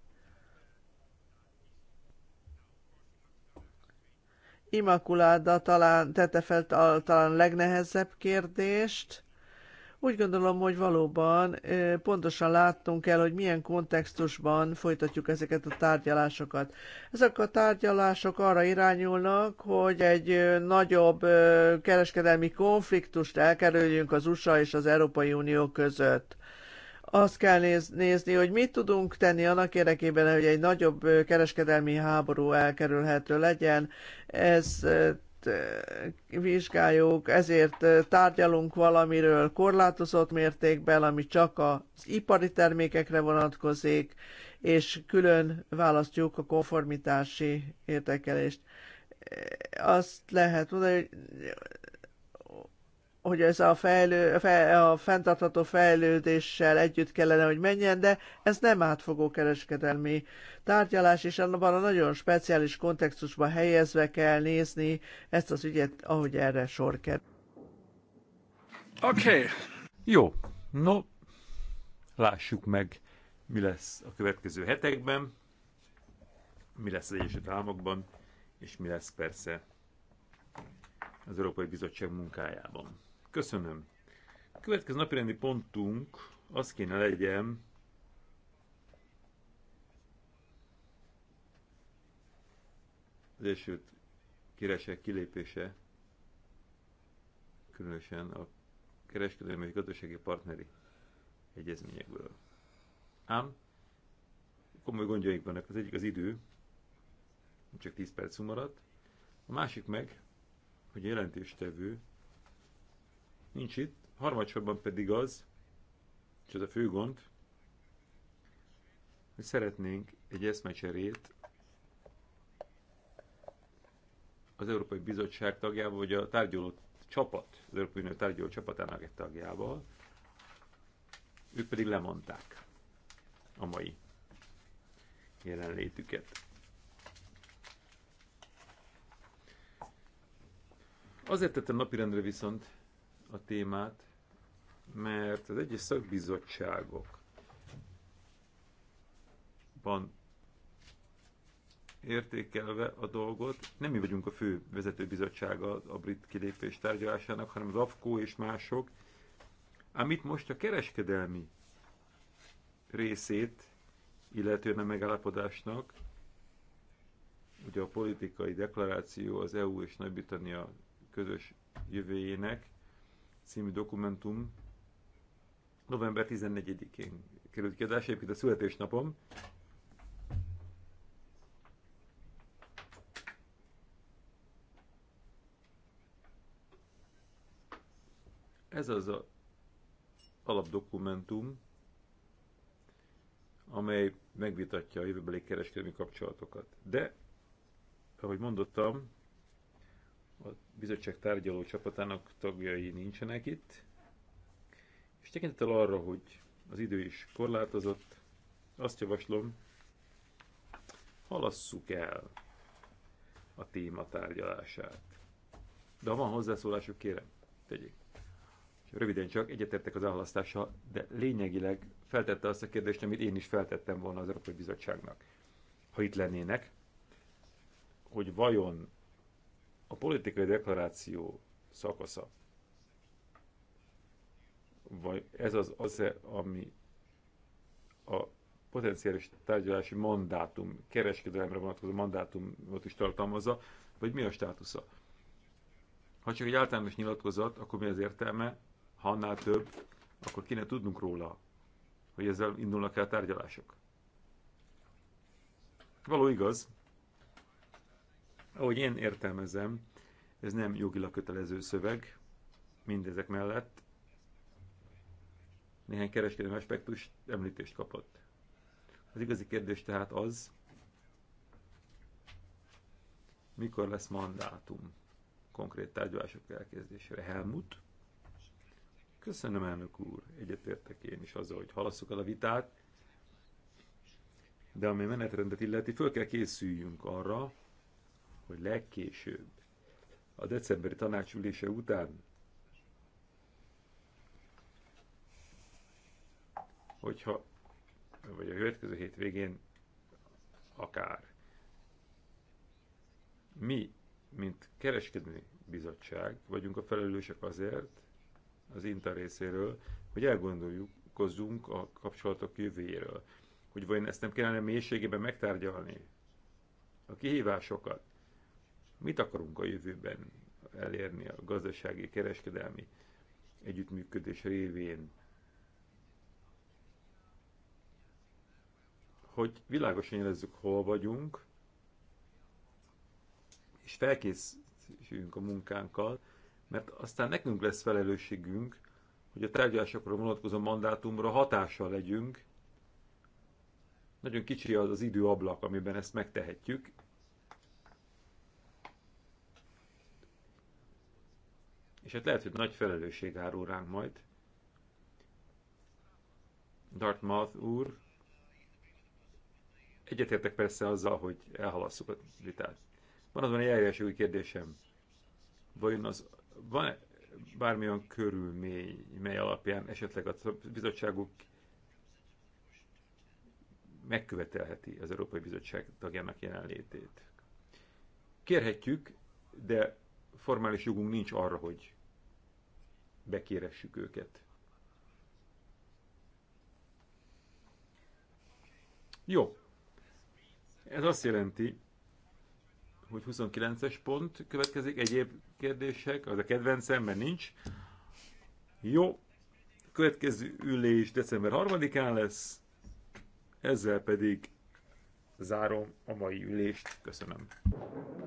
Immaculada talán tette fel talán legnehezebb kérdést. Úgy gondolom, hogy valóban pontosan láttunk kell, hogy milyen kontextusban folytatjuk ezeket a tárgyalásokat. Ezek a tárgyalások arra irányulnak, hogy egy nagyobb kereskedelmi konfliktust elkerüljünk az USA és az Európai Unió között azt kell néz, nézni, hogy mit tudunk tenni annak érdekében, hogy egy nagyobb kereskedelmi háború elkerülhető legyen. Ez Eh, vizsgáljuk, ezért eh, tárgyalunk valamiről korlátozott mértékben, ami csak az ipari termékekre vonatkozik, és külön választjuk a konformitási értékelést. Azt lehet mondani, hogy hogy ez a, fejlő, a fenntartható fejlődéssel együtt kellene, hogy menjen, de ez nem átfogó kereskedelmi tárgyalás, és abban a nagyon speciális kontextusban helyezve kell nézni ezt az ügyet, ahogy erre sor kerül. Oké. Okay. Jó. No, lássuk meg, mi lesz a következő hetekben, mi lesz az Egyesült Államokban, és mi lesz persze az Európai Bizottság munkájában. Köszönöm. A következő napirendi pontunk az kéne legyen, az első Királyság kilépése, különösen a kereskedelmi és gazdasági partneri egyezményekből. Ám komoly gondjaik vannak. Az egyik az idő, csak 10 perc maradt. A másik meg, hogy jelentéstevő nincs itt, harmadsorban pedig az, és ez a fő gond, hogy szeretnénk egy eszmecserét az Európai Bizottság tagjával, vagy a tárgyaló csapat, az Európai Unió tárgyaló csapatának egy tagjával, ők pedig lemondták a mai jelenlétüket. Azért tettem napirendre viszont a témát, mert az egyes szakbizottságok van értékelve a dolgot. Nem mi vagyunk a fő vezetőbizottsága a brit kilépés tárgyalásának, hanem az AFKO és mások. Ám itt most a kereskedelmi részét, illetően a megállapodásnak, ugye a politikai deklaráció az EU és Nagy-Britannia közös jövőjének, című dokumentum november 14-én került kiadás, egyébként a születésnapom. Ez az a alapdokumentum, amely megvitatja a jövőbeli kereskedelmi kapcsolatokat. De, ahogy mondottam, a bizottság tárgyaló csapatának tagjai nincsenek itt, és tekintettel arra, hogy az idő is korlátozott, azt javaslom, halasszuk el a téma tárgyalását. De ha van hozzászólásuk, kérem, tegyék. röviden csak egyetértek az elhalasztása, de lényegileg feltette azt a kérdést, amit én is feltettem volna az Európai Bizottságnak, ha itt lennének, hogy vajon a politikai deklaráció szakasza, vagy ez az az, -e, ami a potenciális tárgyalási mandátum, kereskedelemre vonatkozó mandátumot is tartalmazza, vagy mi a státusza? Ha csak egy általános nyilatkozat, akkor mi az értelme? Ha annál több, akkor kéne tudnunk róla, hogy ezzel indulnak el tárgyalások. Való igaz, ahogy én értelmezem, ez nem jogilag kötelező szöveg, mindezek mellett néhány kereskedelmi aspektus említést kapott. Az igazi kérdés tehát az, mikor lesz mandátum konkrét tárgyalások elkezdésére. Helmut? Köszönöm, elnök úr. Egyetértek én is azzal, hogy halasszuk el a vitát, de ami menetrendet illeti, föl kell készüljünk arra, hogy legkésőbb a decemberi tanácsülése után, hogyha vagy a következő hét végén akár mi, mint kereskedni bizottság vagyunk a felelősek azért, az INTA részéről, hogy elgondoljuk, a kapcsolatok jövőjéről. Hogy vajon ezt nem kellene mélységében megtárgyalni? A kihívásokat, Mit akarunk a jövőben elérni a gazdasági, kereskedelmi együttműködés révén? Hogy világosan jelezzük, hol vagyunk, és felkészüljünk a munkánkkal, mert aztán nekünk lesz felelősségünk, hogy a tárgyalásokra vonatkozó mandátumra hatással legyünk. Nagyon kicsi az az időablak, amiben ezt megtehetjük, És hát lehet, hogy nagy felelősség árul ránk majd. Dartmouth úr, egyetértek persze azzal, hogy elhalasszuk a vitát. Van azon egy eljárásjogi kérdésem. Vajon az, van -e bármilyen körülmény, mely alapján esetleg a bizottságuk megkövetelheti az Európai Bizottság tagjának jelenlétét? Kérhetjük, de formális jogunk nincs arra, hogy bekéressük őket. Jó. Ez azt jelenti, hogy 29-es pont következik, egyéb kérdések, az a kedvencem, mert nincs. Jó, következő ülés december 3-án lesz, ezzel pedig zárom a mai ülést. Köszönöm.